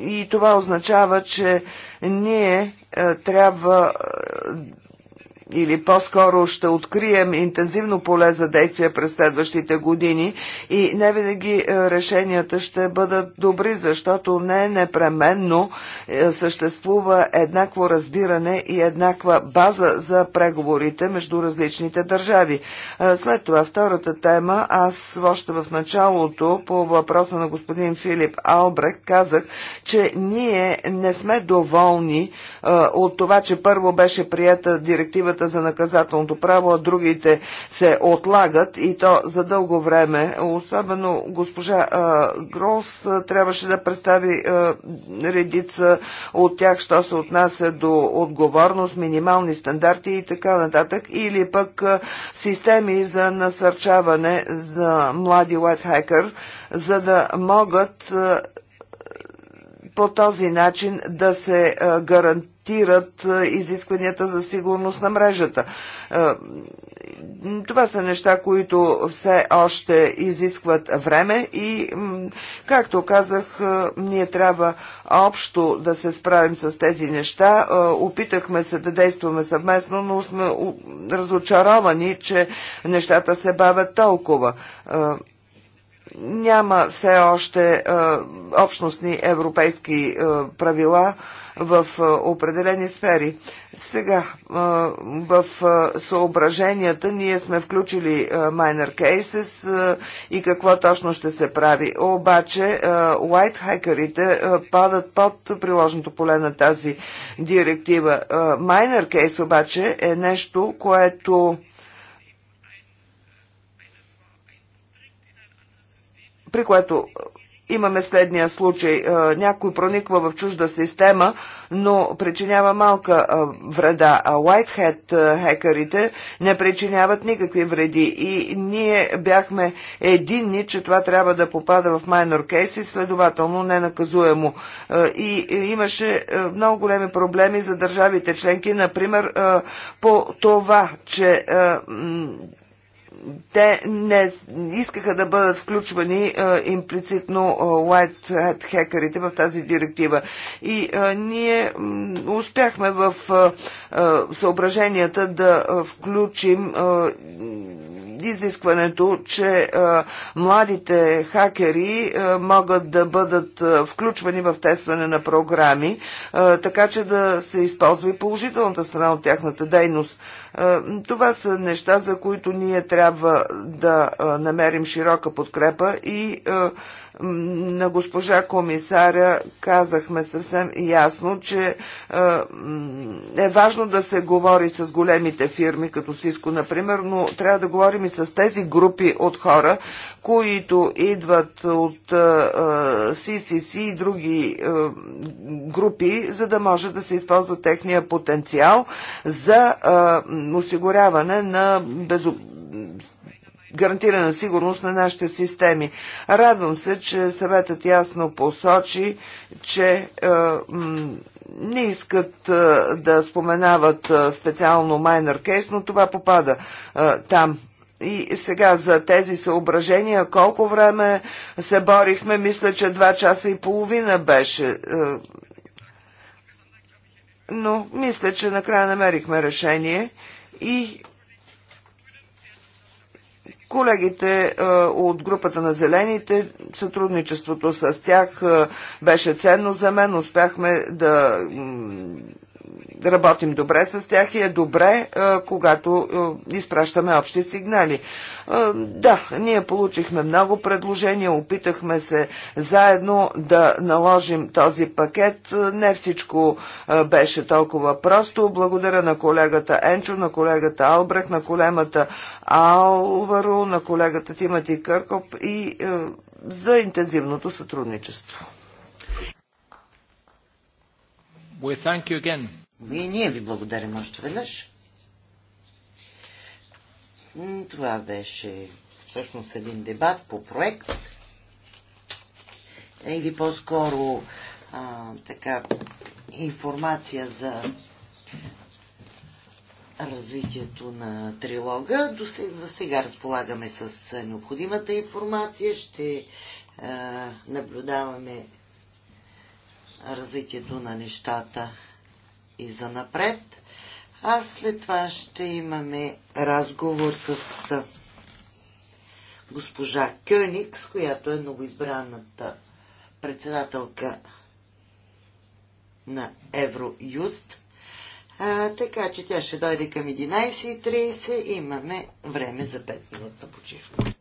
и това означава, че ние е, трябва е, или по-скоро ще открием интензивно поле за действия през следващите години и не винаги е, решенията ще бъдат добри, защото не е непременно е, съществува еднакво разбиране и еднаква база за преговорите между различните държави. Е, след това втората тема, аз още в началото по въпроса на господин Филип Албрек казах, че ние не сме доволни от това, че първо беше прията директивата за наказателното право, а другите се отлагат и то за дълго време. Особено госпожа Грос трябваше да представи редица от тях, що се отнася до отговорност, минимални стандарти и така нататък, или пък системи за насърчаване за млади лайтхайкър, за да могат по този начин да се гарантират гарантират изискванията за сигурност на мрежата. Това са неща, които все още изискват време и, както казах, ние трябва общо да се справим с тези неща. Опитахме се да действаме съвместно, но сме разочаровани, че нещата се бавят толкова няма все още е, общностни европейски е, правила в е, определени сфери. Сега, е, в е, съображенията ние сме включили е, minor cases и какво точно ще се прави. Обаче, white хакерите падат под приложното поле на тази директива. Minor case обаче е нещо, което при което имаме следния случай. Е, някой прониква в чужда система, но причинява малка е, вреда, а Whitehead е, хекарите не причиняват никакви вреди. И ние бяхме единни, че това трябва да попада в minor case и следователно ненаказуемо. И имаше много големи проблеми за държавите членки, например по това, че те не искаха да бъдат включвани а, имплицитно а, white hat хакерите в тази директива. И а, ние м, успяхме в а, а, съображенията да а, включим а, изискването, че а, младите хакери а, могат да бъдат а, включвани в тестване на програми, а, така че да се използва и положителната страна от тяхната дейност. А, това са неща, за които ние трябва трябва да намерим широка подкрепа и на госпожа комисаря казахме съвсем ясно, че е важно да се говори с големите фирми, като Сиско, например, но трябва да говорим и с тези групи от хора, които идват от CCC и други групи, за да може да се използва техния потенциал за осигуряване на безопасност гарантирана сигурност на нашите системи. Радвам се, че съветът ясно посочи, че е, не искат е, да споменават е, специално майнер кейс, но това попада е, там. И сега за тези съображения, колко време се борихме, мисля, че два часа и половина беше. Е, но мисля, че накрая намерихме решение и колегите е, от групата на зелените, сътрудничеството с тях е, беше ценно за мен. Успяхме да работим добре с тях и е добре, е, когато е, изпращаме общи сигнали. Е, да, ние получихме много предложения, опитахме се заедно да наложим този пакет. Не всичко беше толкова просто. Благодаря на колегата Енчо, на колегата Албрех, на колемата Алваро, на колегата Тимати Къркоп и за интензивното сътрудничество. We thank you again. И ние ви благодарим още веднъж. Това беше всъщност един дебат по проект е, или по-скоро така информация за развитието на трилога. До сега, за сега разполагаме с необходимата информация. Ще а, наблюдаваме развитието на нещата и за напред. А след това ще имаме разговор с госпожа Кюникс, която е новоизбраната председателка на Евроюст. А, така че тя ще дойде към 11.30. и Имаме време за 5 минутна почивка.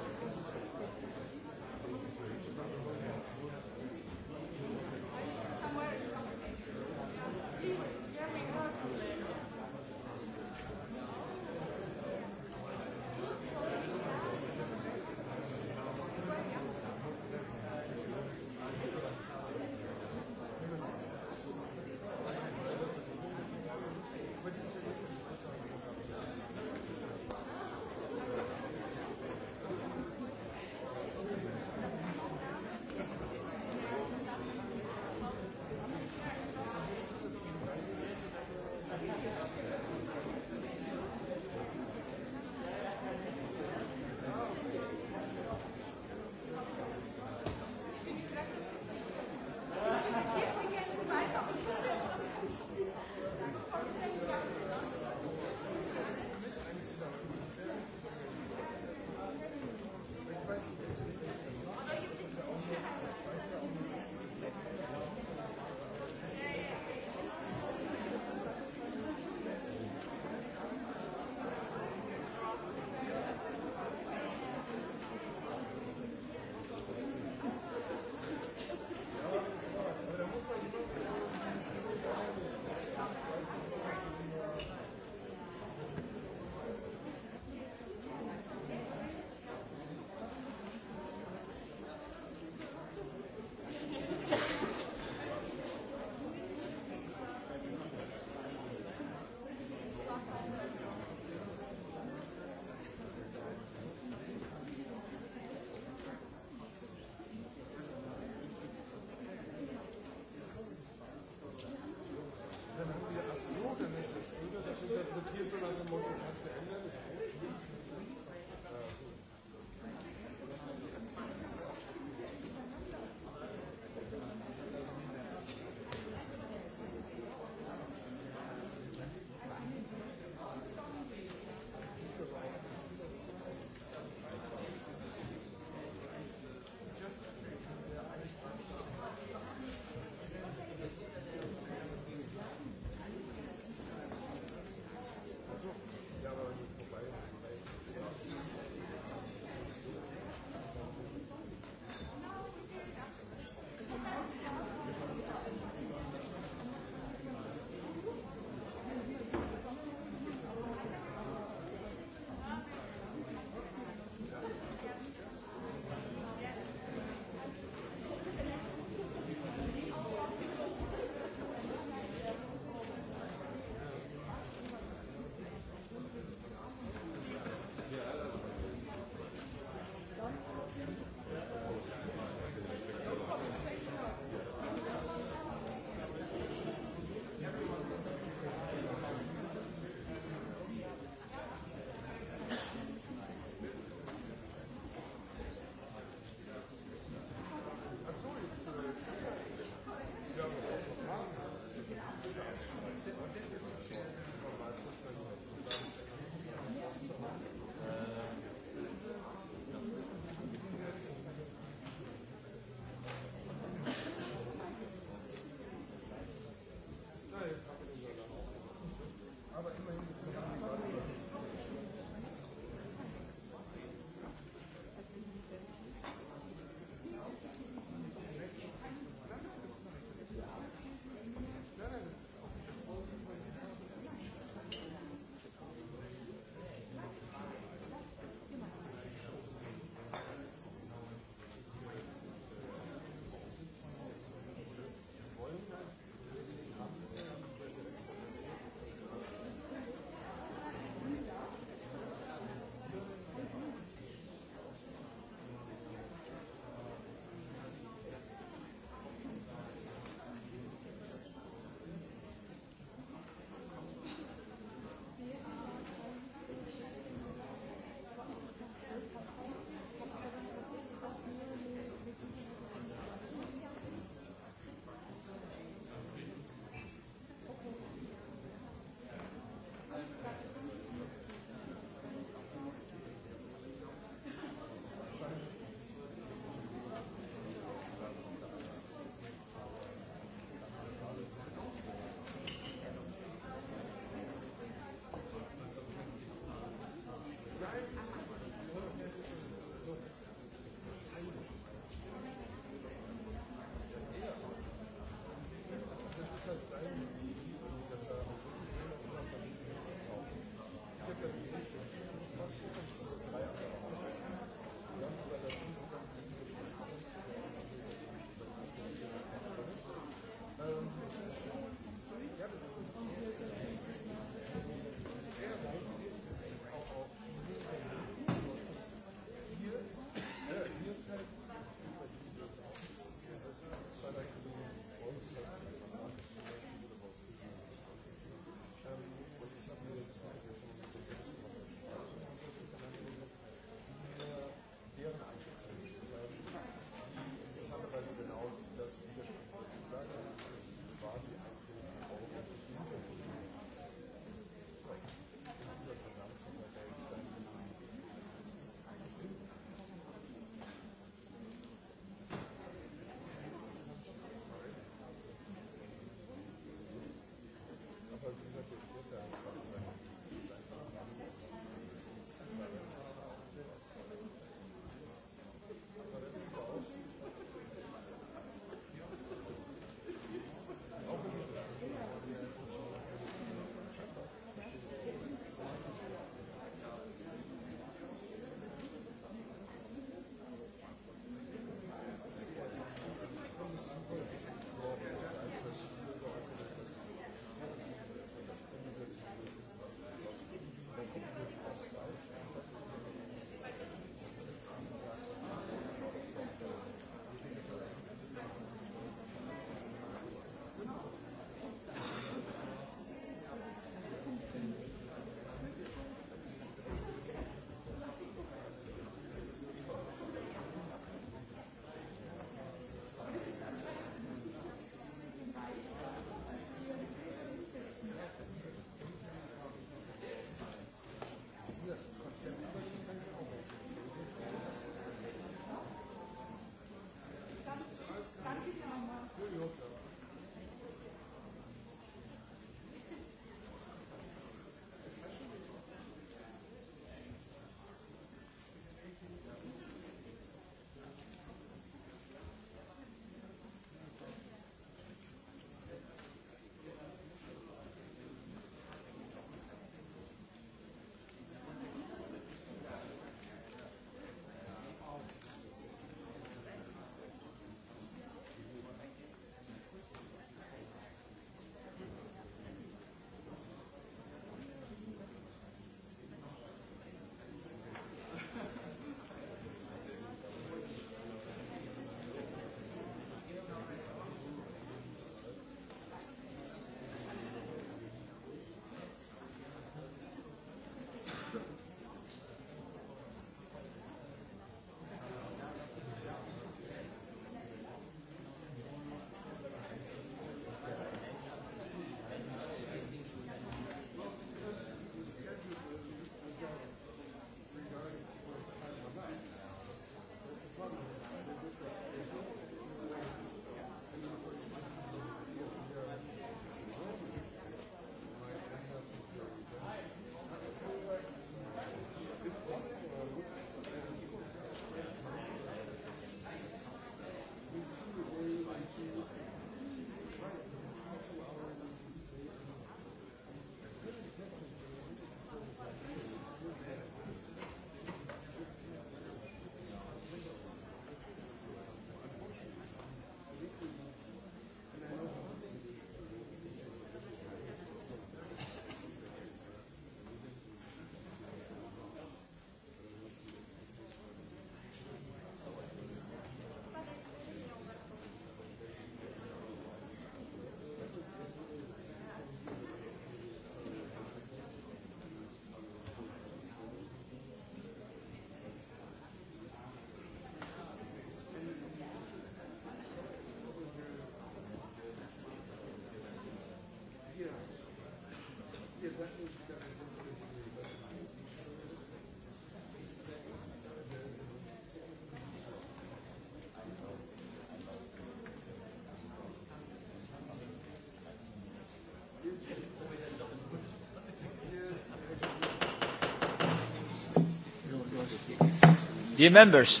Dear members,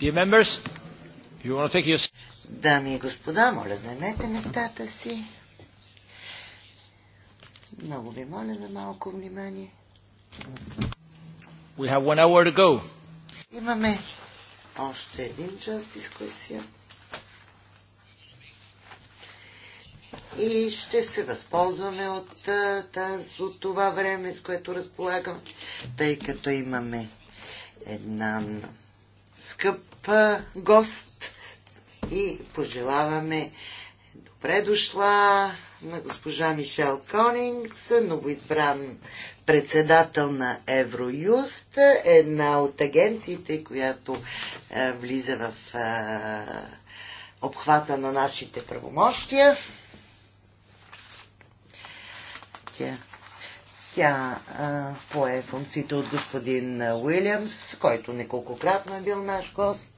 dear members, you want to take your Дами и господа, моля, займете местата си. Много ви моля за малко внимание. We have one hour to go. Имаме още един час дискусия. И ще се възползваме от, таз, от това време, с което разполагам, тъй като имаме една скъпа гост и пожелаваме добре дошла на госпожа Мишел Конингс, новоизбран председател на Евроюст, една от агенциите, която е, влиза в е, обхвата на нашите правомощия. Тя, тя е, пое функциите от господин Уилямс, който неколкократно е бил наш гост.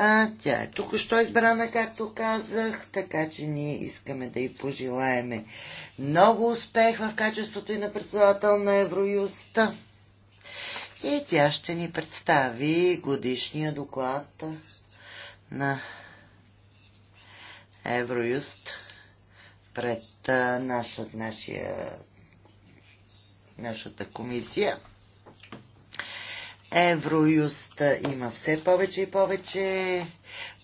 А, тя е тук що избрана, както казах, така че ние искаме да й пожелаеме много успех в качеството и на председател на Евроюста. И тя ще ни представи годишния доклад на Евроюст пред наша, нашия, нашата комисия. Евроюст има все повече и повече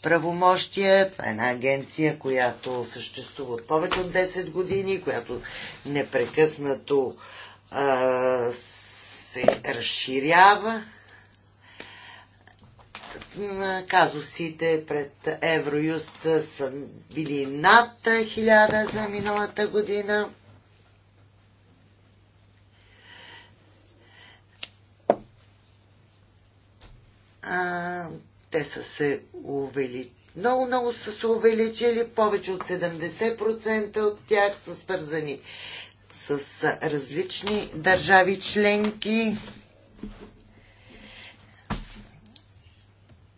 правомощия. Това е една агенция, която съществува от повече от 10 години, която непрекъснато а, се разширява. Казусите пред Евроюст са били над 1000 за миналата година. А, те са се увеличили. Много, много са се увеличили. Повече от 70% от тях са свързани с различни държави членки.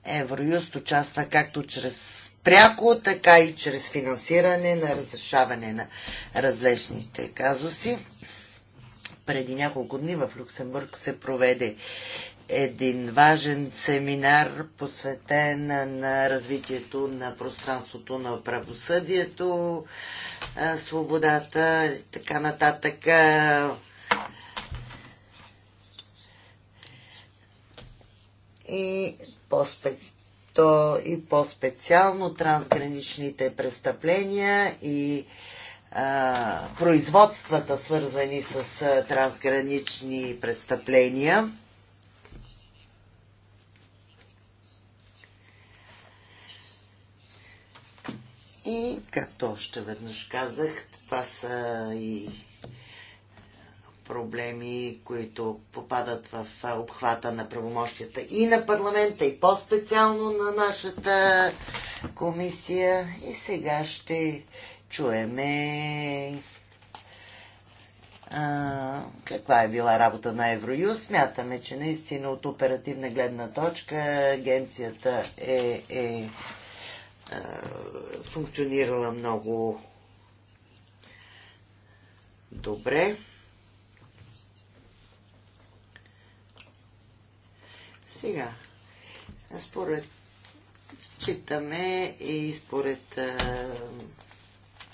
Евроюст участва както чрез пряко, така и чрез финансиране на разрешаване на различните казуси. Преди няколко дни в Люксембург се проведе един важен семинар, посветен на развитието на пространството на правосъдието, свободата и така нататък. И по-специално то и по-специално трансграничните престъпления и а, производствата, свързани с а, трансгранични престъпления. И, както още веднъж казах, това са и проблеми, които попадат в обхвата на правомощията и на парламента, и по-специално на нашата комисия. И сега ще чуеме а, каква е била работа на Евроюз. Смятаме, че наистина от оперативна гледна точка агенцията е, е функционирала много добре. Сега, според, читаме и според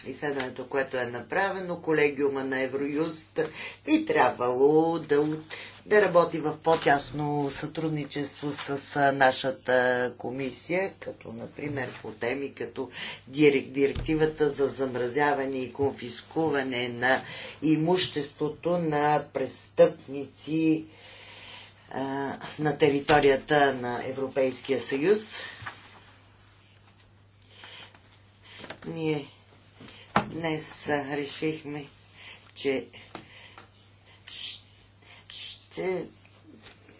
изследването, което е направено, колегиума на Евроюст би трябвало да, да работи в по-тясно сътрудничество с нашата комисия, като например по теми като директивата за замразяване и конфискуване на имуществото на престъпници а, на територията на Европейския съюз. Ние Днес решихме, че ще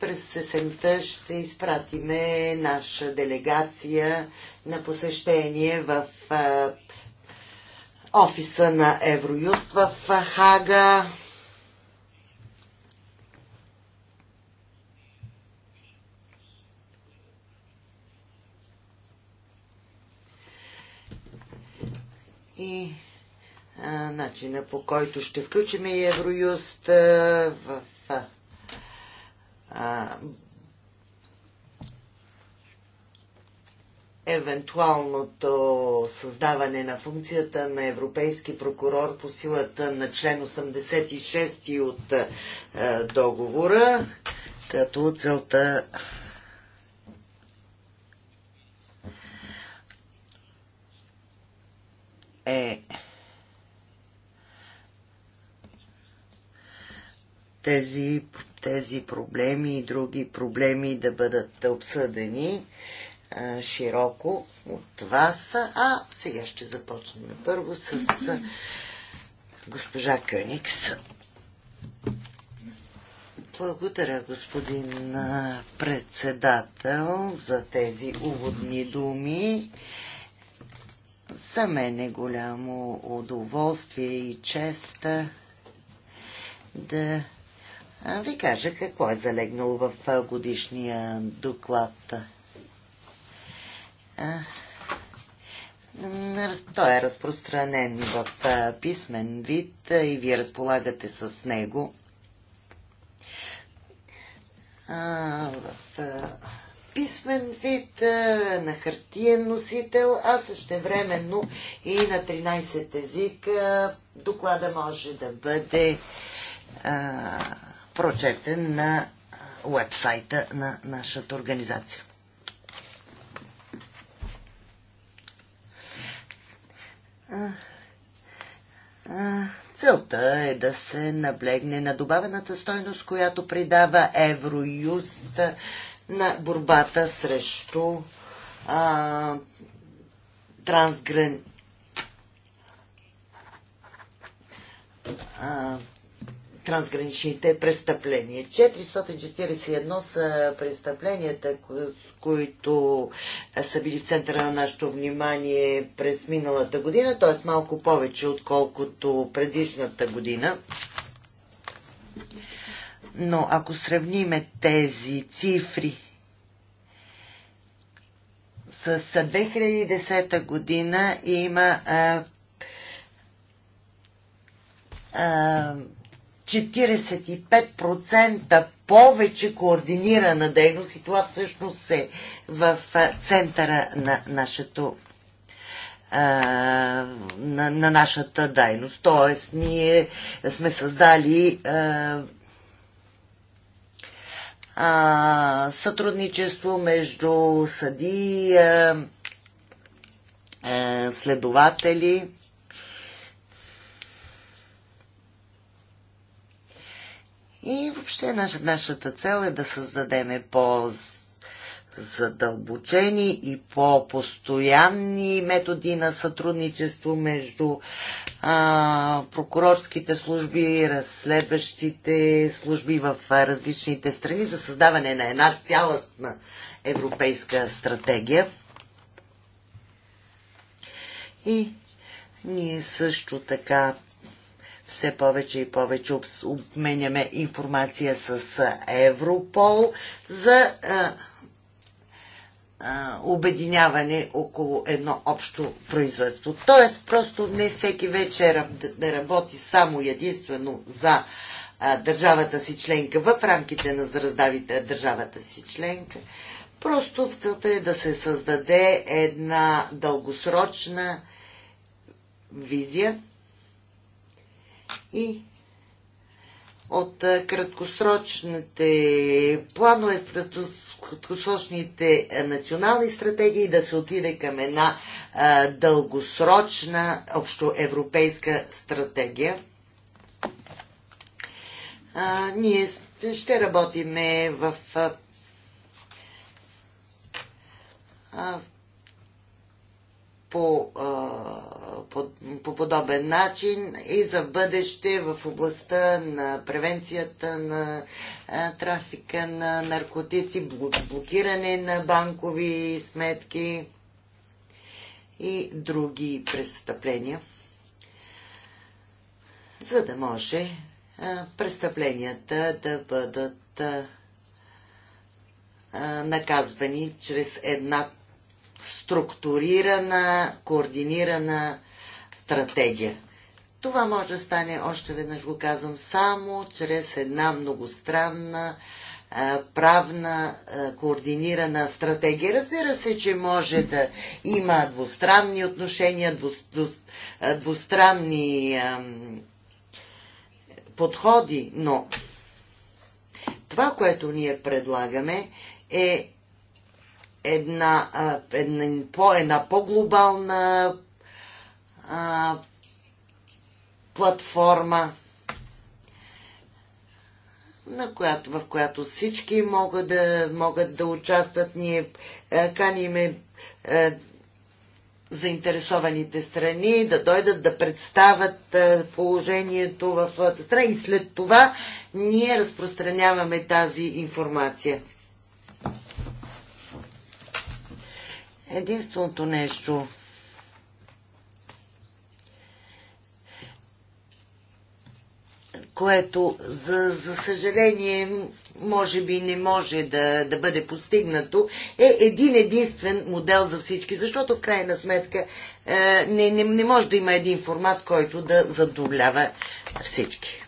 през сесента ще изпратиме наша делегация на посещение в офиса на Евроюст в Хага. И начина по който ще включим и Евроюст в а, евентуалното създаване на функцията на европейски прокурор по силата на член 86 от а, договора, като целта е тези, тези проблеми и други проблеми да бъдат обсъдени а, широко от вас. А сега ще започнем първо с госпожа Кюникс. Благодаря, господин председател, за тези уводни думи. За мен е голямо удоволствие и честа да ви кажа какво е залегнало в годишния доклад. Той е разпространен в писмен вид и вие разполагате с него. В писмен вид, на хартиен носител, а също времено и на 13 език доклада може да бъде прочетен на уебсайта на нашата организация. целта е да се наблегне на добавената стойност, която придава Евроюст на борбата срещу а, трансгран... а, трансграничните престъпления. 441 са престъпленията, които са били в центъра на нашето внимание през миналата година, т.е. малко повече, отколкото предишната година. Но ако сравниме тези цифри с 2010 година, има а, а, 45% повече координирана дейност и това всъщност е в центъра на нашето на, на нашата дейност. Тоест, ние сме създали а, а, сътрудничество между съди, а, следователи И въобще наша, нашата цел е да създадеме по задълбочени и по-постоянни методи на сътрудничество между а, прокурорските служби, разследващите служби в различните страни за създаване на една цялостна европейска стратегия. И ние също така все повече и повече обменяме информация с Европол за обединяване около едно общо производство. Тоест, просто не всеки вече да работи само единствено за държавата си членка, в рамките на раздавите държавата си членка. Просто в целта е да се създаде една дългосрочна визия и от краткосрочните планове, краткосрочните национални стратегии да се отиде към една дългосрочна общоевропейска стратегия. А, ние ще работиме в а, по, по, по подобен начин и за бъдеще в областта на превенцията на трафика на наркотици, блокиране на банкови сметки и други престъпления, за да може престъпленията да бъдат наказвани чрез една структурирана, координирана стратегия. Това може да стане, още веднъж го казвам, само чрез една многостранна правна координирана стратегия. Разбира се, че може да има двустранни отношения, двустранни подходи, но това, което ние предлагаме е една, една, по, една по-глобална платформа, на която, в която всички могат да, могат да участват. Ние каниме заинтересованите страни да дойдат да представят положението в своята страна и след това ние разпространяваме тази информация. Единственото нещо, което за, за съжаление може би не може да, да бъде постигнато, е един единствен модел за всички, защото в крайна сметка е, не, не, не може да има един формат, който да задоволява всички.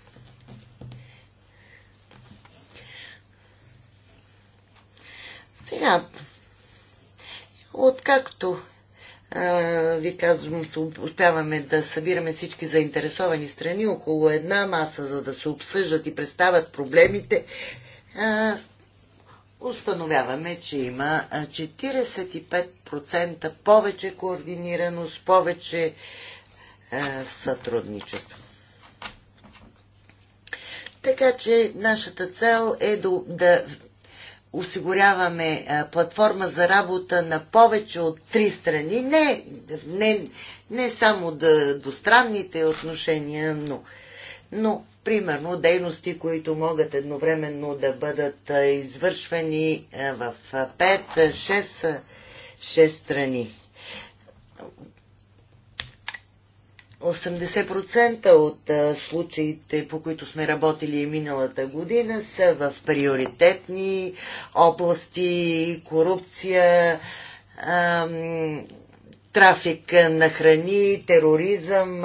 Сега, Откакто ви казвам, се успяваме да събираме всички заинтересовани страни около една маса, за да се обсъждат и представят проблемите. Установяваме, че има 45% повече координираност, повече сътрудничество. Така че нашата цел е да, да осигуряваме платформа за работа на повече от три страни, не, не, не само да, двустранните отношения, но, но примерно дейности, които могат едновременно да бъдат извършвани в 5-6 страни. 80% от случаите, по които сме работили миналата година, са в приоритетни области, корупция, трафик на храни, тероризъм,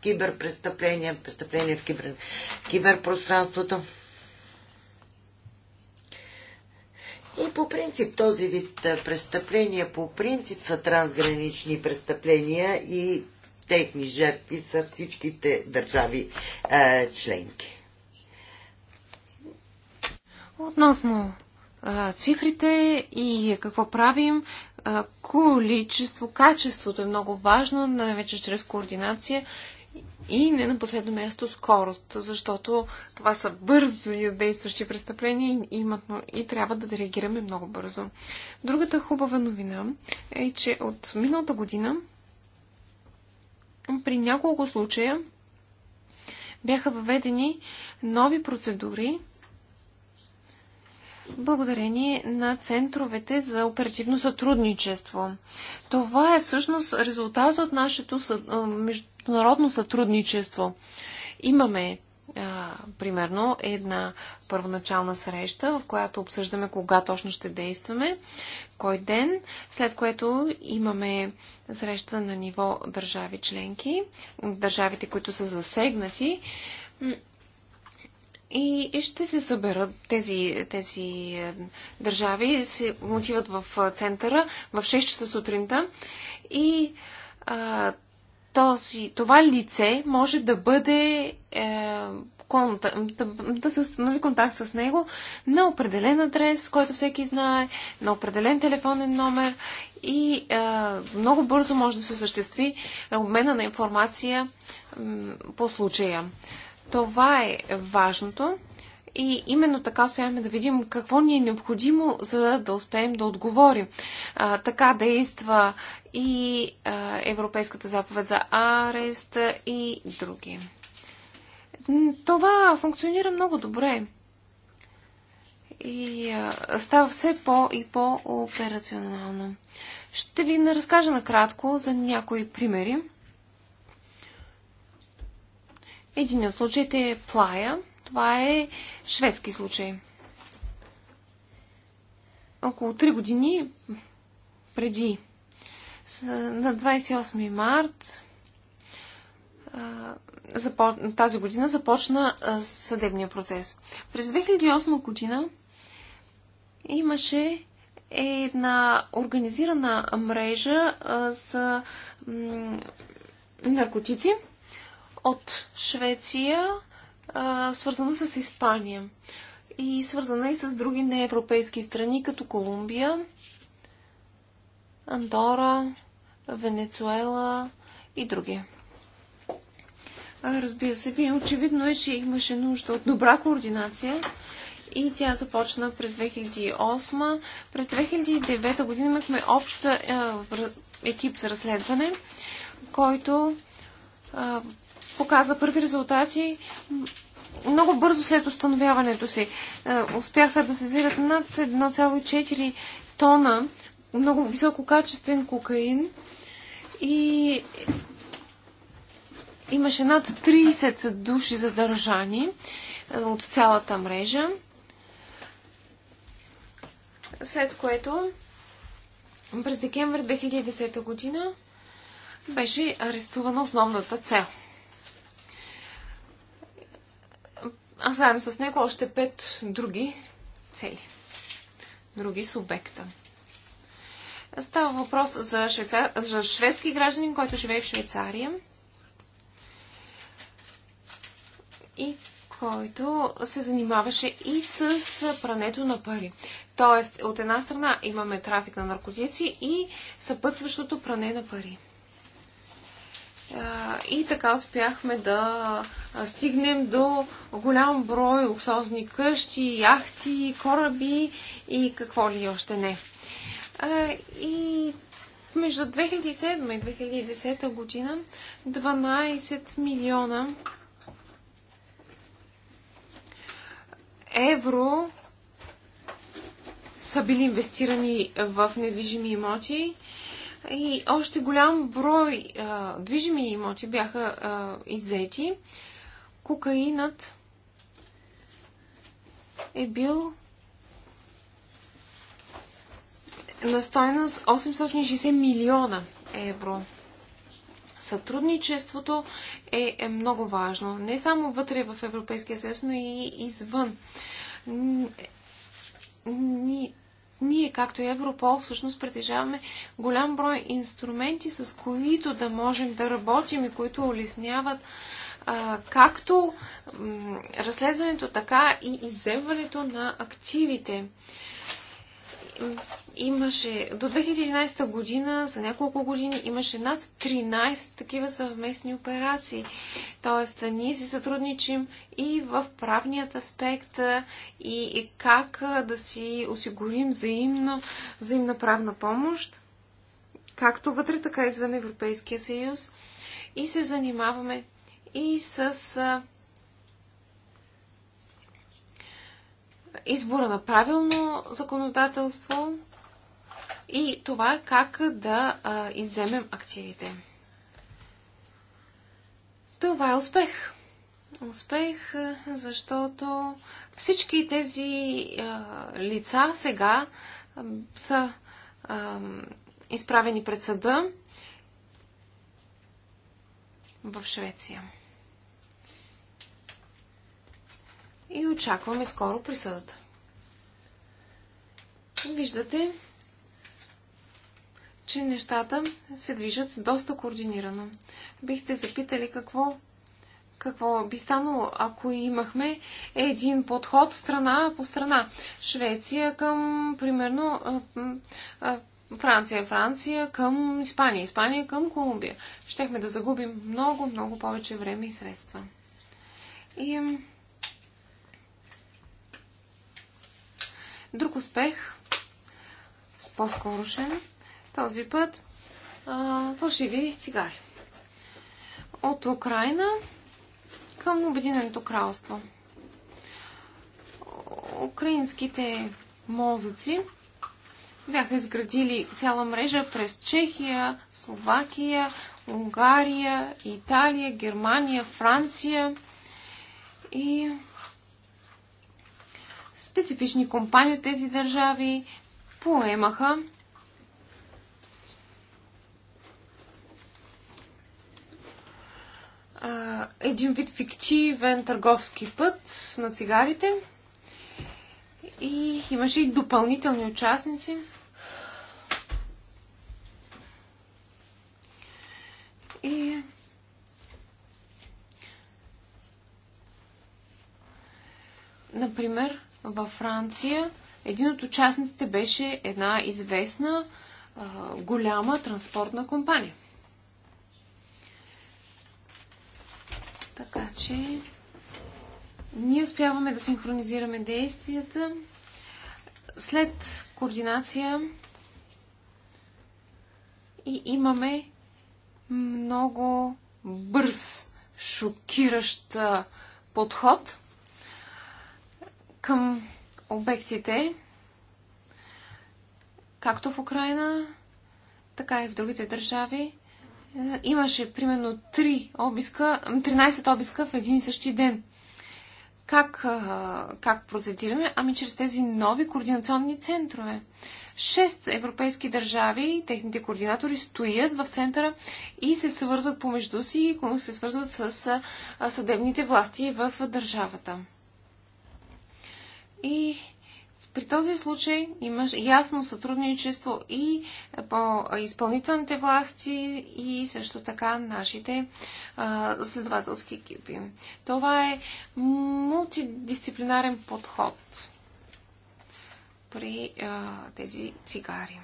киберпрестъпления, престъпления в кибер, киберпространството. И по принцип този вид престъпления по принцип са трансгранични престъпления и техни жертви са всичките държави е, членки. Относно е, цифрите и какво правим, е, количество, качеството е много важно, най-вече чрез координация и не на последно място скорост, защото това са бързи действащи престъпления и, имат, и трябва да реагираме много бързо. Другата хубава новина е, че от миналата година при няколко случая бяха въведени нови процедури благодарение на центровете за оперативно сътрудничество. Това е всъщност резултат от нашето международно сътрудничество. Имаме а, примерно една първоначална среща, в която обсъждаме кога точно ще действаме, кой ден, след което имаме среща на ниво държави членки, държавите, които са засегнати. И ще се съберат тези, тези държави, се отиват в центъра в 6 часа сутринта и а, този, това лице може да бъде е, контакт, да, да се установи контакт с него на определен адрес, който всеки знае, на определен телефонен номер и е, много бързо може да се осъществи обмена на информация е, по случая. Това е важното. И именно така успяваме да видим какво ни е необходимо, за да успеем да отговорим. А, така действа и а, Европейската заповед за арест и други. Това функционира много добре и а, става все по- и по-операционално. Ще ви разкажа накратко за някои примери. Един от случаите е Плая – това е шведски случай. Около 3 години преди на 28 март тази година започна съдебния процес. През 2008 година имаше една организирана мрежа за наркотици от Швеция а, свързана с Испания и свързана и с други неевропейски страни, като Колумбия, Андора, Венецуела и други. Разбира се, ви очевидно е, че имаше нужда от добра координация и тя започна през 2008. През 2009 година имахме обща екип за разследване, който показа първи резултати много бързо след установяването си е, успяха да сезират над 1,4 тона много висококачествен кокаин и имаше над 30 души задържани е, от цялата мрежа. След което през декември 2010 година беше арестувана основната цел – а заедно с него още пет други цели, други субекта. Става въпрос за, швейцар... за шведски гражданин, който живее в Швейцария и който се занимаваше и с прането на пари. Тоест, от една страна имаме трафик на наркотици и съпътстващото пране на пари и така успяхме да стигнем до голям брой луксозни къщи, яхти, кораби и какво ли още не. И между 2007 и 2010 година 12 милиона евро са били инвестирани в недвижими имоти и още голям брой а, движими имоти бяха а, иззети. Кокаинът е бил на стойност 860 милиона евро. Сътрудничеството е, е много важно. Не само вътре в Европейския съюз, но и извън. Е, ни, ние, както и Европол, всъщност притежаваме голям брой инструменти, с които да можем да работим и които улесняват а, както разследването, така и изземването на активите имаше до 2011 година, за няколко години, имаше над 13 такива съвместни операции. Тоест, ние си сътрудничим и в правният аспект и, как да си осигурим взаимно, взаимна правна помощ, както вътре, така и извън Европейския съюз. И се занимаваме и с избора на правилно законодателство и това как да а, изземем активите. Това е успех. Успех, защото всички тези а, лица сега а, са а, изправени пред съда в Швеция. и очакваме скоро присъдата. Виждате, че нещата се движат доста координирано. Бихте запитали какво, какво би станало, ако имахме един подход страна по страна. Швеция към, примерно, Франция, Франция към Испания, Испания към Колумбия. Щехме да загубим много, много повече време и средства. И Друг успех, с по-скорошен, този път фалшиви цигари. От Украина към Обединеното кралство. Украинските мозъци бяха изградили цяла мрежа през Чехия, Словакия, Унгария, Италия, Германия, Франция и специфични компании от тези държави поемаха един вид фиктивен търговски път на цигарите и имаше и допълнителни участници. И Например, във Франция един от участниците беше една известна голяма транспортна компания. Така че ние успяваме да синхронизираме действията. След координация и имаме много бърз, шокиращ подход – към обектите, както в Украина, така и в другите държави. Е, имаше примерно 3 обиска, 13 обиска в един и същи ден. Как, как процедираме? Ами чрез тези нови координационни центрове. Шест европейски държави, техните координатори стоят в центъра и се свързват помежду си и се свързват с съдебните власти в държавата. И при този случай има ясно сътрудничество и по изпълнителните власти и също така нашите а, следователски екипи. Това е мултидисциплинарен подход при а, тези цигари.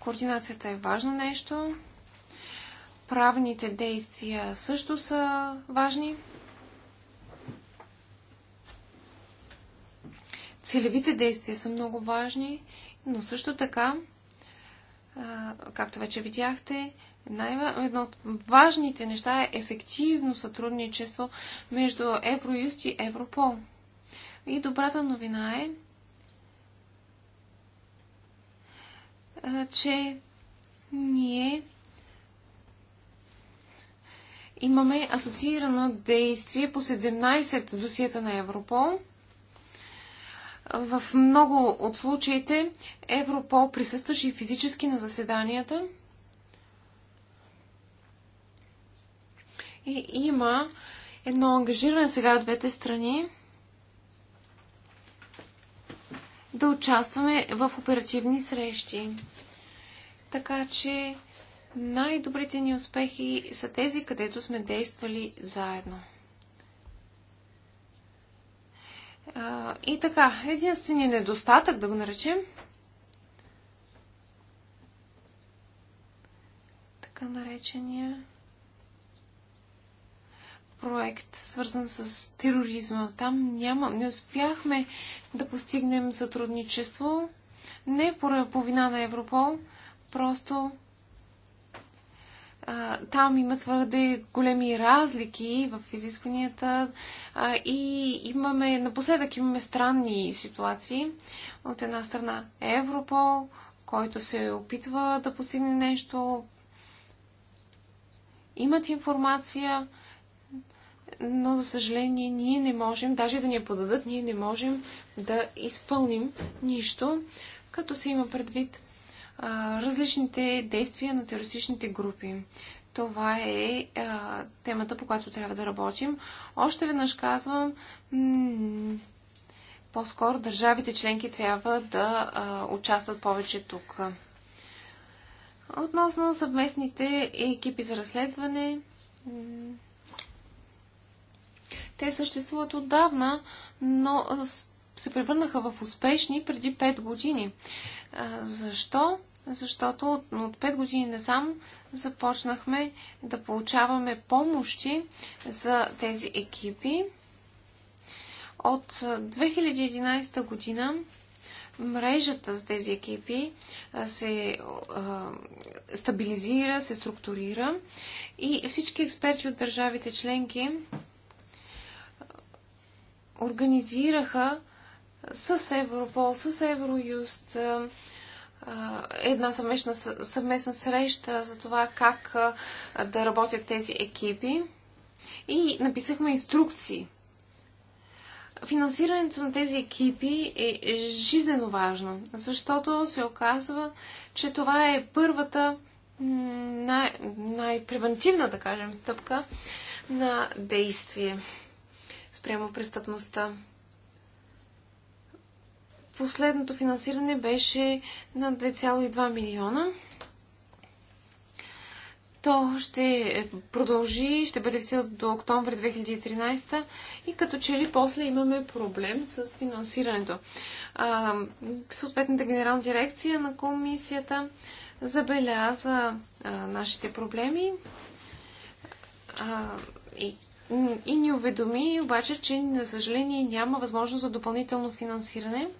Координацията е важно нещо. Правните действия също са важни. Целевите действия са много важни, но също така, както вече видяхте, едно от важните неща е ефективно сътрудничество между Евроюст и Европол. И добрата новина е, че ние имаме асоциирано действие по 17 досиета на Европол – в много от случаите Европол присъстваше и физически на заседанията. И има едно ангажиране сега от двете страни да участваме в оперативни срещи. Така че най-добрите ни успехи са тези, където сме действали заедно. и така, единствения недостатък, да го наречем, така наречения проект, свързан с тероризма. Там няма, не успяхме да постигнем сътрудничество, не по вина на Европол, просто там има твърде големи разлики в изискванията а, и имаме, напоследък имаме странни ситуации. От една страна Европол, който се опитва да постигне нещо, имат информация, но за съжаление ние не можем, даже да ни я подадат, ние не можем да изпълним нищо, като се има предвид различните действия на терористичните групи. Това е а, темата, по която трябва да работим. Още веднъж казвам, по-скоро държавите членки трябва да а, участват повече тук. Относно съвместните екипи за разследване, те съществуват отдавна, но се превърнаха в успешни преди 5 години. Защо? защото от, от 5 години насам започнахме да получаваме помощи за тези екипи. От 2011 година мрежата за тези екипи се а, стабилизира, се структурира и всички експерти от държавите членки организираха с Европол, с Евроюст, една съвместна, съвместна среща за това как да работят тези екипи и написахме инструкции. Финансирането на тези екипи е жизнено важно, защото се оказва, че това е първата най- най-превентивна, да кажем, стъпка на действие спрямо престъпността. Последното финансиране беше на 2,2 милиона. То ще продължи, ще бъде все до октомври 2013 и като че ли после имаме проблем с финансирането. А, съответната генерална дирекция на комисията забеляза а, нашите проблеми а, и, и ни уведоми, обаче, че, на съжаление, няма възможност за допълнително финансиране –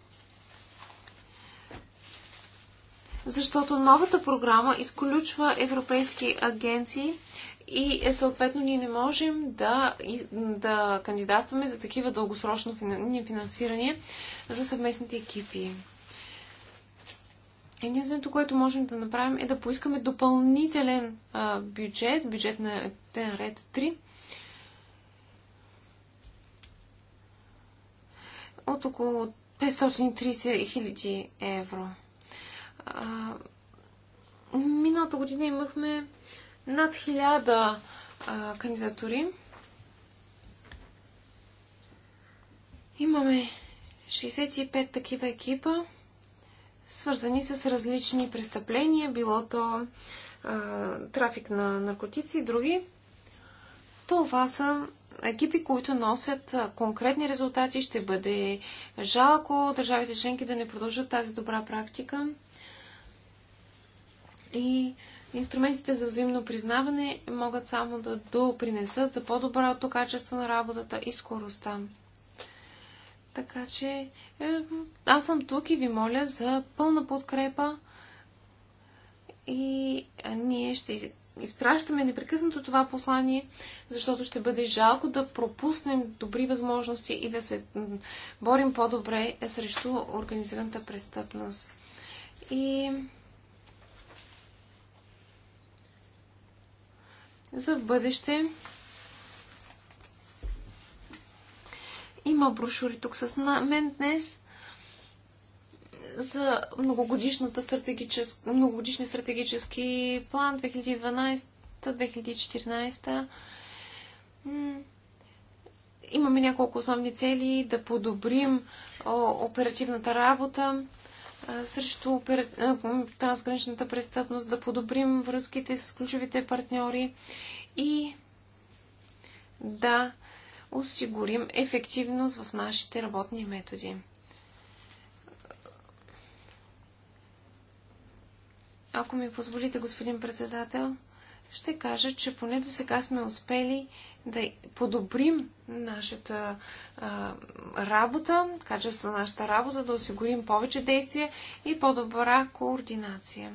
защото новата програма изключва европейски агенции и е, съответно ние не можем да, да кандидатстваме за такива дългосрочно финансирания за съвместните екипи. Единственото, което можем да направим е да поискаме допълнителен а, бюджет, бюджет на ред 3, от около 530 000 евро миналата година имахме над хиляда кандидатури. Имаме 65 такива екипа, свързани с различни престъпления, било то а, трафик на наркотици и други. Това са екипи, които носят конкретни резултати. Ще бъде жалко държавите членки да не продължат тази добра практика. И инструментите за взаимно признаване могат само да допринесат за по-доброто качество на работата и скоростта. Така че е, аз съм тук и ви моля за пълна подкрепа и е, ние ще изпращаме непрекъснато това послание, защото ще бъде жалко да пропуснем добри възможности и да се борим по-добре срещу организираната престъпност. И за в бъдеще. Има брошури тук с мен днес за многогодишната стратегически, многогодишния стратегически план 2012-2014. Имаме няколко основни цели да подобрим оперативната работа, срещу опер... трансграничната престъпност, да подобрим връзките с ключовите партньори и да осигурим ефективност в нашите работни методи. Ако ми позволите, господин председател, ще кажа, че поне до сега сме успели да подобрим нашата а, работа, качеството на нашата работа, да осигурим повече действие и по-добра координация.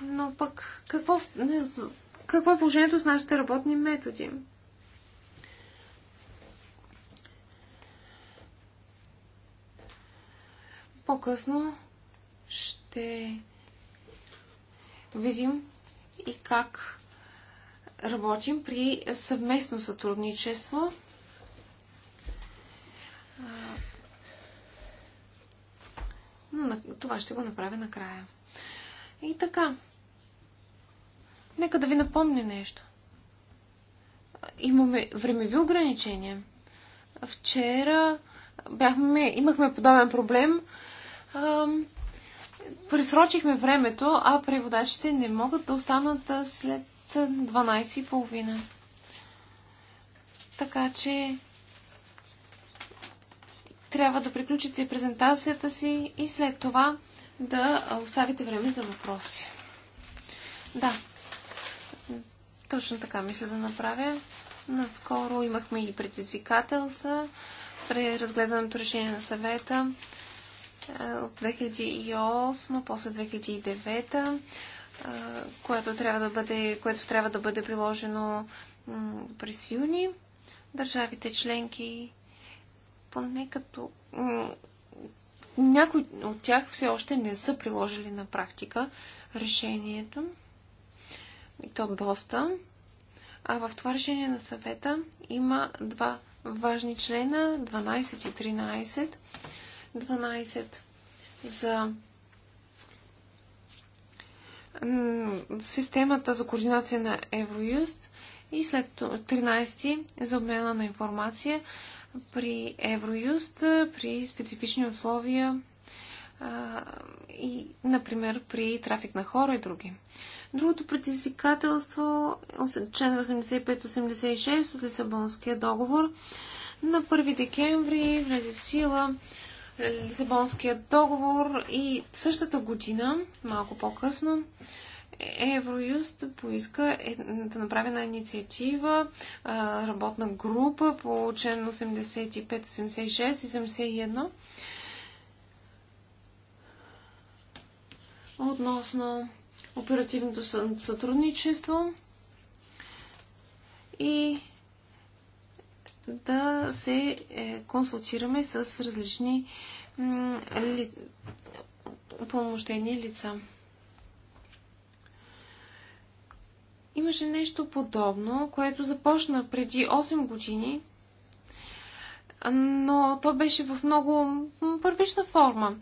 Но пък какво, какво е положението с нашите работни методи? По-късно ще видим и как работим при съвместно сътрудничество. Но това ще го направя накрая. И така. Нека да ви напомня нещо. Имаме времеви ограничения. Вчера бяхме, имахме подобен проблем. Пресрочихме времето, а преводачите не могат да останат след 12.30. Така че трябва да приключите презентацията си и след това да оставите време за въпроси. Да, точно така мисля да направя. Наскоро имахме и предизвикателства при разгледаното решение на съвета е, от 2008, после 2009 което трябва да бъде, което трябва да бъде приложено през юни. Държавите членки, поне като някои от тях все още не са приложили на практика решението. И то доста. А в това решение на съвета има два важни члена 12 и 13. 12 за системата за координация на Евроюст и след 13 за обмена на информация при Евроюст, при специфични условия и, например, при трафик на хора и други. Другото предизвикателство, член 85-86 от Лисабонския договор, на 1 декември влезе в сила Лисабонският договор и същата година, малко по-късно, Евроюст поиска да направи една инициатива, работна група по член 85, 86 и 71 относно оперативното сътрудничество и да се е, консултираме с различни ли... пълномощени лица. Имаше нещо подобно, което започна преди 8 години, но то беше в много първична форма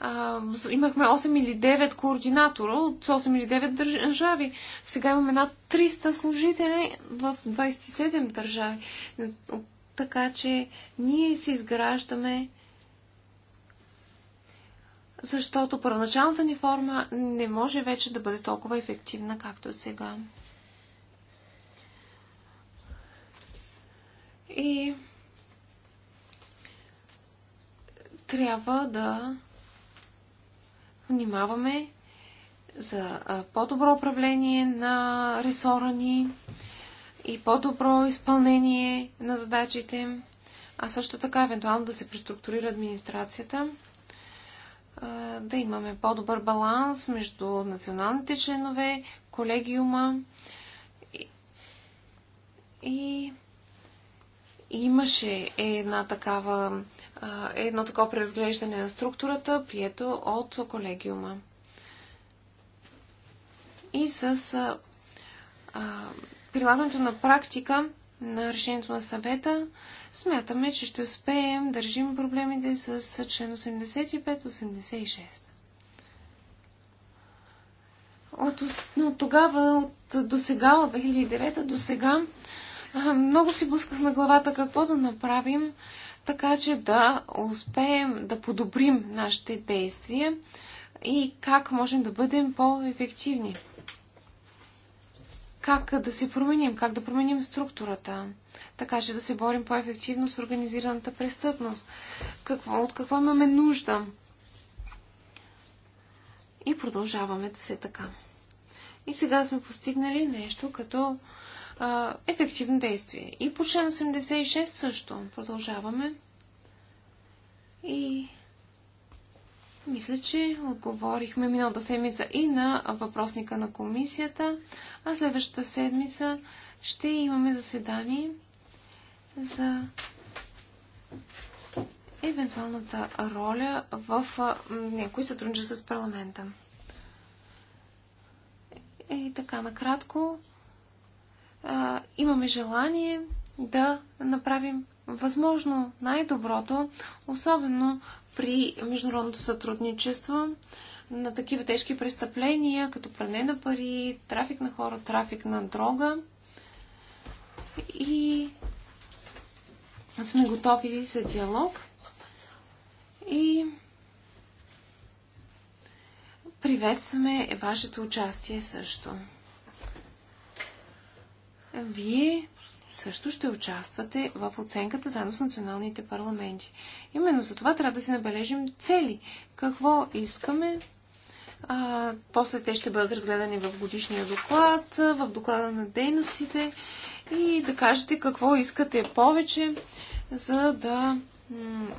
а, имахме 8 или 9 координатора от 8 или 9 държави. Сега имаме над 300 служители в 27 държави. Така че ние се изграждаме защото първоначалната ни форма не може вече да бъде толкова ефективна, както е сега. И трябва да внимаваме за по-добро управление на ресора ни и по-добро изпълнение на задачите, а също така евентуално да се преструктурира администрацията, да имаме по-добър баланс между националните членове, колегиума и, и имаше една такава е едно такова преразглеждане на структурата, прието от колегиума. И с а, а, прилагането на практика на решението на съвета, смятаме, че ще успеем да решим проблемите с член 85-86. От, от тогава, от, до сега, от 2009 до сега, много си блъскахме главата какво да направим, така че да успеем да подобрим нашите действия и как можем да бъдем по-ефективни. Как да се променим, как да променим структурата, така че да се борим по-ефективно с организираната престъпност. Какво, от какво имаме нужда? И продължаваме все така. И сега сме постигнали нещо като а, ефективно действие. И по член 86 също продължаваме. И мисля, че отговорихме миналата седмица и на въпросника на комисията, а следващата седмица ще имаме заседание за евентуалната роля в някои сътрудничества с парламента. И така, накратко, а, имаме желание да направим възможно най-доброто, особено при международното сътрудничество на такива тежки престъпления, като пране на пари, трафик на хора, трафик на дрога. И сме готови за диалог. И приветстваме вашето участие също вие също ще участвате в оценката заедно с националните парламенти. Именно за това трябва да си набележим цели. Какво искаме? А, после те ще бъдат разгледани в годишния доклад, в доклада на дейностите и да кажете какво искате повече, за да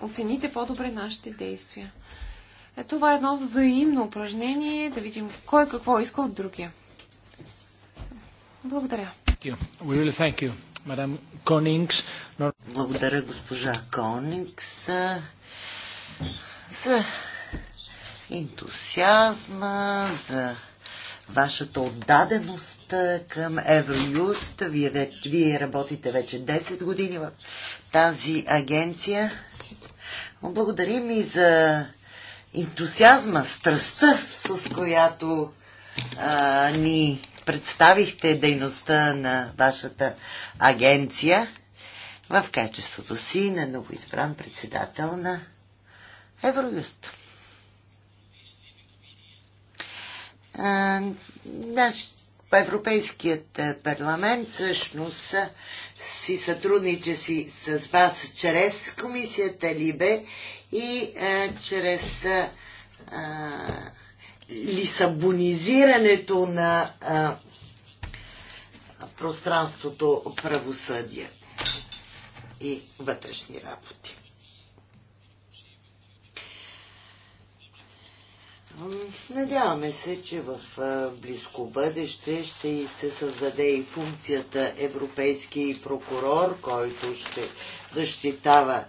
оцените по-добре нашите действия. Е, това е едно взаимно упражнение, да видим кой какво иска от другия. Благодаря. Конингс. Благодаря, госпожа Конингс, за ентусиазма, за вашата отдаденост към Евроюст. Вие, вие работите вече 10 години в тази агенция. Благодарим и за ентусиазма, страстта, с която а, ни представихте дейността на вашата агенция в качеството си на новоизбран председател на Евроюст. Наш Европейският парламент всъщност си сътрудниче си с вас чрез комисията Либе и а, чрез а, лисабонизирането на а, пространството правосъдие и вътрешни работи. Надяваме се, че в близко бъдеще ще се създаде и функцията Европейски прокурор, който ще защитава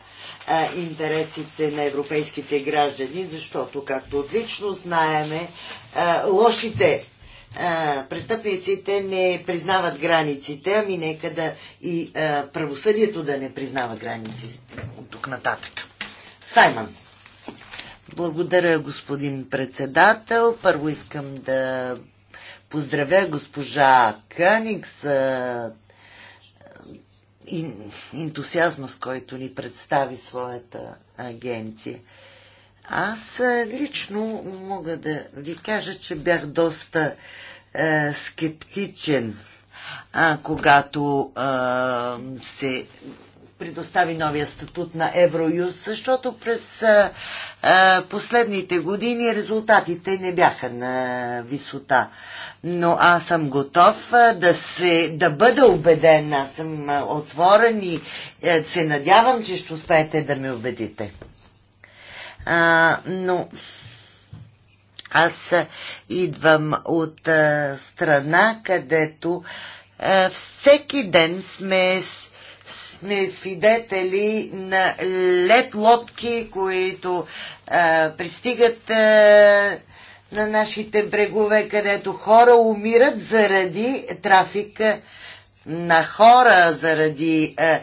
интересите на европейските граждани, защото, както отлично знаеме, лошите престъпниците не признават границите, ами нека да и правосъдието да не признава границите от тук нататък. Саймън. Благодаря, господин председател. Първо искам да поздравя госпожа Къник за е, ентусиазма, с който ни представи своята агенция. Аз е, лично мога да ви кажа, че бях доста е, скептичен, а, когато е, се предостави новия статут на Евроюз, защото през а, а, последните години резултатите не бяха на висота. Но аз съм готов да, се, да бъда убеден, аз съм отворен и се надявам, че ще успеете да ме убедите. А, но аз идвам от а, страна, където а, всеки ден сме сме свидетели на лед лодки, които а, пристигат а, на нашите брегове, където хора умират заради трафик на хора, заради. А,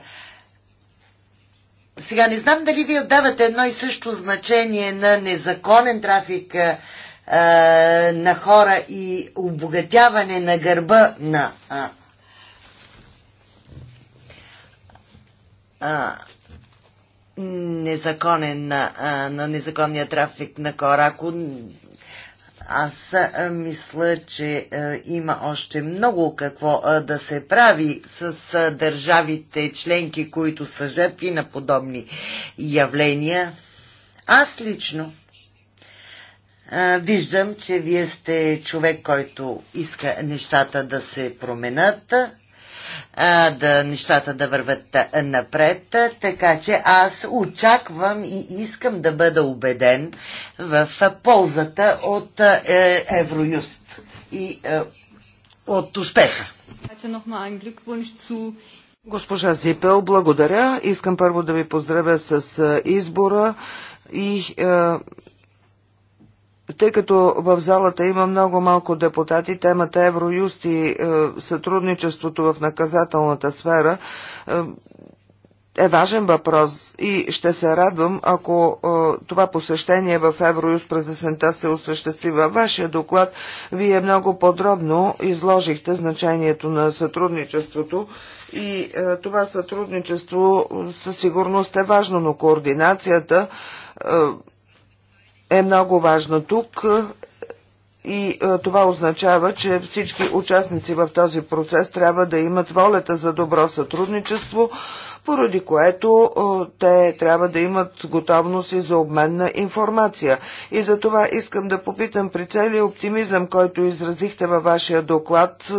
сега не знам дали вие отдавате едно и също значение на незаконен трафик а, на хора и обогатяване на гърба на а, а, незаконен, а, на незаконния трафик на хора. Ако аз а, мисля, че а, има още много какво а, да се прави с а, държавите членки, които са жертви на подобни явления. Аз лично а, виждам, че вие сте човек, който иска нещата да се променят а, да нещата да върват напред. Така че аз очаквам и искам да бъда убеден в ползата от е, Евроюст и е, от успеха. Госпожа Зипел, благодаря. Искам първо да ви поздравя с избора и е, тъй като в залата има много малко депутати, темата Евроюст и е, сътрудничеството в наказателната сфера е, е важен въпрос и ще се радвам, ако е, това посещение в Евроюст през есента се осъществи. Във вашия доклад вие много подробно изложихте значението на сътрудничеството и е, това сътрудничество със сигурност е важно, но координацията е, е много важно тук е, и е, това означава, че всички участници в този процес трябва да имат волята за добро сътрудничество, поради което те трябва да имат готовност и за обмен на информация. И за това искам да попитам при целият оптимизъм, който изразихте във вашия доклад,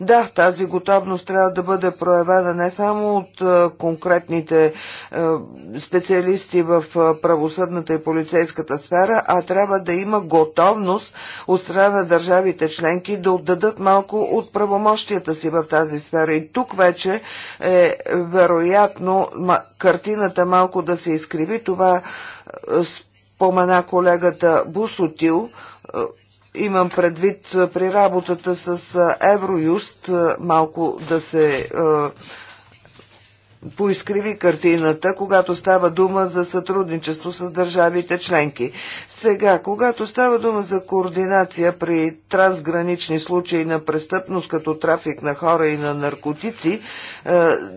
да, тази готовност трябва да бъде проявена не само от конкретните специалисти в правосъдната и полицейската сфера, а трябва да има готовност от страна на държавите членки да отдадат малко от правомощията си в тази сфера. И тук вече е вероятно вероятно картината малко да се изкриви. Това е, спомена колегата Бусотил. Е, имам предвид при работата с е, Евроюст малко да се поискриви картината, когато става дума за сътрудничество с държавите членки. Сега, когато става дума за координация при трансгранични случаи на престъпност, като трафик на хора и на наркотици, е,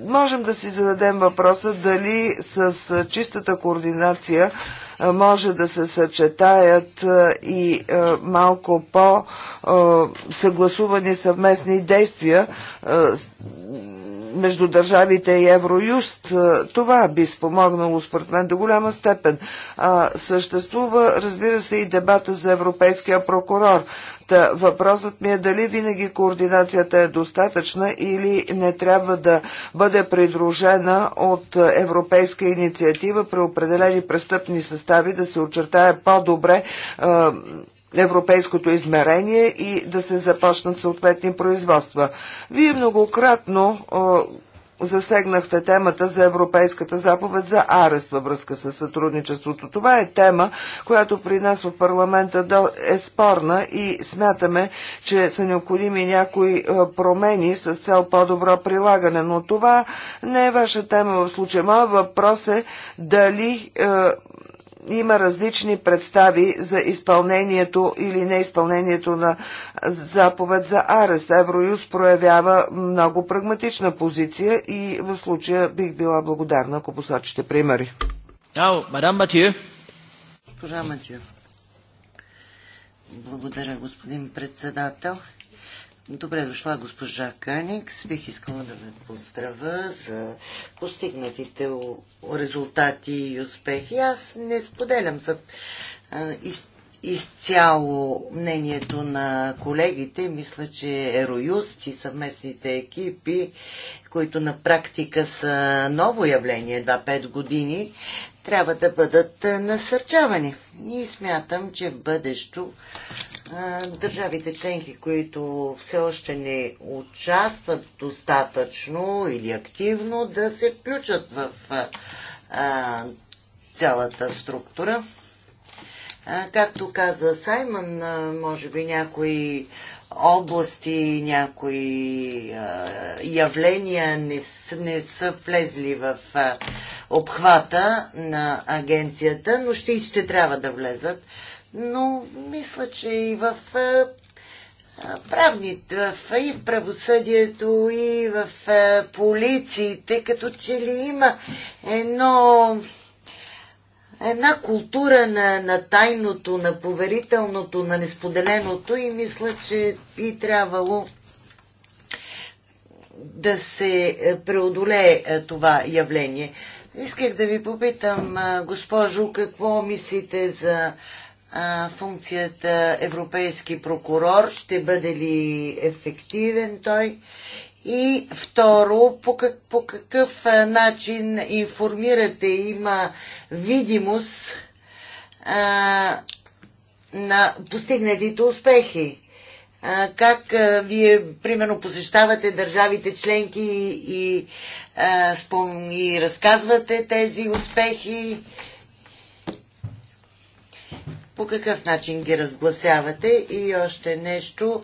можем да си зададем въпроса дали с е, чистата координация е, може да се съчетаят и малко по-съгласувани съвместни действия между държавите и Евроюст. Това би спомогнало според мен до голяма степен. А, съществува, разбира се, и дебата за европейския прокурор. Та въпросът ми е дали винаги координацията е достатъчна или не трябва да бъде придружена от европейска инициатива при определени престъпни състави да се очертае по-добре европейското измерение и да се започнат съответни производства. Вие многократно засегнахте темата за Европейската заповед за арест във връзка с сътрудничеството. Това е тема, която при нас в парламента е спорна и смятаме, че са необходими някои промени с цел по-добро прилагане. Но това не е ваша тема в случая. Моя въпрос е дали има различни представи за изпълнението или неизпълнението на заповед за арест. Евроюз проявява много прагматична позиция и в случая бих била благодарна, ако посочите примери. Ау, мадам Матю. Госпожа Матю. Благодаря, господин председател. Добре дошла госпожа Каникс. Бих искала да ме поздравя за постигнатите резултати и успехи. Аз не споделям за из, изцяло мнението на колегите. Мисля, че Ероюст и съвместните екипи, които на практика са ново явление, 2-5 години, трябва да бъдат насърчавани. И смятам, че бъдещо държавите членки, които все още не участват достатъчно или активно, да се включат в а, цялата структура. А, както каза Саймън, може би някои области, някои а, явления не, не са влезли в а, обхвата на агенцията, но ще, ще трябва да влезат но мисля, че и в правните, и в правосъдието, и в полициите, като че ли има едно една култура на, на тайното, на поверителното, на несподеленото и мисля, че и трябвало да се е, преодолее е, това явление. Исках да ви попитам, госпожо, какво мислите за функцията европейски прокурор, ще бъде ли ефективен той? И второ, по, как, по какъв начин информирате, има видимост а, на постигнатите успехи? А, как а, вие, примерно, посещавате държавите членки и, и, а, спом... и разказвате тези успехи? по какъв начин ги разгласявате и още нещо.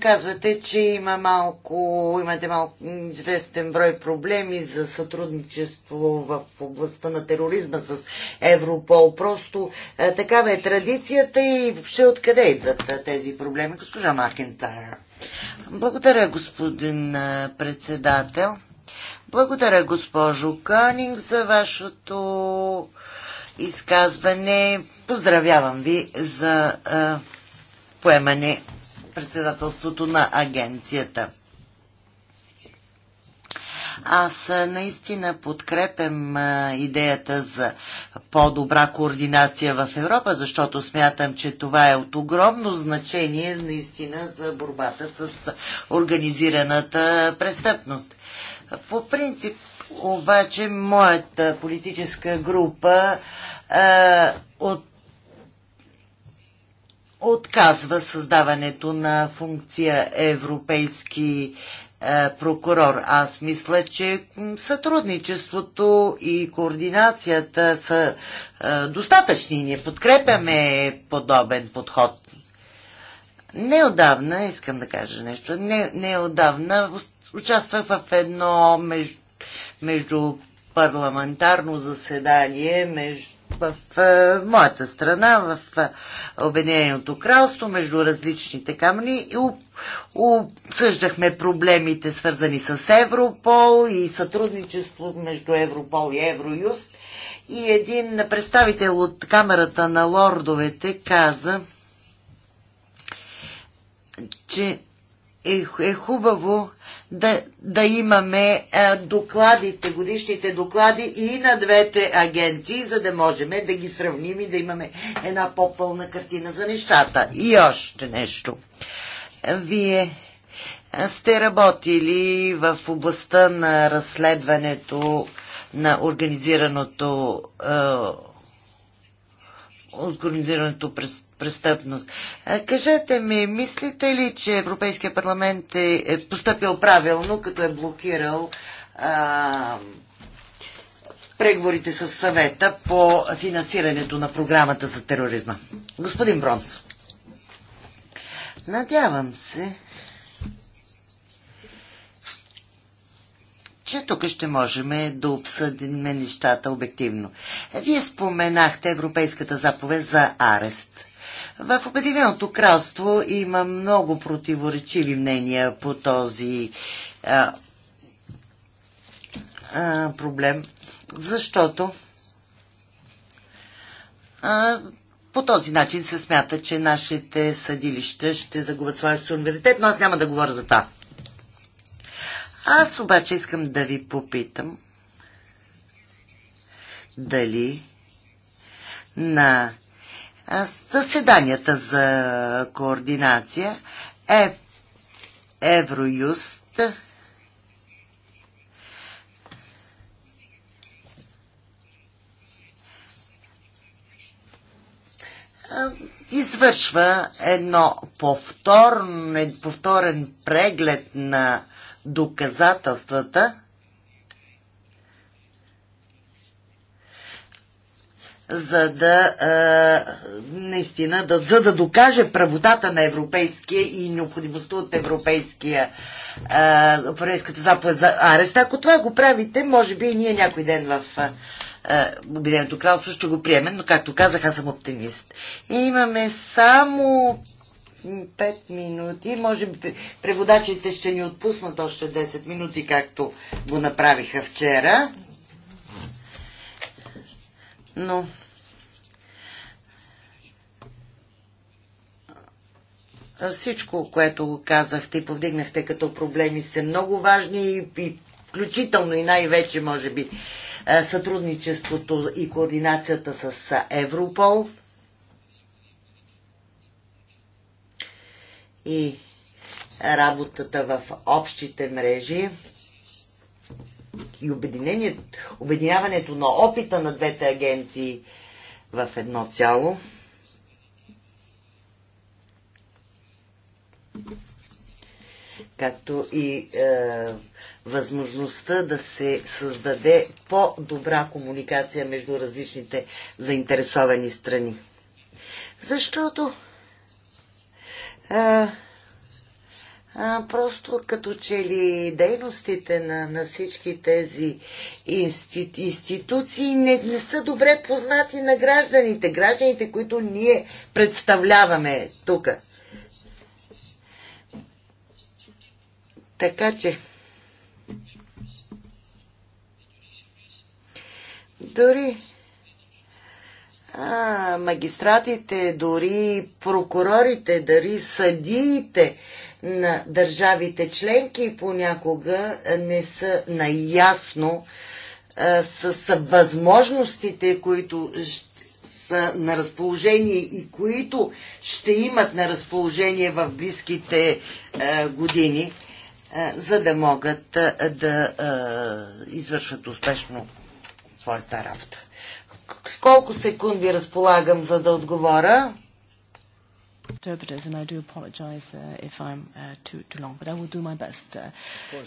Казвате, че има малко, имате малко известен брой проблеми за сътрудничество в областта на тероризма с Европол. Просто такава е традицията и въобще откъде идват тези проблеми, госпожа Макентайр. Благодаря, господин председател. Благодаря, госпожо Канинг, за вашето изказване. Поздравявам ви за а, поемане председателството на агенцията. Аз наистина подкрепям идеята за по-добра координация в Европа, защото смятам, че това е от огромно значение наистина за борбата с организираната престъпност. По принцип, обаче моята политическа група а, от, отказва създаването на функция европейски прокурор. Аз мисля, че сътрудничеството и координацията са достатъчни. Ние подкрепяме подобен подход. Неодавна, искам да кажа нещо, не, неодавна участвах в едно между между парламентарно заседание между, в, в моята страна, в Обединеното кралство, между различните камъни и обсъждахме проблемите свързани с Европол и сътрудничество между Европол и Евроюст. И един представител от Камерата на лордовете каза, че е, е хубаво да, да имаме е, докладите, годишните доклади и на двете агенции, за да можем да ги сравним и да имаме една по-пълна картина за нещата. И още нещо. Вие е, сте работили в областта на разследването на организираното е, организираното престъпление престъпност. Кажете ми, мислите ли, че Европейския парламент е, е поступил правилно, като е блокирал а, преговорите с съвета по финансирането на програмата за тероризма? Господин Бронц. Надявам се, че тук ще можем да обсъдим нещата обективно. Вие споменахте Европейската заповед за арест. В Обединеното кралство има много противоречиви мнения по този а, а, проблем, защото а, по този начин се смята, че нашите съдилища ще загубят своя суверенитет, но аз няма да говоря за това. Аз обаче искам да ви попитам дали на съседанията за координация е Евроюст извършва едно повторен, повторен преглед на доказателствата за да а, наистина, да, за да докаже правотата на европейския и необходимостта от европейския а, европейската заповед за арест. Ако това го правите, може би и ние някой ден в Обединеното кралство ще го приемем, но както казах, аз съм оптимист. И имаме само 5 минути. Може би преводачите ще ни отпуснат още 10 минути, както го направиха вчера. Но Всичко, което казахте и повдигнахте като проблеми, са много важни и включително и най-вече, може би, сътрудничеството и координацията с Европол. И работата в общите мрежи и обединяването на опита на двете агенции в едно цяло. както и е, възможността да се създаде по-добра комуникация между различните заинтересовани страни. Защото е, е, просто като че ли дейностите на, на всички тези институ, институции не, не са добре познати на гражданите, гражданите, които ние представляваме тук. Така че дори а, магистратите, дори прокурорите, дори съдиите на държавите членки понякога не са наясно а, с, възможностите, които са на разположение и които ще имат на разположение в близките а, години. Е, за да могат е, да е, извършват успешно своята работа. С колко секунди разполагам, за да отговоря? interpreters, and I do apologize uh, if I'm uh, too, too long, but I will do my best. Uh,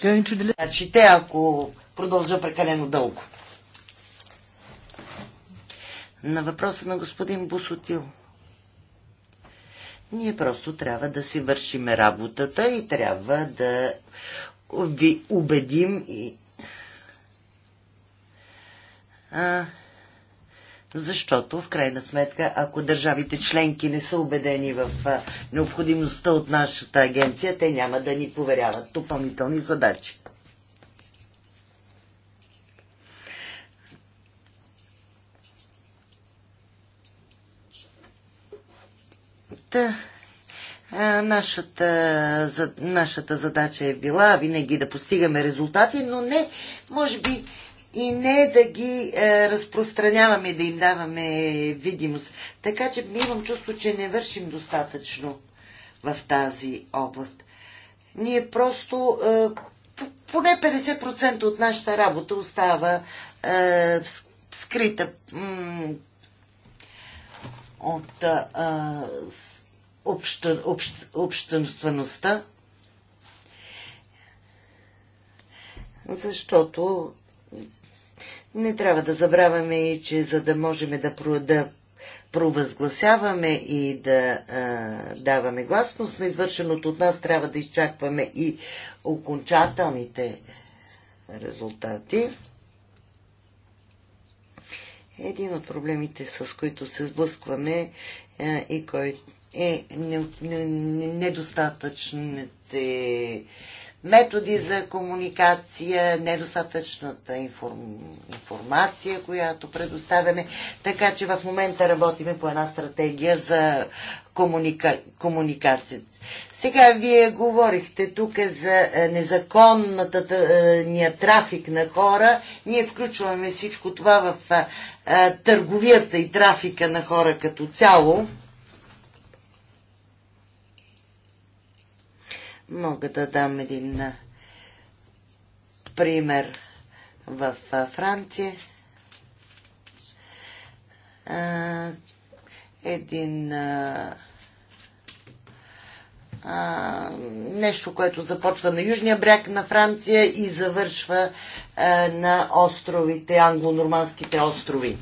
going to the... Значи, те, ако продължа прекалено дълго. На въпроса на господин Босотил. Ние просто трябва да си вършим работата и трябва да ви убедим и... А, защото, в крайна сметка, ако държавите членки не са убедени в а, необходимостта от нашата агенция, те няма да ни поверяват допълнителни задачи. нашата, за, нашата задача е била винаги да постигаме резултати, но не, може би и не да ги е, разпространяваме, да им даваме видимост. Така че имам чувство, че не вършим достатъчно в тази област. Ние просто е, поне 50% от нашата работа остава е, скрита от а, обща, общ, обществеността, защото не трябва да забравяме и, че за да можем да, про, да провъзгласяваме и да а, даваме гласност на извършеното от нас, трябва да изчакваме и окончателните резултати. Един от проблемите, с които се сблъскваме и който е недостатъчните методи за комуникация, недостатъчната информация, която предоставяме. Така че в момента работиме по една стратегия за комуника... комуникацията. Сега вие говорихте тук за е, незаконната е, ния трафик на хора. Ние включваме всичко това в е, търговията и трафика на хора като цяло. Мога да дам един пример в Франция. Един а, нещо, което започва на южния бряг на Франция и завършва а, на островите, англо-нормандските острови.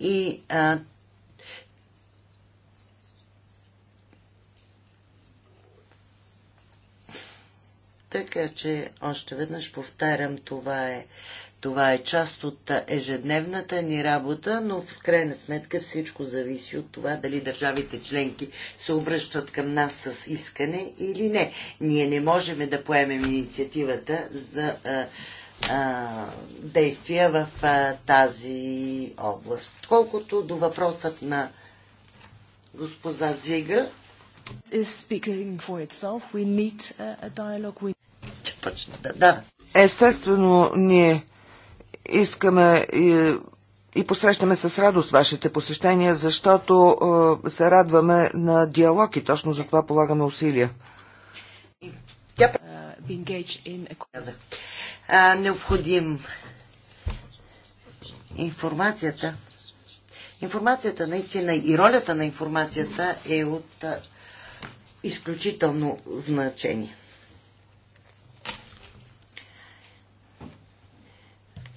И а, Така че още веднъж повтарям, това е, това е част от ежедневната ни работа, но в крайна сметка всичко зависи от това дали държавите членки се обръщат към нас с искане или не. Ние не можем да поемем инициативата за а, а, действия в а, тази област. Колкото до въпросът на госпожа Зига, is speaking for itself. We need a, uh, a dialogue. We ще почна да. Естествено, ние искаме и, и посрещаме с радост вашите посещения, защото е, се радваме на диалог и точно за това полагаме усилия. Тя... Uh, а, необходим информацията. Информацията наистина и ролята на информацията е от а, изключително значение.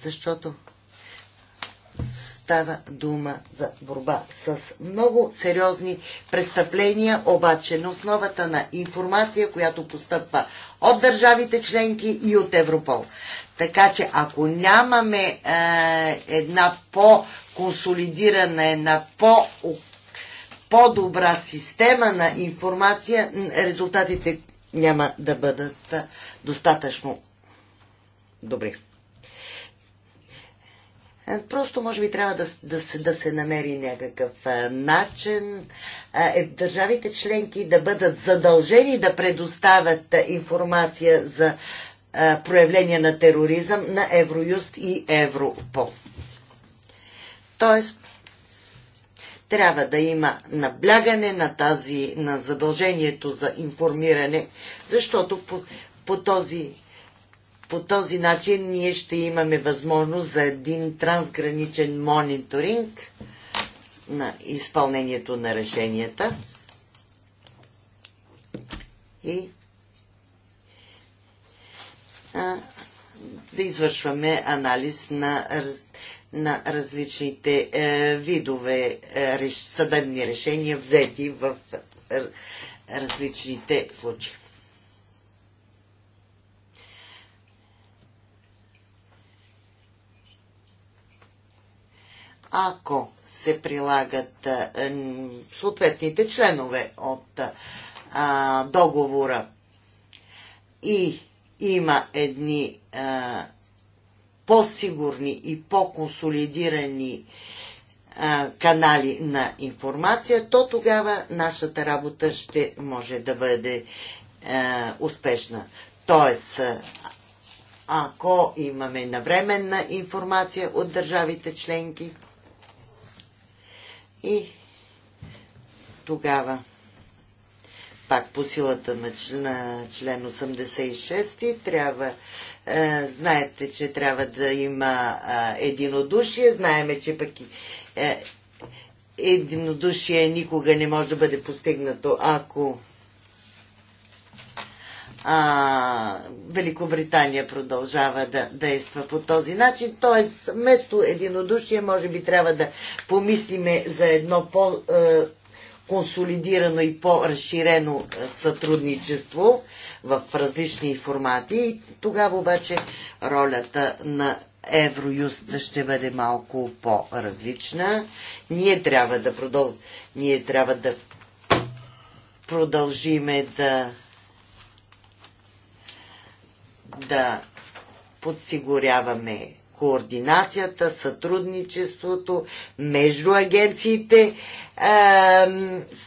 защото става дума за борба с много сериозни престъпления, обаче на основата на информация, която постъпва от държавите членки и от Европол. Така че ако нямаме е, една по-консолидирана, една по- по-добра система на информация, резултатите няма да бъдат достатъчно добри. Е, просто, може би, трябва да, да, се, да се намери някакъв а, е, начин а, е, е, държавите членки да бъдат задължени да предоставят а, информация за а, проявление на тероризъм на Евроюст и Европол. Тоест, трябва да има наблягане на, тази, на задължението за информиране, защото по, по този по този начин ние ще имаме възможност за един трансграничен мониторинг на изпълнението на решенията и да извършваме анализ на, на различните е, видове е, съдебни решения, взети в е, различните случаи. ако се прилагат съответните членове от договора и има едни по-сигурни и по-консолидирани канали на информация, то тогава нашата работа ще може да бъде успешна. Тоест, ако имаме навременна информация от държавите членки, и тогава, пак по силата на, член 86, трябва, е, знаете, че трябва да има е, единодушие, знаеме, че пък е, единодушие никога не може да бъде постигнато, ако а, Великобритания продължава да действа по този начин. Т.е. вместо единодушие, може би трябва да помислиме за едно по- консолидирано и по-разширено е, сътрудничество в различни формати. Тогава обаче ролята на Евроюст ще бъде малко по-различна. Ние трябва да продъл... Ние трябва да продължиме да да подсигуряваме координацията, сътрудничеството между агенциите, е,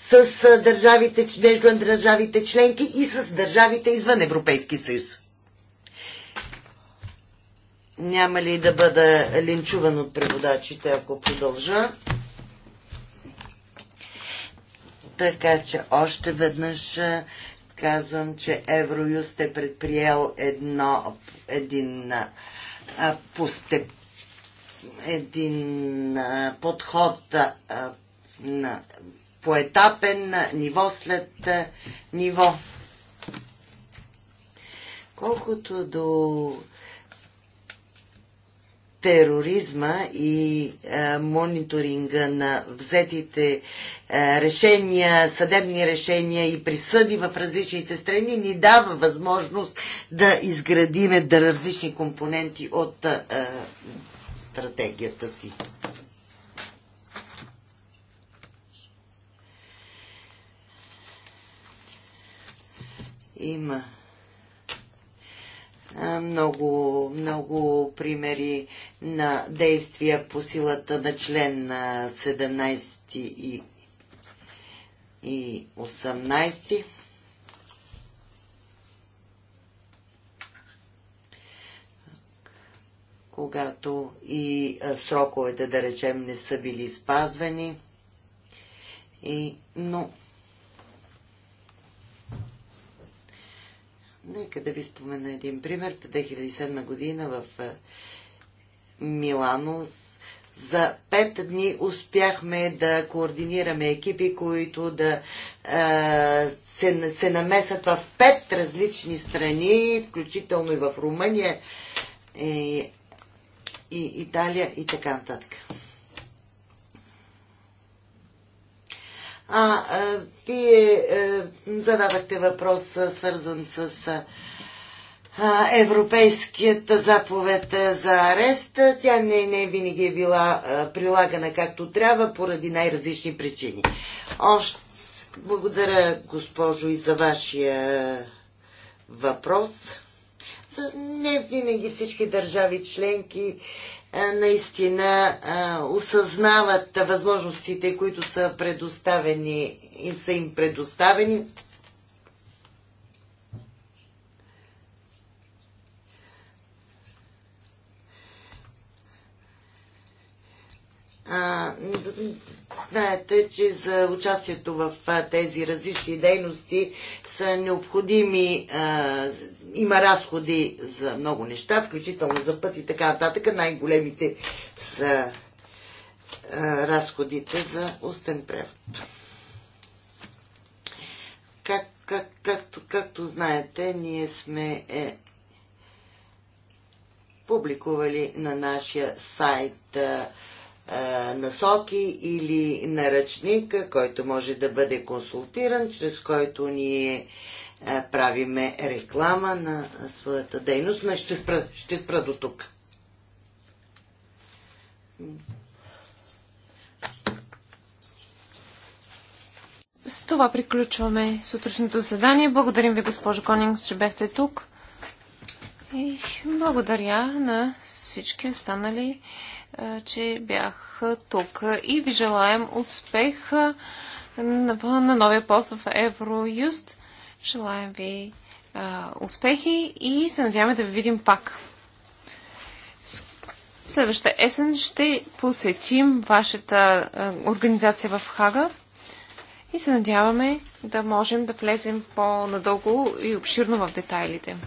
с държавите, между държавите членки и с държавите извън Европейски съюз. Няма ли да бъда линчуван от преводачите, ако продължа? Така че още веднъж казвам, че Евроюст е предприел едно, един а, постеп, един а, подход а, на поетапен ниво след а, ниво. Колкото до тероризма и а, е, мониторинга на взетите а, е, решения, съдебни решения и присъди в различните страни ни дава възможност да изградиме да различни компоненти от а, е, стратегията си. Има много, много примери на действия по силата на член 17 и, и 18. когато и сроковете, да речем, не са били спазвани. И, но Нека да ви спомена един пример. В 2007 година в е, Милано за пет дни успяхме да координираме екипи, които да а, е, се, се намесат в пет различни страни, включително и в Румъния, е, и, и Италия и така нататък. А, а вие а, е, зададахте въпрос, свързан с а, европейската заповед за арест. Тя не, не винаги е била а, прилагана както трябва, поради най-различни причини. Още благодаря, госпожо, и за вашия въпрос. Не винаги всички държави членки наистина осъзнават възможностите, които са предоставени и са им предоставени. знаете, че за участието в тези различни дейности са необходими, а, има разходи за много неща, включително за път и така нататък. Най-големите са а, разходите за устен превод. Как, как, както, както знаете, ние сме е, публикували на нашия сайт а, насоки или наръчник, който може да бъде консултиран, чрез който ние правиме реклама на своята дейност. Но ще спра, ще спра до тук. С това приключваме сутрешното задание. Благодарим ви, госпожо Конингс, че бяхте тук. И благодаря на всички останали че бях тук и ви желаем успех на новия пост в Евроюст. Желаем ви успехи и се надяваме да ви видим пак. Следващата есен ще посетим вашата организация в Хага и се надяваме да можем да влезем по-надълго и обширно в детайлите.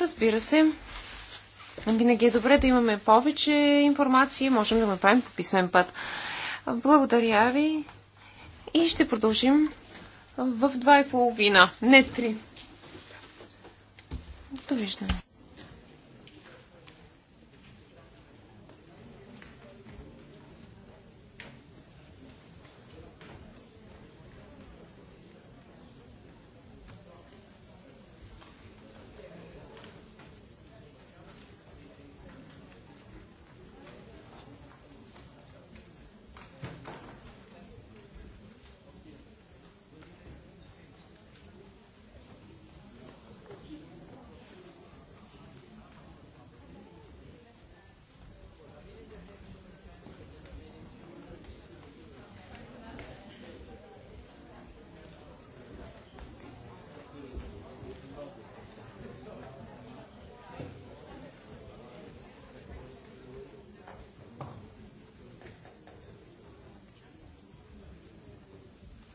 Разбира се, винаги е добре да имаме повече информация, можем да го направим по писмен път. Благодаря ви и ще продължим в 2.30, не 3. Довиждане.